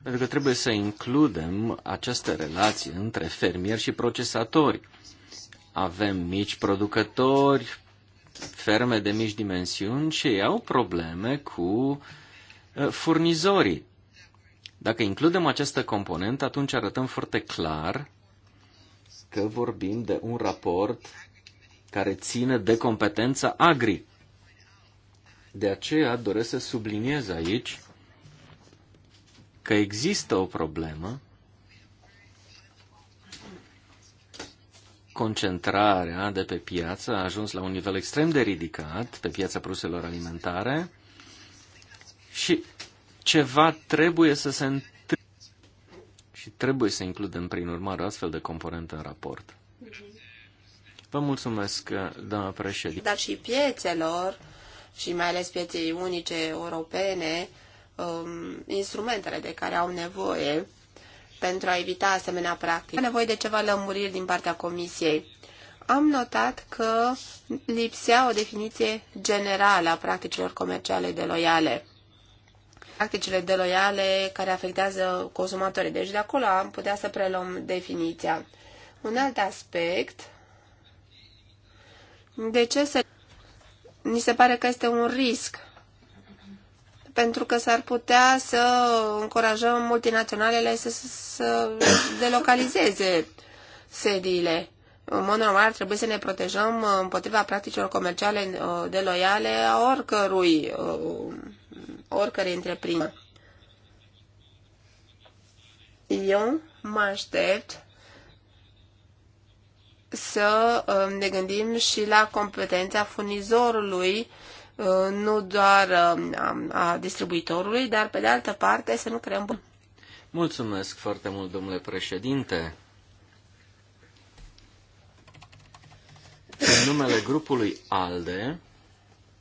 Pentru că trebuie să includem această relație între fermieri și procesatori. Avem mici producători, ferme de mici dimensiuni și ei au probleme cu eh, furnizorii. Dacă includem această componentă, atunci arătăm foarte clar că vorbim de un raport care ține de competența agricolă. De aceea doresc să subliniez aici că există o problemă concentrarea de pe piață a ajuns la un nivel extrem de ridicat pe piața produselor alimentare și ceva trebuie să se întâmple și trebuie să includem prin urmare astfel de componente în raport. Vă mulțumesc, doamna președinte. Dar și piețelor și mai ales pieței unice europene um, instrumentele de care au nevoie pentru a evita asemenea practici. Am nevoie de ceva lămuriri din partea Comisiei. Am notat că lipsea o definiție generală a practicilor comerciale deloiale. Practicile deloiale care afectează consumatorii. Deci de acolo am putea să preluăm definiția. Un alt aspect. De ce să... Se ni se pare că este un risc pentru că s-ar putea să încurajăm multinaționalele să, să, să delocalizeze sediile. În mod normal ar trebui să ne protejăm împotriva practicilor comerciale uh, deloiale a oricărui, uh, oricărei întreprinderi. Eu mă aștept să um, ne gândim și la competența furnizorului, uh, nu doar um, a distribuitorului, dar pe de altă parte să nu creăm... bun. Mulțumesc foarte mult, domnule președinte. În numele grupului ALDE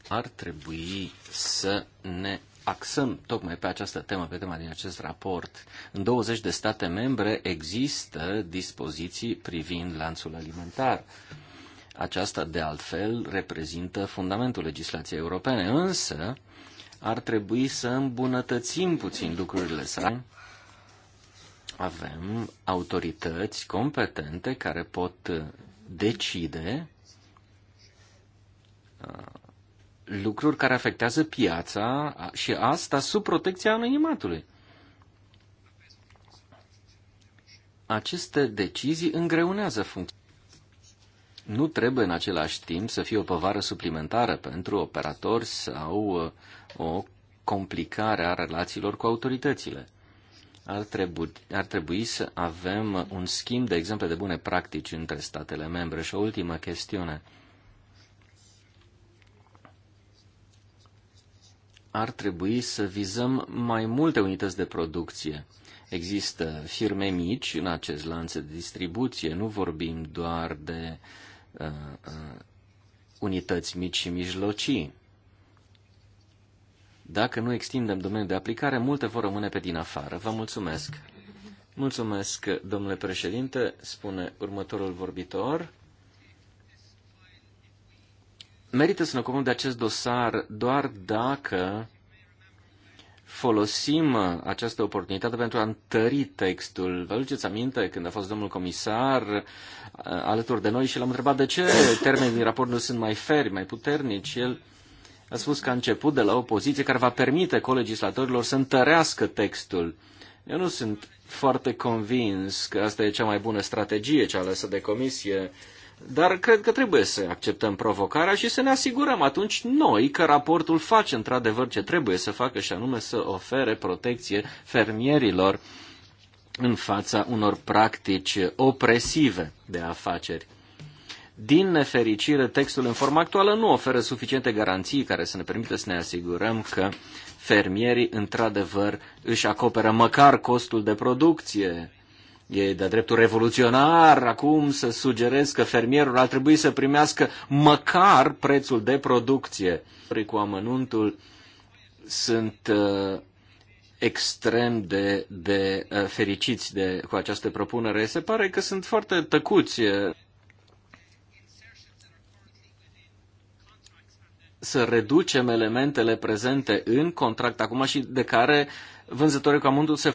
ar trebui să ne axăm tocmai pe această temă, pe tema din acest raport. În 20 de state membre există dispoziții privind lanțul alimentar. Aceasta, de altfel, reprezintă fundamentul legislației europene, însă ar trebui să îmbunătățim puțin lucrurile sale. Avem autorități competente care pot decide lucruri care afectează piața și asta sub protecția anonimatului. Aceste decizii îngreunează funcția. Nu trebuie în același timp să fie o povară suplimentară pentru operatori sau uh, o complicare a relațiilor cu autoritățile. Ar trebui, ar trebui să avem un schimb de exemple de bune practici între statele membre. Și o ultimă chestiune. ar trebui să vizăm mai multe unități de producție. Există firme mici în acest lanț de distribuție, nu vorbim doar de uh, uh, unități mici și mijlocii. Dacă nu extindem domeniul de aplicare, multe vor rămâne pe din afară. Vă mulțumesc! Mulțumesc, domnule președinte, spune următorul vorbitor. Merită să ne ocupăm de acest dosar doar dacă folosim această oportunitate pentru a întări textul. Vă aduceți aminte când a fost domnul comisar uh, alături de noi și l-am întrebat de ce termenii din raport nu sunt mai feri, mai puternici. El a spus că a început de la o poziție care va permite colegislatorilor să întărească textul. Eu nu sunt foarte convins că asta e cea mai bună strategie ce aleasă de comisie. Dar cred că trebuie să acceptăm provocarea și să ne asigurăm atunci noi că raportul face într-adevăr ce trebuie să facă și anume să ofere protecție fermierilor în fața unor practici opresive de afaceri. Din nefericire, textul în formă actuală nu oferă suficiente garanții care să ne permită să ne asigurăm că fermierii într-adevăr își acoperă măcar costul de producție E de dreptul revoluționar acum să sugerez că fermierul ar trebui să primească măcar prețul de producție. Cu amănuntul sunt uh, extrem de, de uh, fericiți de, cu această propunere. Se pare că sunt foarte tăcuți. Uh, să reducem elementele prezente în contract acum și de care vânzătorii cu amănuntul se...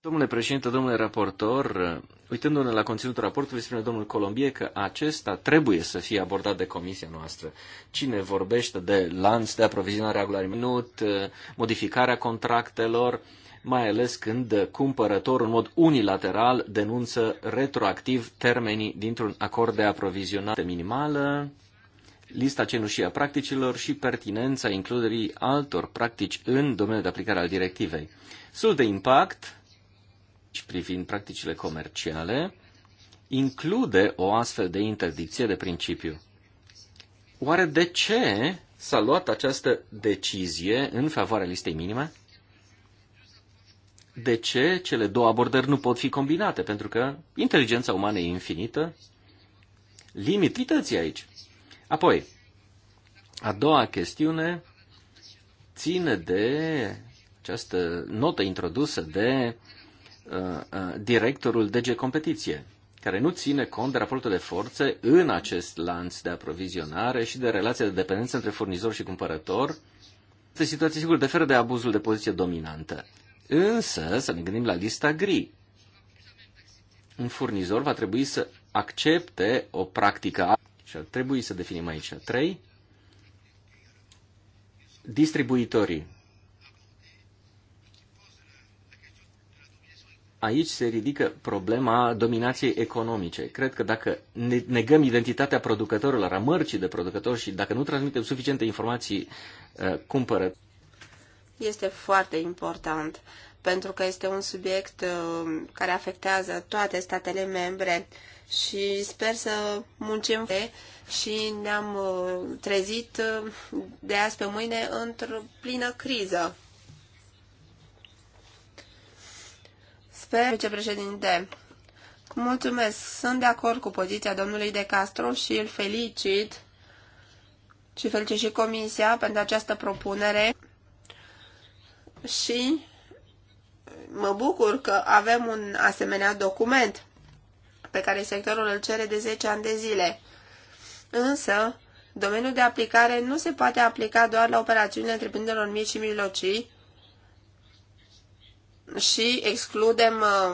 Domnule președinte, domnule raportor, uitându-ne la conținutul raportului, spune domnul Colombie că acesta trebuie să fie abordat de comisia noastră. Cine vorbește de lanț de aprovizionare a minut, modificarea contractelor, mai ales când cumpărătorul în mod unilateral denunță retroactiv termenii dintr-un acord de aprovizionare minimală, lista cenușie a practicilor și pertinența includerii altor practici în domeniul de aplicare al directivei. Sul de impact, și privind practicile comerciale, include o astfel de interdicție de principiu. Oare de ce s-a luat această decizie în favoarea listei minime? De ce cele două abordări nu pot fi combinate? Pentru că inteligența umană e infinită, limitității aici. Apoi, a doua chestiune ține de această notă introdusă de uh, uh, directorul DG Competiție, care nu ține cont de raportul de forțe în acest lanț de aprovizionare și de relația de dependență între furnizor și cumpărător. Este situație, sigur, deferă de abuzul de poziție dominantă. Însă, să ne gândim la lista gri. Un furnizor va trebui să accepte o practică și ar trebui să definim aici. trei Distribuitorii. Aici se ridică problema dominației economice. Cred că dacă negăm identitatea producătorilor, a mărcii de producători și dacă nu transmitem suficiente informații, uh, cumpără. Este foarte important pentru că este un subiect uh, care afectează toate statele membre și sper să muncim și ne-am uh, trezit uh, de azi pe mâine într-o plină criză. Sper, vicepreședinte, mulțumesc, sunt de acord cu poziția domnului De Castro și îl felicit și felicit și Comisia pentru această propunere și mă bucur că avem un asemenea document pe care sectorul îl cere de 10 ani de zile. Însă, domeniul de aplicare nu se poate aplica doar la operațiunile întreprinderilor mici și mijlocii și excludem uh,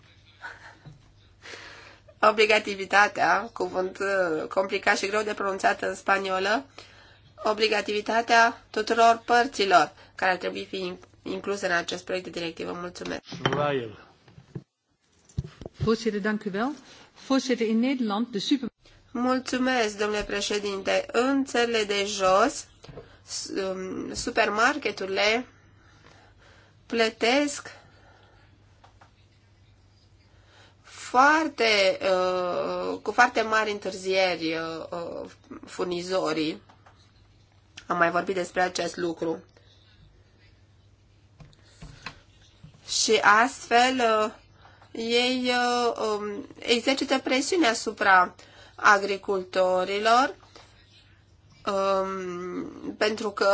obligativitatea, cuvânt uh, complicat și greu de pronunțat în spaniolă, obligativitatea tuturor părților care ar trebui fi incluse în acest proiect de directivă. Mulțumesc! Vă mulțumesc. Mulțumesc, domnule președinte. În țările de jos, um, supermarketurile plătesc foarte, uh, cu foarte mari întârzieri uh, uh, furnizorii. Am mai vorbit despre acest lucru. Și astfel ei uh, um, exercită presiune asupra agricultorilor um, pentru că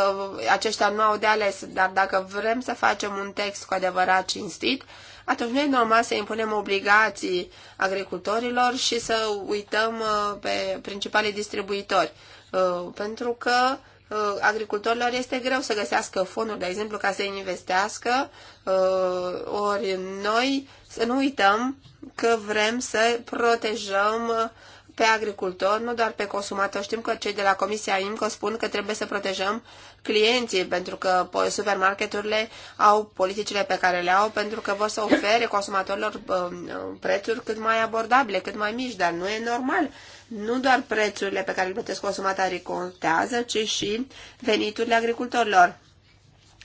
aceștia nu au de ales, dar dacă vrem să facem un text cu adevărat cinstit, atunci nu e normal să impunem obligații agricultorilor și să uităm uh, pe principalii distribuitori, uh, pentru că Uh, agricultorilor este greu să găsească fonduri, de exemplu, ca să investească, uh, ori noi să nu uităm că vrem să protejăm pe agricultor, nu doar pe consumator. Știm că cei de la Comisia IMCO spun că trebuie să protejăm clienții, pentru că supermarketurile au politicile pe care le au, pentru că vor să ofere consumatorilor prețuri cât mai abordabile, cât mai mici, dar nu e normal. Nu doar prețurile pe care le plătesc consumatorii contează, ci și veniturile agricultorilor.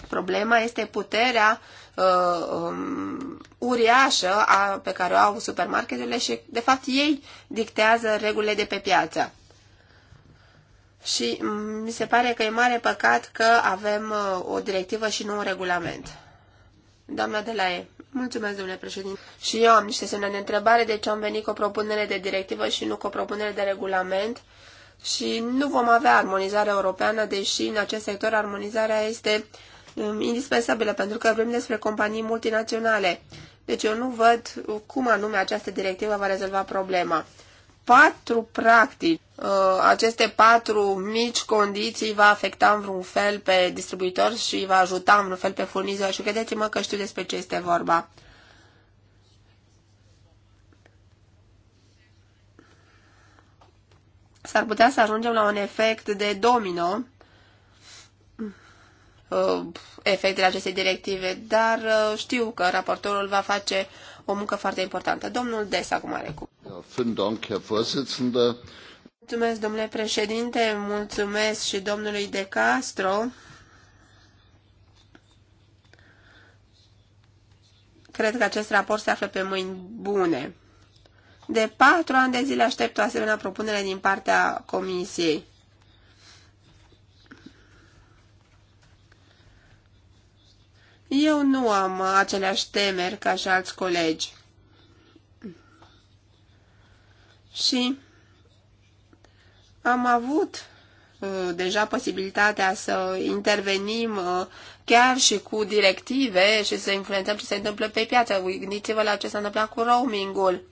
Problema este puterea uh, um, uriașă a, pe care o au supermarketurile și, de fapt, ei dictează regulile de pe piață. Și mm, mi se pare că e mare păcat că avem uh, o directivă și nu un regulament. Doamna de la E. Mulțumesc, domnule președinte. Și eu am niște semne de întrebare de deci ce am venit cu o propunere de directivă și nu cu o propunere de regulament. Și nu vom avea armonizare europeană, deși în acest sector armonizarea este um, indispensabilă, pentru că vorbim despre companii multinaționale. Deci eu nu văd cum anume această directivă va rezolva problema patru practici. Uh, aceste patru mici condiții va afecta în vreun fel pe distribuitor și va ajuta în vreun fel pe furnizor și credeți-mă că știu despre ce este vorba. S-ar putea să ajungem la un efect de domino, uh, efectele acestei directive, dar uh, știu că raportorul va face o muncă foarte importantă. Domnul Des acum are cu. Mulțumesc, domnule președinte, mulțumesc și domnului De Castro. Cred că acest raport se află pe mâini bune. De patru ani de zile aștept o asemenea propunere din partea Comisiei. Eu nu am aceleași temeri ca și alți colegi. Și am avut uh, deja posibilitatea să intervenim uh, chiar și cu directive și să influențăm ce se întâmplă pe piață. Gândiți-vă la ce s-a întâmplat cu roamingul.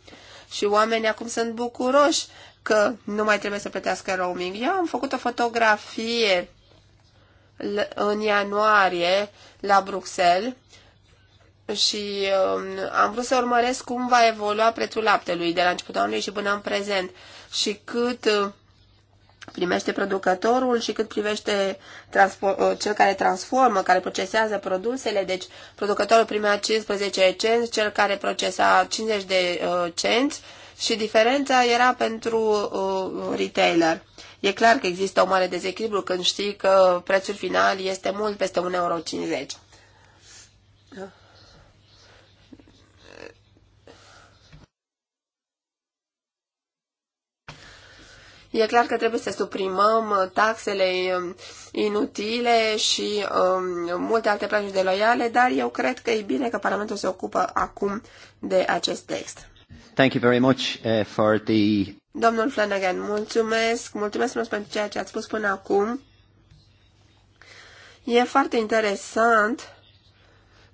Și oamenii acum sunt bucuroși că nu mai trebuie să plătească roaming. Eu am făcut o fotografie în ianuarie la Bruxelles și um, am vrut să urmăresc cum va evolua prețul laptelui de la începutul anului și până în prezent și cât uh, primește producătorul și cât privește uh, cel care transformă, care procesează produsele. Deci producătorul primea 15 cenți, cel care procesa 50 de uh, cenți și diferența era pentru retailer. E clar că există o mare dezechilibru când știi că prețul final este mult peste 1,50 euro. E clar că trebuie să suprimăm taxele inutile și um, multe alte practici de loiale, dar eu cred că e bine că Parlamentul se ocupă acum de acest text. Thank you very much uh, for the Domnul Flanagan, mulțumesc, mulțumesc mult pentru ceea ce ați spus până acum. E foarte interesant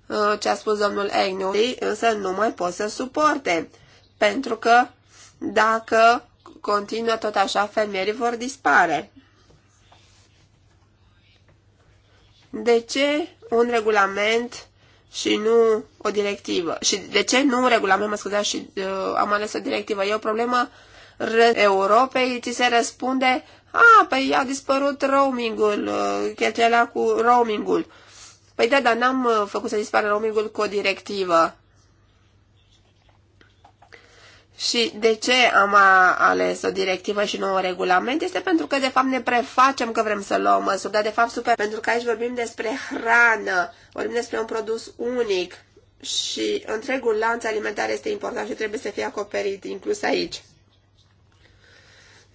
uh, ce a spus domnul Agnew, însă nu mai pot să suporte, pentru că dacă continuă tot așa, fermierii vor dispare. De ce un regulament și nu o directivă? Și de ce nu un regulament, mă scuzați, și uh, am ales o directivă? E o problemă uh, Europei, ți se răspunde, a, păi a dispărut roamingul, uh, cheltuiala cu roamingul. Păi da, dar n-am uh, făcut să dispară roamingul cu o directivă. Și de ce am ales o directivă și nu un regulament? Este pentru că, de fapt, ne prefacem că vrem să luăm măsuri, dar, de fapt, super, pentru că aici vorbim despre hrană, vorbim despre un produs unic și întregul lanț alimentar este important și trebuie să fie acoperit, inclus aici.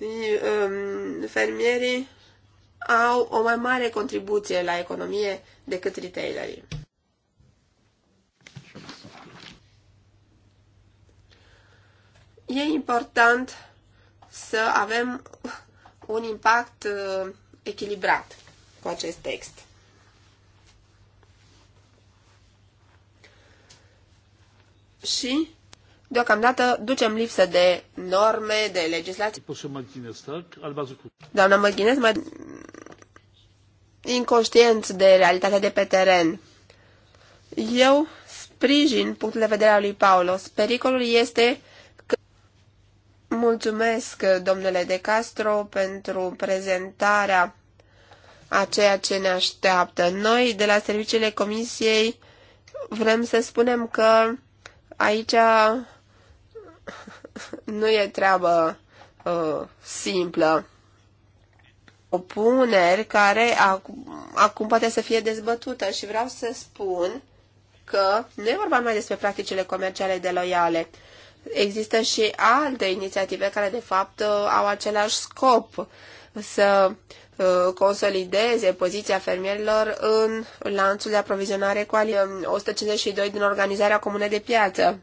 Um, fermierii au o mai mare contribuție la economie decât retailerii. E important să avem un impact uh, echilibrat cu acest text. Și Deocamdată ducem lipsă de norme, de legislație. Doamna Măghinez, mai inconștient de realitatea de pe teren. Eu sprijin punctul de vedere al lui Paulos. Pericolul este că... Mulțumesc, domnule De Castro, pentru prezentarea a ceea ce ne așteaptă. Noi, de la serviciile comisiei, vrem să spunem că aici nu e treabă uh, simplă. Opuneri care acum, acum poate să fie dezbătută și vreau să spun că nu e vorba numai despre practicile comerciale deloiale. Există și alte inițiative care, de fapt, uh, au același scop să uh, consolideze poziția fermierilor în lanțul de aprovizionare cu alie um, 152 din Organizarea Comună de Piață.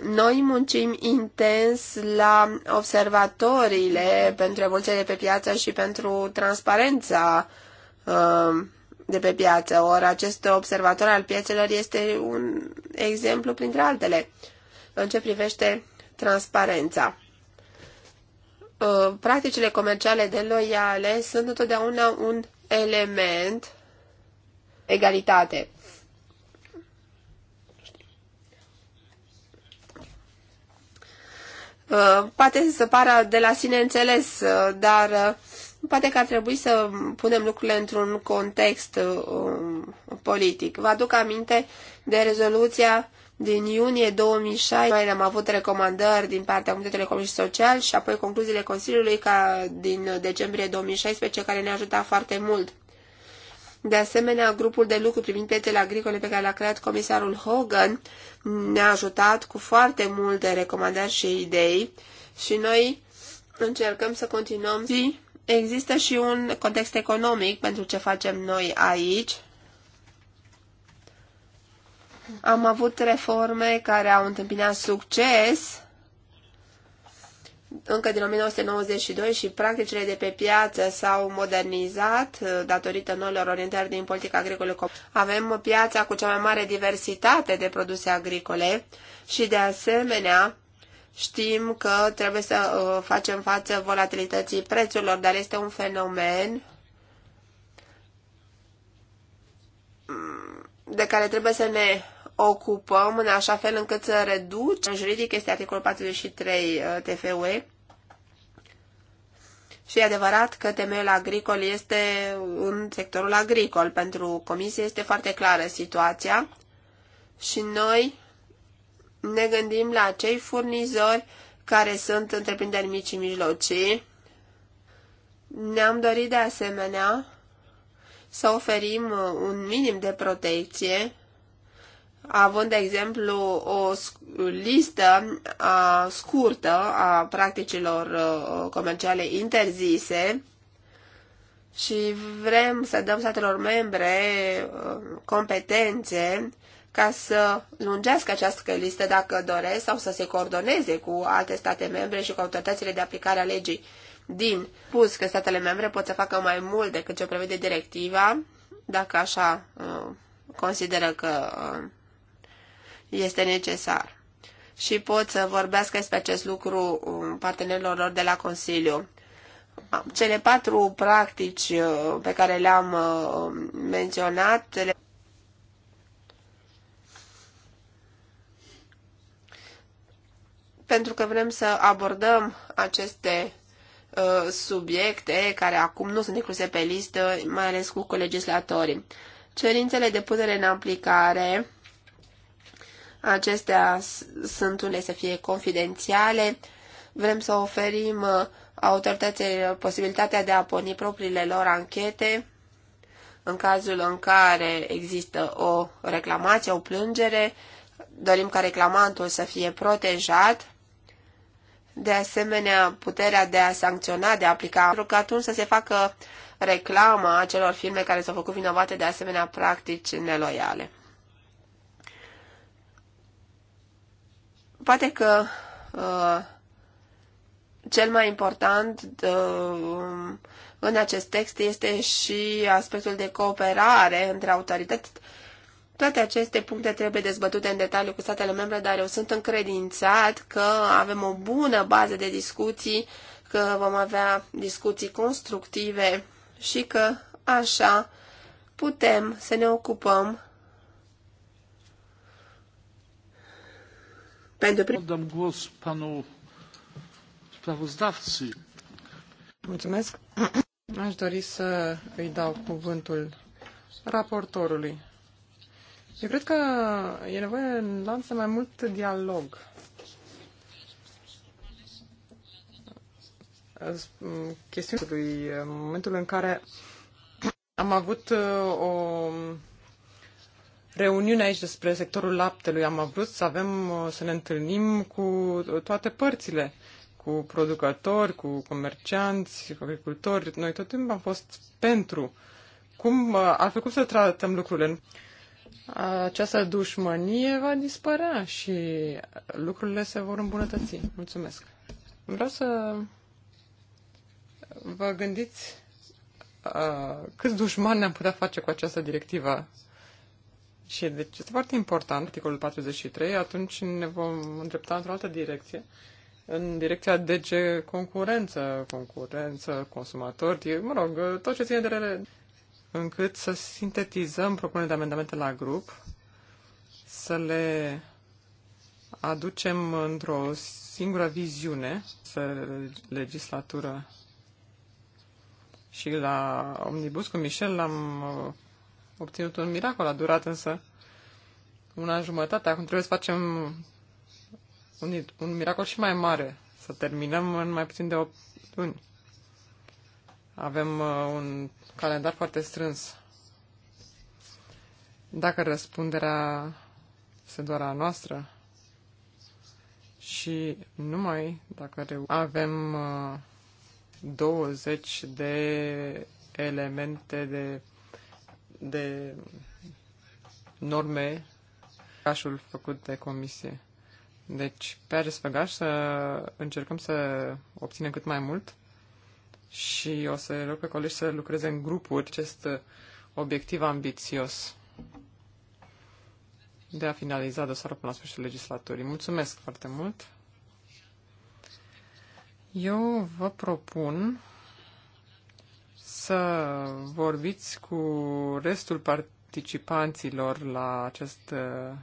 Noi muncim intens la observatoriile pentru de pe piață și pentru transparența uh, de pe piață. Ori acest observator al piețelor este un exemplu printre altele în ce privește transparența. Uh, practicile comerciale loiale sunt întotdeauna un element egalitate. Uh, poate să pară de la sine înțeles, uh, dar uh, poate că ar trebui să punem lucrurile într-un context um, politic. Vă aduc aminte de rezoluția din iunie 2006 noi am avut recomandări din partea Comitetului Economic și Social și apoi concluziile Consiliului ca din decembrie 2016 care ne-a ajutat foarte mult. De asemenea, grupul de lucru privind piețele agricole pe care l-a creat comisarul Hogan ne-a ajutat cu foarte multe recomandări și idei și noi încercăm să continuăm. Există și un context economic pentru ce facem noi aici. Am avut reforme care au întâmpinat succes încă din 1992 și practicile de pe piață s-au modernizat uh, datorită noilor orientări din politica agricolă. Avem piața cu cea mai mare diversitate de produse agricole și de asemenea știm că trebuie să uh, facem față volatilității prețurilor, dar este un fenomen mm, de care trebuie să ne ocupăm în așa fel încât să În Juridic este articolul 43 TFUE. Uh, și e adevărat că temeiul agricol este în sectorul agricol. Pentru comisie este foarte clară situația și noi ne gândim la cei furnizori care sunt întreprinderi mici și mijlocii. Ne-am dorit de asemenea să oferim uh, un minim de protecție având, de exemplu, o listă scurtă a practicilor uh, comerciale interzise și vrem să dăm statelor membre uh, competențe ca să lungească această listă dacă doresc sau să se coordoneze cu alte state membre și cu autoritățile de aplicare a legii din pus că statele membre pot să facă mai mult decât ce prevede directiva, dacă așa uh, consideră că este necesar. Și pot să vorbească despre acest lucru um, partenerilor lor de la Consiliu. Cele patru practici uh, pe care le-am uh, menționat, le pentru că vrem să abordăm aceste uh, subiecte care acum nu sunt incluse pe listă, mai ales cu colegislatorii. Cerințele de putere în aplicare Acestea sunt unele să fie confidențiale. Vrem să oferim uh, autorităților posibilitatea de a porni propriile lor anchete în cazul în care există o reclamație, o plângere, dorim ca reclamantul să fie protejat, de asemenea puterea de a sancționa, de a aplica, pentru că atunci să se facă reclama acelor firme care s-au făcut vinovate de asemenea practici neloiale. Poate că uh, cel mai important uh, în acest text este și aspectul de cooperare între autorități. Toate aceste puncte trebuie dezbătute în detaliu cu statele membre, dar eu sunt încredințat că avem o bună bază de discuții, că vom avea discuții constructive și că așa putem să ne ocupăm Pentru prim... Dăm głos panu sprawozdawcy. Mulțumesc. Aș dori să îi dau cuvântul raportorului. Eu cred că e nevoie în lanț mai mult dialog. Chestiunea momentul în care am avut uh, o reuniune aici despre sectorul laptelui. Am vrut să avem, să ne întâlnim cu toate părțile, cu producători, cu comercianți, cu agricultori. Noi tot timpul am fost pentru. Cum, uh, fi cum să tratăm lucrurile? Această dușmănie va dispărea și lucrurile se vor îmbunătăți. Mulțumesc. Vreau să vă gândiți uh, câți dușmani ne-am putea face cu această directivă și deci este foarte important, articolul 43, atunci ne vom îndrepta într-o altă direcție, în direcția DG concurență, concurență, consumator, mă rog, tot ce ține de rele, încât să sintetizăm propunerea de amendamente la grup, să le aducem într-o singură viziune, să legislatură și la Omnibus cu Michel am uh, obținut un miracol, a durat însă un an jumătate. Acum trebuie să facem un, un miracol și mai mare, să terminăm în mai puțin de 8 luni. Avem uh, un calendar foarte strâns. Dacă răspunderea se doar a noastră și numai dacă avem uh, 20 de elemente de de norme cașul făcut de comisie. Deci, pe acest făgaș să încercăm să obținem cât mai mult și o să rog pe colegi să lucreze în grupuri acest obiectiv ambițios de a finaliza dosarul până la sfârșitul legislaturii. Mulțumesc foarte mult! Eu vă propun să vorbiți cu restul participanților la acest uh,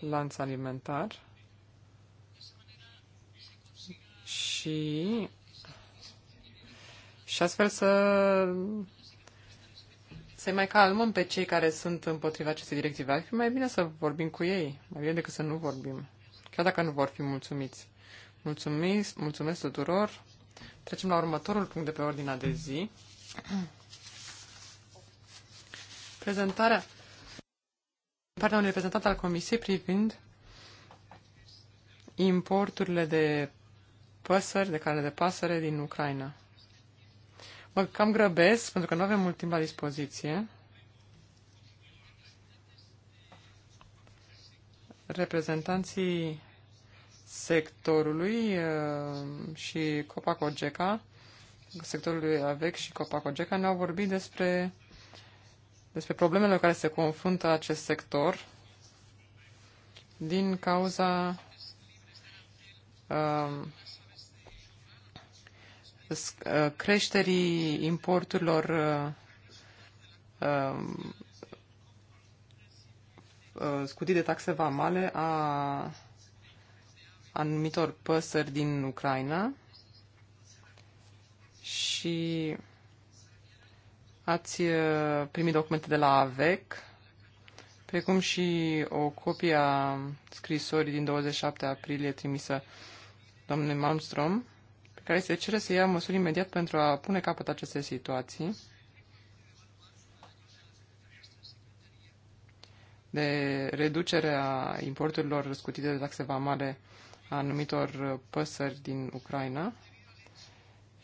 lanț alimentar și, și astfel să să mai calmăm pe cei care sunt împotriva acestei directive. Ar fi mai bine să vorbim cu ei, mai bine decât să nu vorbim, chiar dacă nu vor fi mulțumiți. Mulțumesc, mulțumesc tuturor. Trecem la următorul punct de pe ordinea de zi. Prezentarea partea unui reprezentant al Comisiei privind importurile de păsări, de care de pasăre din Ucraina. Mă cam grăbesc, pentru că nu avem mult timp la dispoziție. Reprezentanții sectorului uh, și Copacogeca sectorului AVEC și Copacogeca ne-au vorbit despre, despre problemele care se confruntă acest sector din cauza um, uh, creșterii importurilor uh, um, uh, scutii de taxe vamale a anumitor păsări din Ucraina și ați uh, primit documente de la AVEC, precum și o copie a scrisorii din 27 aprilie trimisă domnului Malmström, pe care se cere să ia măsuri imediat pentru a pune capăt acestei situații. de reducere a importurilor scutite de taxe vamale a anumitor păsări din Ucraina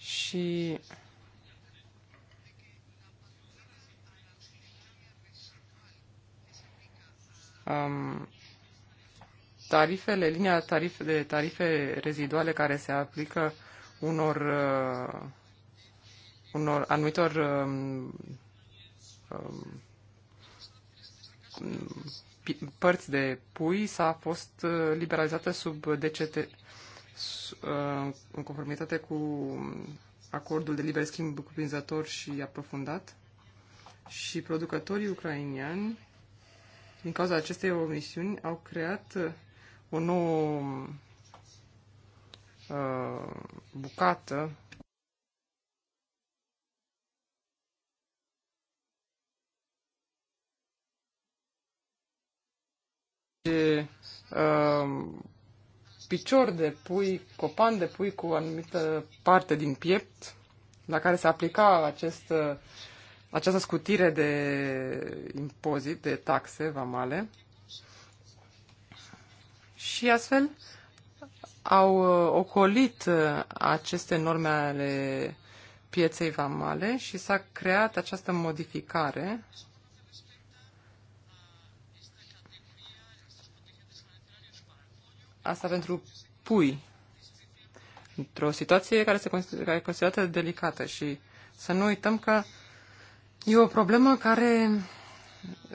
și um, tarifele, linia tarife, de tarife reziduale care se aplică unor, uh, unor anumitor um, um, părți de pui s-a fost uh, liberalizată sub DCT, Uh, în conformitate cu acordul de liber schimb cuprinzător și aprofundat și producătorii ucrainiani, din cauza acestei omisiuni, au creat uh, o nouă uh, bucată de uh, picior de pui, copan de pui cu o anumită parte din piept, la care se aplica acest, această scutire de impozit, de taxe vamale. Și astfel au uh, ocolit uh, aceste norme ale pieței vamale și s-a creat această modificare Asta pentru pui. Într-o situație care se care e considerată delicată și să nu uităm că e o problemă care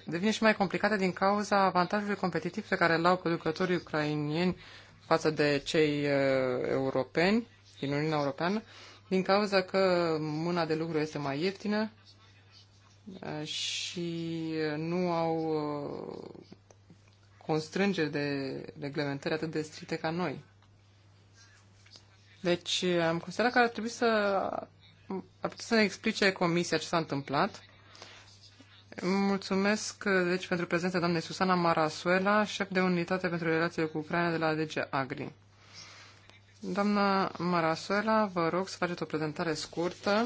devine și mai complicată din cauza avantajului competitiv pe care îl au producătorii ucrainieni față de cei uh, europeni din Uniunea Europeană, din cauza că mâna de lucru este mai ieftină uh, și uh, nu au constrângeri de reglementări atât de stricte ca noi. Deci am considerat că ar trebui să, ar putea să ne explice comisia ce s-a întâmplat. Mulțumesc deci, pentru prezența doamnei Susana Marasuela, șef de unitate pentru relațiile cu Ucraina de la DG Agri. Doamna Marasuela, vă rog să faceți o prezentare scurtă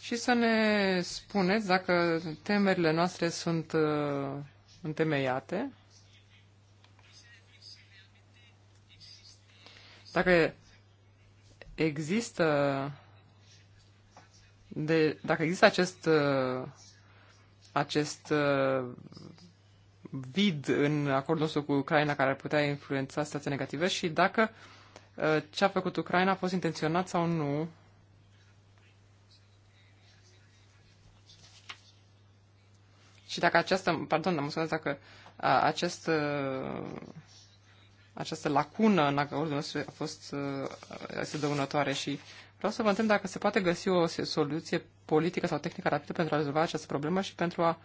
și să ne spuneți dacă temerile noastre sunt uh, întemeiate, dacă există de, dacă există acest acest vid în acordul nostru cu Ucraina care ar putea influența situația negativă și dacă ce a făcut Ucraina a fost intenționat sau nu Și dacă această, pardon, mă spus dacă această, această lacună în acordul nostru a fost este dăunătoare și vreau să vă întreb dacă se poate găsi o soluție politică sau tehnică rapidă pentru a rezolva această problemă și pentru a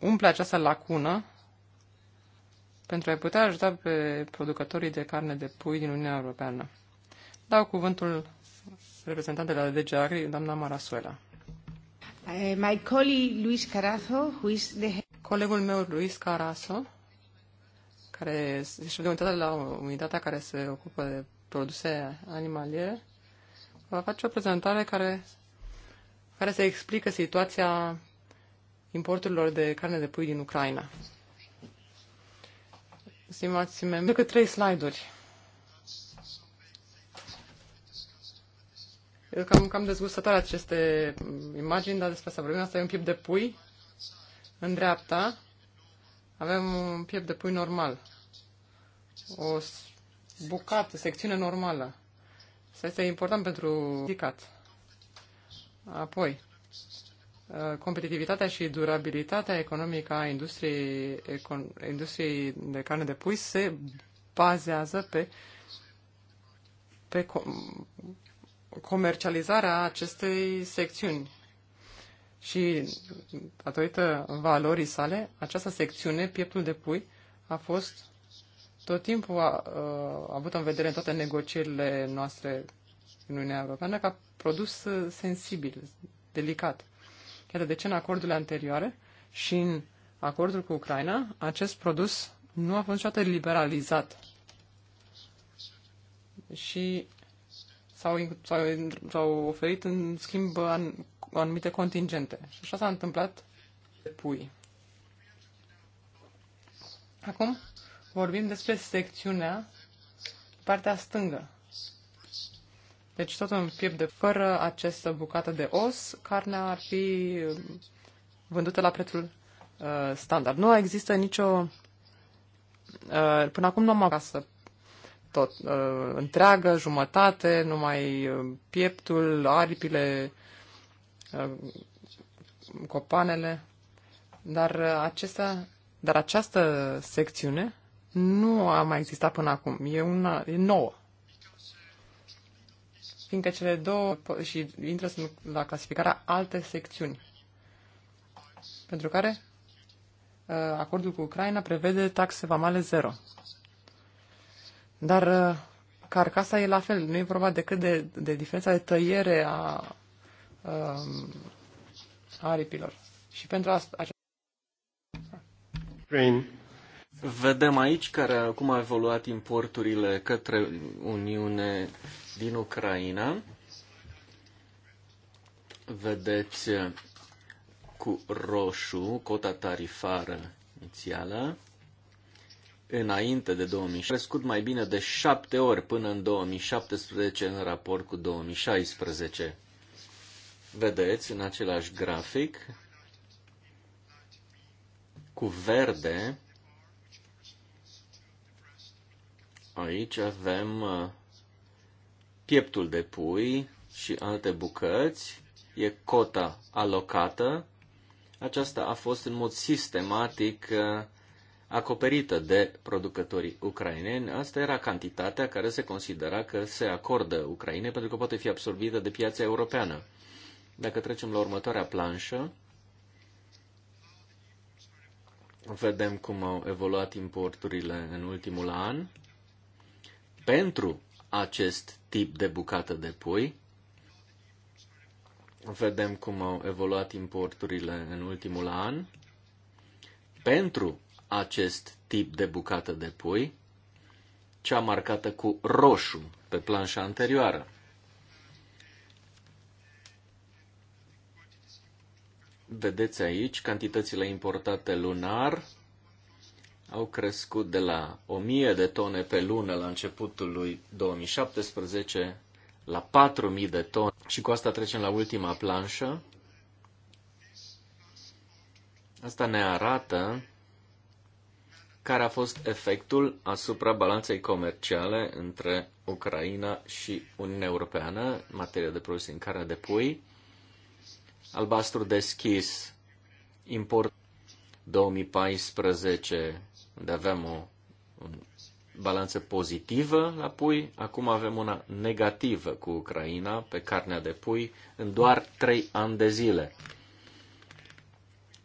umple această lacună pentru a putea ajuta pe producătorii de carne de pui din Uniunea Europeană. Dau cuvântul reprezentantele la DG Agri, doamna Marasuela. Eh, my colleague Luis Carazo, who is the... Colegul meu, Luis Carazo, care este de deci unitate la unitatea care se ocupă de produse animaliere, va face o prezentare care, care se explică situația importurilor de carne de pui din Ucraina. Stimați mi decât trei slide-uri. cam, cam dezgustătoare aceste imagini, dar despre asta vorbim. Asta e un piept de pui. În dreapta avem un piept de pui normal. O bucată, secțiune normală. Asta este important pentru picat. Apoi, uh, competitivitatea și durabilitatea economică a industriei, econ, industriei de carne de pui se bazează pe, pe comercializarea acestei secțiuni. Și datorită valorii sale, această secțiune, pieptul de pui, a fost tot timpul a, a, a avut în vedere în toate negocierile noastre în Uniunea Europeană ca produs sensibil, delicat. Iată de ce în acordurile anterioare și în acordul cu Ucraina, acest produs nu a fost niciodată liberalizat. Și s-au, oferit în schimb an, anumite contingente. Și așa s-a întâmplat de pui. Acum vorbim despre secțiunea partea stângă. Deci tot un piept de fără această bucată de os, carnea ar fi um, vândută la prețul uh, standard. Nu există nicio... Uh, până acum nu am acasă tot, uh, întreagă, jumătate, numai uh, pieptul, aripile, uh, copanele. Dar, uh, acesta, dar această secțiune nu a mai existat până acum. E, una, e nouă. Fiindcă cele două și intră la clasificarea alte secțiuni. Pentru care uh, acordul cu Ucraina prevede taxe vamale zero. Dar uh, carcasa e la fel, nu e vorba decât de, de diferența de tăiere a um, a aripilor. Și pentru asta... Așa... Vedem aici care, cum au evoluat importurile către Uniune din Ucraina. Vedeți cu roșu cota tarifară inițială înainte de 2000, crescut mai bine de șapte ori până în 2017 în raport cu 2016. Vedeți în același grafic cu verde aici avem uh, pieptul de pui și alte bucăți, e cota alocată. Aceasta a fost în mod sistematic uh, acoperită de producătorii ucraineni. Asta era cantitatea care se considera că se acordă Ucrainei pentru că poate fi absorbită de piața europeană. Dacă trecem la următoarea planșă, vedem cum au evoluat importurile în ultimul an pentru acest tip de bucată de pui. Vedem cum au evoluat importurile în ultimul an pentru acest tip de bucată de pui, cea marcată cu roșu pe planșa anterioară. Vedeți aici, cantitățile importate lunar au crescut de la 1000 de tone pe lună la începutul lui 2017 la 4000 de tone și cu asta trecem la ultima planșă. Asta ne arată care a fost efectul asupra balanței comerciale între Ucraina și Uniunea Europeană în materie de produse în carne de pui. Albastru deschis, import 2014, unde aveam o, o balanță pozitivă la pui, acum avem una negativă cu Ucraina pe carnea de pui în doar 3 ani de zile.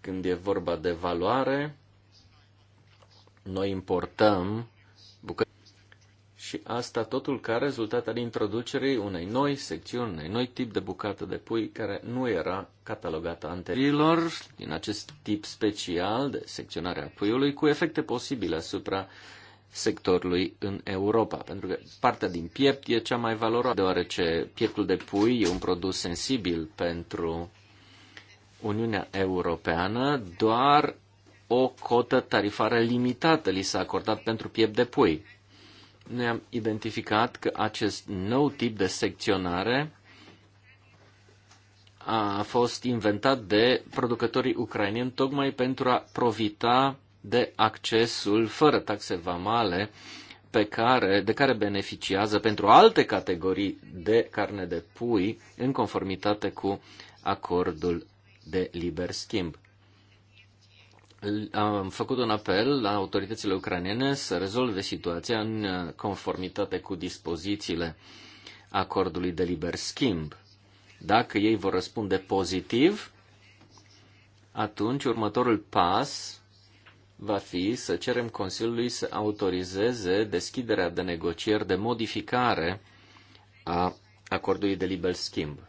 Când e vorba de valoare, noi importăm bucăți și asta totul ca rezultat al introducerii unei noi secțiuni, unei noi tip de bucată de pui care nu era catalogată anterior din acest tip special de secționare a puiului cu efecte posibile asupra sectorului în Europa, pentru că partea din piept e cea mai valoroasă, deoarece pieptul de pui e un produs sensibil pentru Uniunea Europeană, doar o cotă tarifară limitată li s-a acordat pentru piept de pui. Noi am identificat că acest nou tip de secționare a fost inventat de producătorii ucrainieni tocmai pentru a profita de accesul fără taxe vamale pe care, de care beneficiază pentru alte categorii de carne de pui în conformitate cu acordul de liber schimb am făcut un apel la autoritățile ucrainene să rezolve situația în uh, conformitate cu dispozițiile acordului de liber schimb. Dacă ei vor răspunde pozitiv, atunci următorul pas va fi să cerem Consiliului să autorizeze deschiderea de negocieri de modificare a acordului de liber schimb.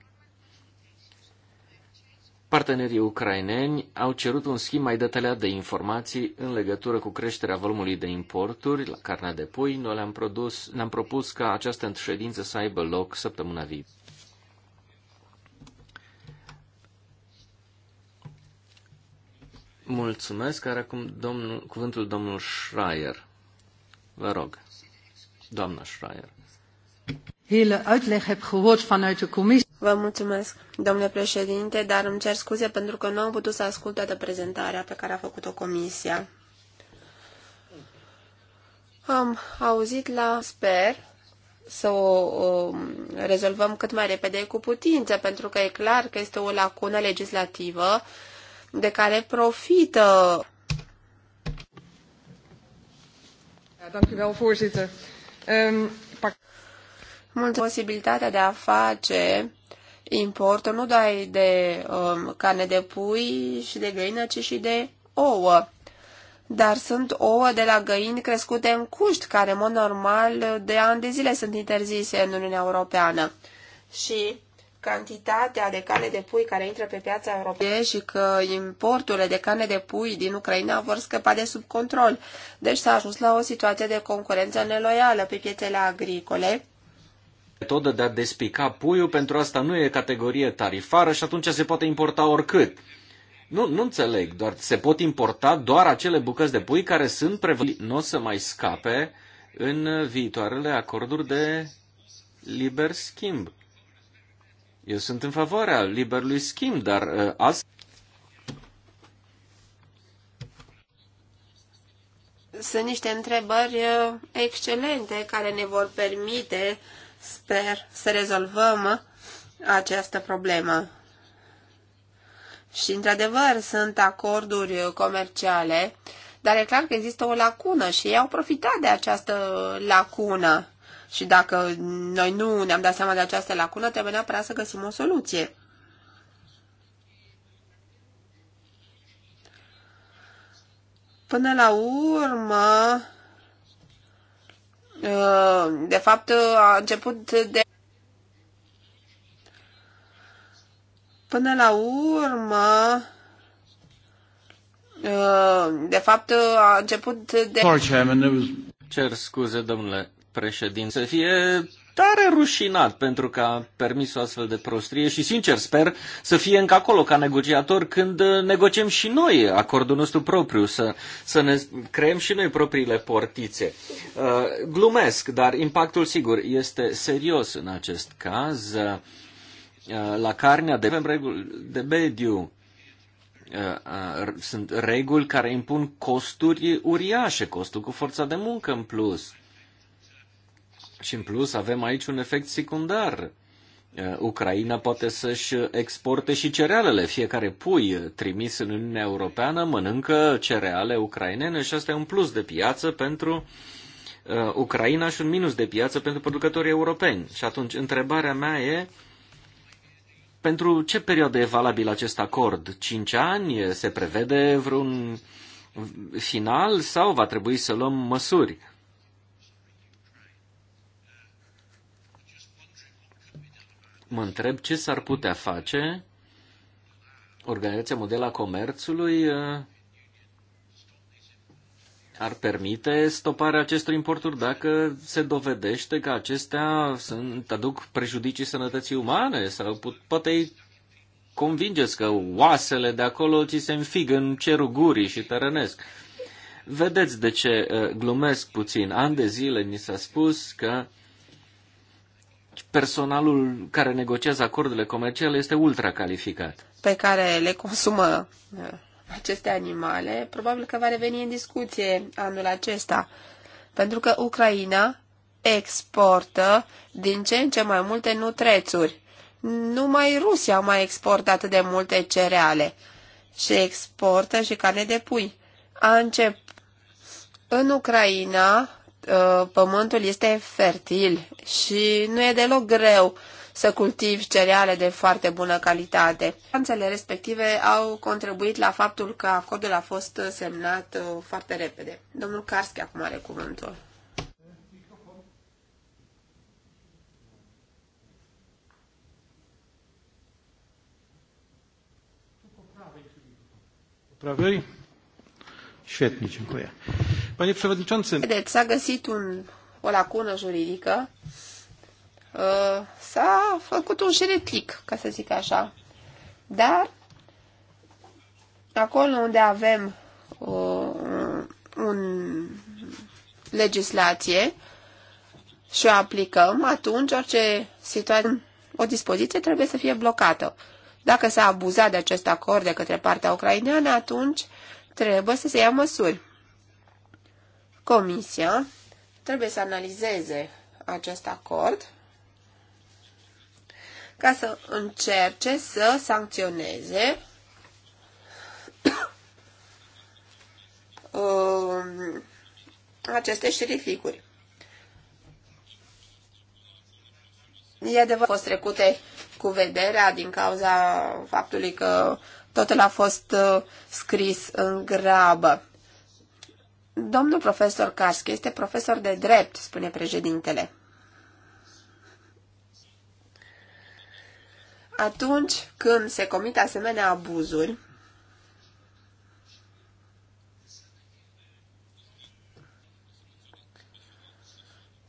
Partenerii ucraineni au cerut un schimb mai detaliat de informații în legătură cu creșterea volumului de importuri la carnea de pui. Noi le-am, produs, ne-am propus ca această ședință să aibă loc săptămâna viitoare. Mulțumesc. Are acum domnul, cuvântul domnul Schreier. Vă rog, doamna Schreier. Vă mulțumesc, domnule președinte, dar îmi cer scuze pentru că nu am putut să ascult toată prezentarea pe care a făcut-o comisia. Am auzit la, sper, să o, o rezolvăm cât mai repede cu putință, pentru că e clar că este o lacună legislativă de care profită. Mulțumesc. dank u wel, voorzitter. Um, pak mult posibilitatea de a face importul nu doar de um, carne de pui și de găină, ci și de ouă. Dar sunt ouă de la găini crescute în cuști, care, în mod normal, de ani de zile sunt interzise în Uniunea Europeană. Și cantitatea de carne de pui care intră pe piața europeană și că importurile de carne de pui din Ucraina vor scăpa de sub control. Deci s-a ajuns la o situație de concurență neloială pe piețele agricole metodă de a despica puiul, pentru asta nu e categorie tarifară și atunci se poate importa oricât. Nu, nu înțeleg, doar se pot importa doar acele bucăți de pui care sunt prevăzute. Nu o să mai scape în viitoarele acorduri de liber schimb. Eu sunt în favoarea liberului schimb, dar uh, azi... Sunt niște întrebări uh, excelente care ne vor permite uh, Sper să rezolvăm această problemă. Și, într-adevăr, sunt acorduri comerciale, dar e clar că există o lacună și ei au profitat de această lacună. Și dacă noi nu ne-am dat seama de această lacună, trebuie neapărat să găsim o soluție. Până la urmă, Uh, de fapt, uh, a început de. Până la urmă, uh, de fapt, a început de. Cer scuze, domnule președinte, să fie tare rușinat pentru că a permis o astfel de prostrie și, sincer, sper să fie încă acolo ca negociator când uh, negociem și noi acordul nostru propriu, să, să ne creăm și noi propriile portițe. Uh, glumesc, dar impactul, sigur, este serios în acest caz. Uh, la carnea de, de mediu sunt reguli care impun costuri uriașe, costul cu forța de muncă în plus și în plus avem aici un efect secundar. Uh, Ucraina poate să-și exporte și cerealele. Fiecare pui trimis în Uniunea Europeană mănâncă cereale ucrainene și asta e un plus de piață pentru uh, Ucraina și un minus de piață pentru producătorii europeni. Și atunci întrebarea mea e pentru ce perioadă e valabil acest acord? 5 ani? Se prevede vreun final sau va trebui să luăm măsuri? mă întreb ce s-ar putea face Organizația modela a Comerțului uh, ar permite stoparea acestor importuri dacă se dovedește că acestea sunt, aduc prejudicii sănătății umane sau put, poate îi convingeți că oasele de acolo ți se înfig în cerul gurii și te rănesc. Vedeți de ce uh, glumesc puțin. An de zile ni s-a spus că uh, personalul care negociază acordurile comerciale este ultra calificat. Pe care le consumă uh, aceste animale, probabil că va reveni în discuție anul acesta, pentru că Ucraina exportă din ce în ce mai multe nutrețuri. Numai Rusia mai exportă atât de multe cereale și exportă și carne de pui. A început În Ucraina Uh, pământul este fertil și nu e deloc greu să cultivi cereale de foarte bună calitate. Anțele respective au contribuit la faptul că acordul a fost semnat uh, foarte repede. Domnul Karski acum are cuvântul. Prawej? Świetnie, dziękuję. Panie Przewodniczący... Deci s-a găsit un, o lacună juridică, ă, s-a făcut un șeretlic, ca să zic așa. Dar, acolo unde avem uh, un legislație și o aplicăm, atunci orice situație, o dispoziție trebuie să fie blocată. Dacă s-a abuzat de acest acord de către partea ucraineană, atunci trebuie să se ia măsuri. Comisia trebuie să analizeze acest acord ca să încerce să sancționeze um, aceste șerificuri. E adevărat, au fost trecute cu vederea din cauza faptului că Totul a fost uh, scris în grabă. Domnul profesor Karski este profesor de drept, spune președintele. Atunci când se comit asemenea abuzuri,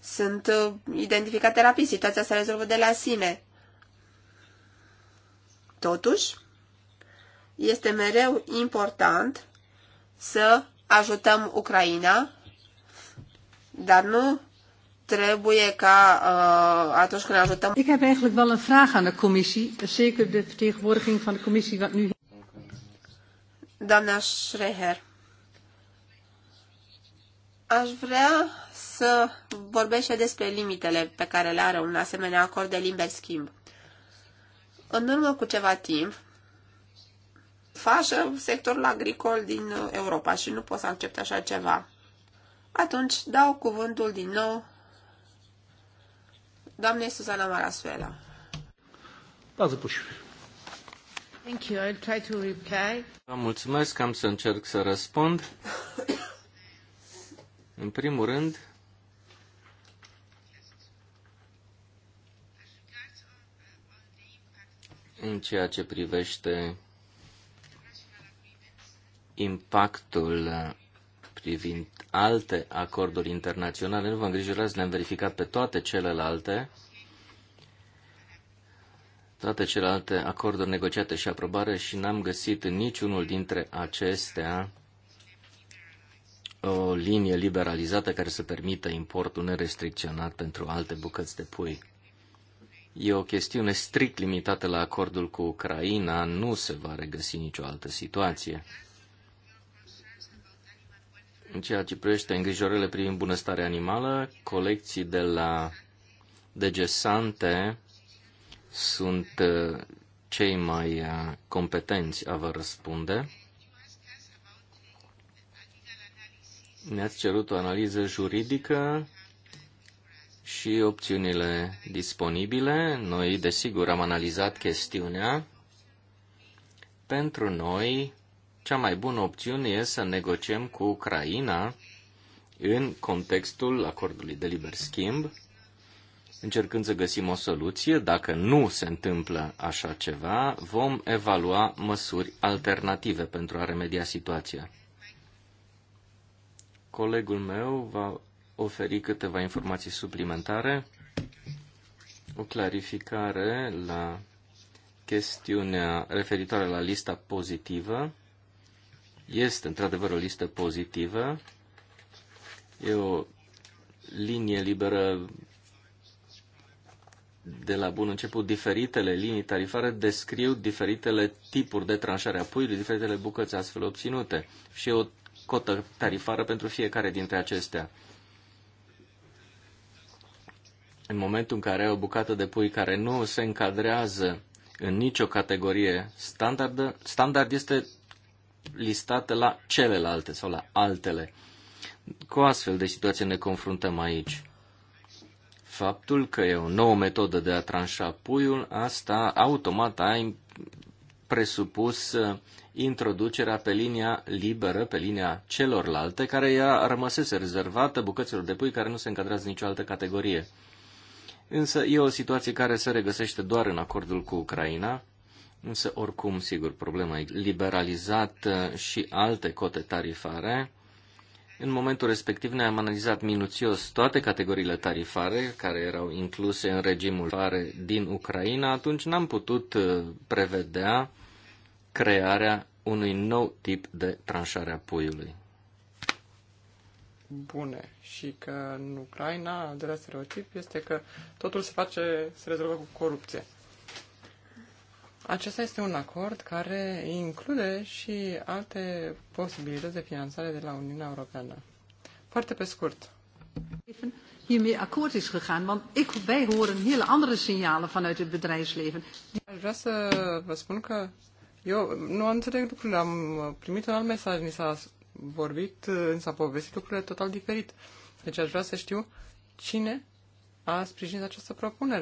sunt uh, identificate rapid, situația se rezolvă de la sine. Totuși, este mereu important să ajutăm Ucraina, dar nu trebuie ca uh, atunci când ajutăm... Ik heb eigenlijk wel een vraag aan de commissie, zeker de vertegenwoordiging van de commissie wat nu... Doamna Schreher, aș vrea să vorbesc despre limitele pe care le are un asemenea acord de liber schimb. În urmă cu ceva timp, fașă sectorul agricol din Europa și nu pot să accept așa ceva. Atunci dau cuvântul din nou doamnei Susana Marasuela. Da, puși. Thank you. I'll try to reply. Vă mulțumesc, am să încerc să răspund. În primul rând, în ceea ce privește impactul uh, privind alte acorduri internaționale. Nu vă îngrijorați, le-am verificat pe toate celelalte. Toate celelalte acorduri negociate și aprobare și n-am găsit în niciunul dintre acestea o linie liberalizată care să permită importul nerestricționat pentru alte bucăți de pui. E o chestiune strict limitată la acordul cu Ucraina, nu se va regăsi nicio altă situație. În ceea ce privește îngrijorările privind bunăstarea animală, colecții de la degesante sunt uh, cei mai uh, competenți a vă răspunde. Ne-ați cerut o analiză juridică și opțiunile disponibile. Noi, desigur, am analizat chestiunea. Pentru noi, cea mai bună opțiune e să negociem cu Ucraina în contextul acordului de liber schimb, încercând să găsim o soluție. Dacă nu se întâmplă așa ceva, vom evalua măsuri alternative pentru a remedia situația. Colegul meu va oferi câteva informații suplimentare, o clarificare la chestiunea referitoare la lista pozitivă. Este într-adevăr o listă pozitivă. E o linie liberă de la bun început. Diferitele linii tarifare descriu diferitele tipuri de tranșare a puiului, diferitele bucăți astfel obținute și e o cotă tarifară pentru fiecare dintre acestea. În momentul în care ai o bucată de pui care nu se încadrează în nicio categorie standardă, standard este listate la celelalte sau la altele. Cu astfel de situație ne confruntăm aici. Faptul că e o nouă metodă de a tranșa puiul, asta automat ai presupus uh, introducerea pe linia liberă, pe linia celorlalte, care ea rămăsese rezervată bucăților de pui care nu se încadrează în nicio altă categorie. Însă e o situație care se regăsește doar în acordul cu Ucraina Însă, oricum, sigur, problema e liberalizată și alte cote tarifare. În momentul respectiv ne-am analizat minuțios toate categoriile tarifare care erau incluse în regimul fare din Ucraina, atunci n-am putut uh, prevedea crearea unui nou tip de tranșare a puiului. Bune. Și că în Ucraina, de la stereotip, este că totul se face, se rezolvă cu corupție. Acesta este un acord care include și alte posibilități de finanțare de la Uniunea Europeană. Foarte pe scurt. Hiermee akkoord is gegaan, want ik, wij horen hele andere signalen vanuit het bedrijfsleven. Aș vrea să vă spun că eu nu am înțeleg lucrurile, am uh, primit un alt mesaj, mi s-a vorbit, uh, mi s-a povestit lucrurile total diferit. Deci aș vrea să știu cine a sprijinit această propunere.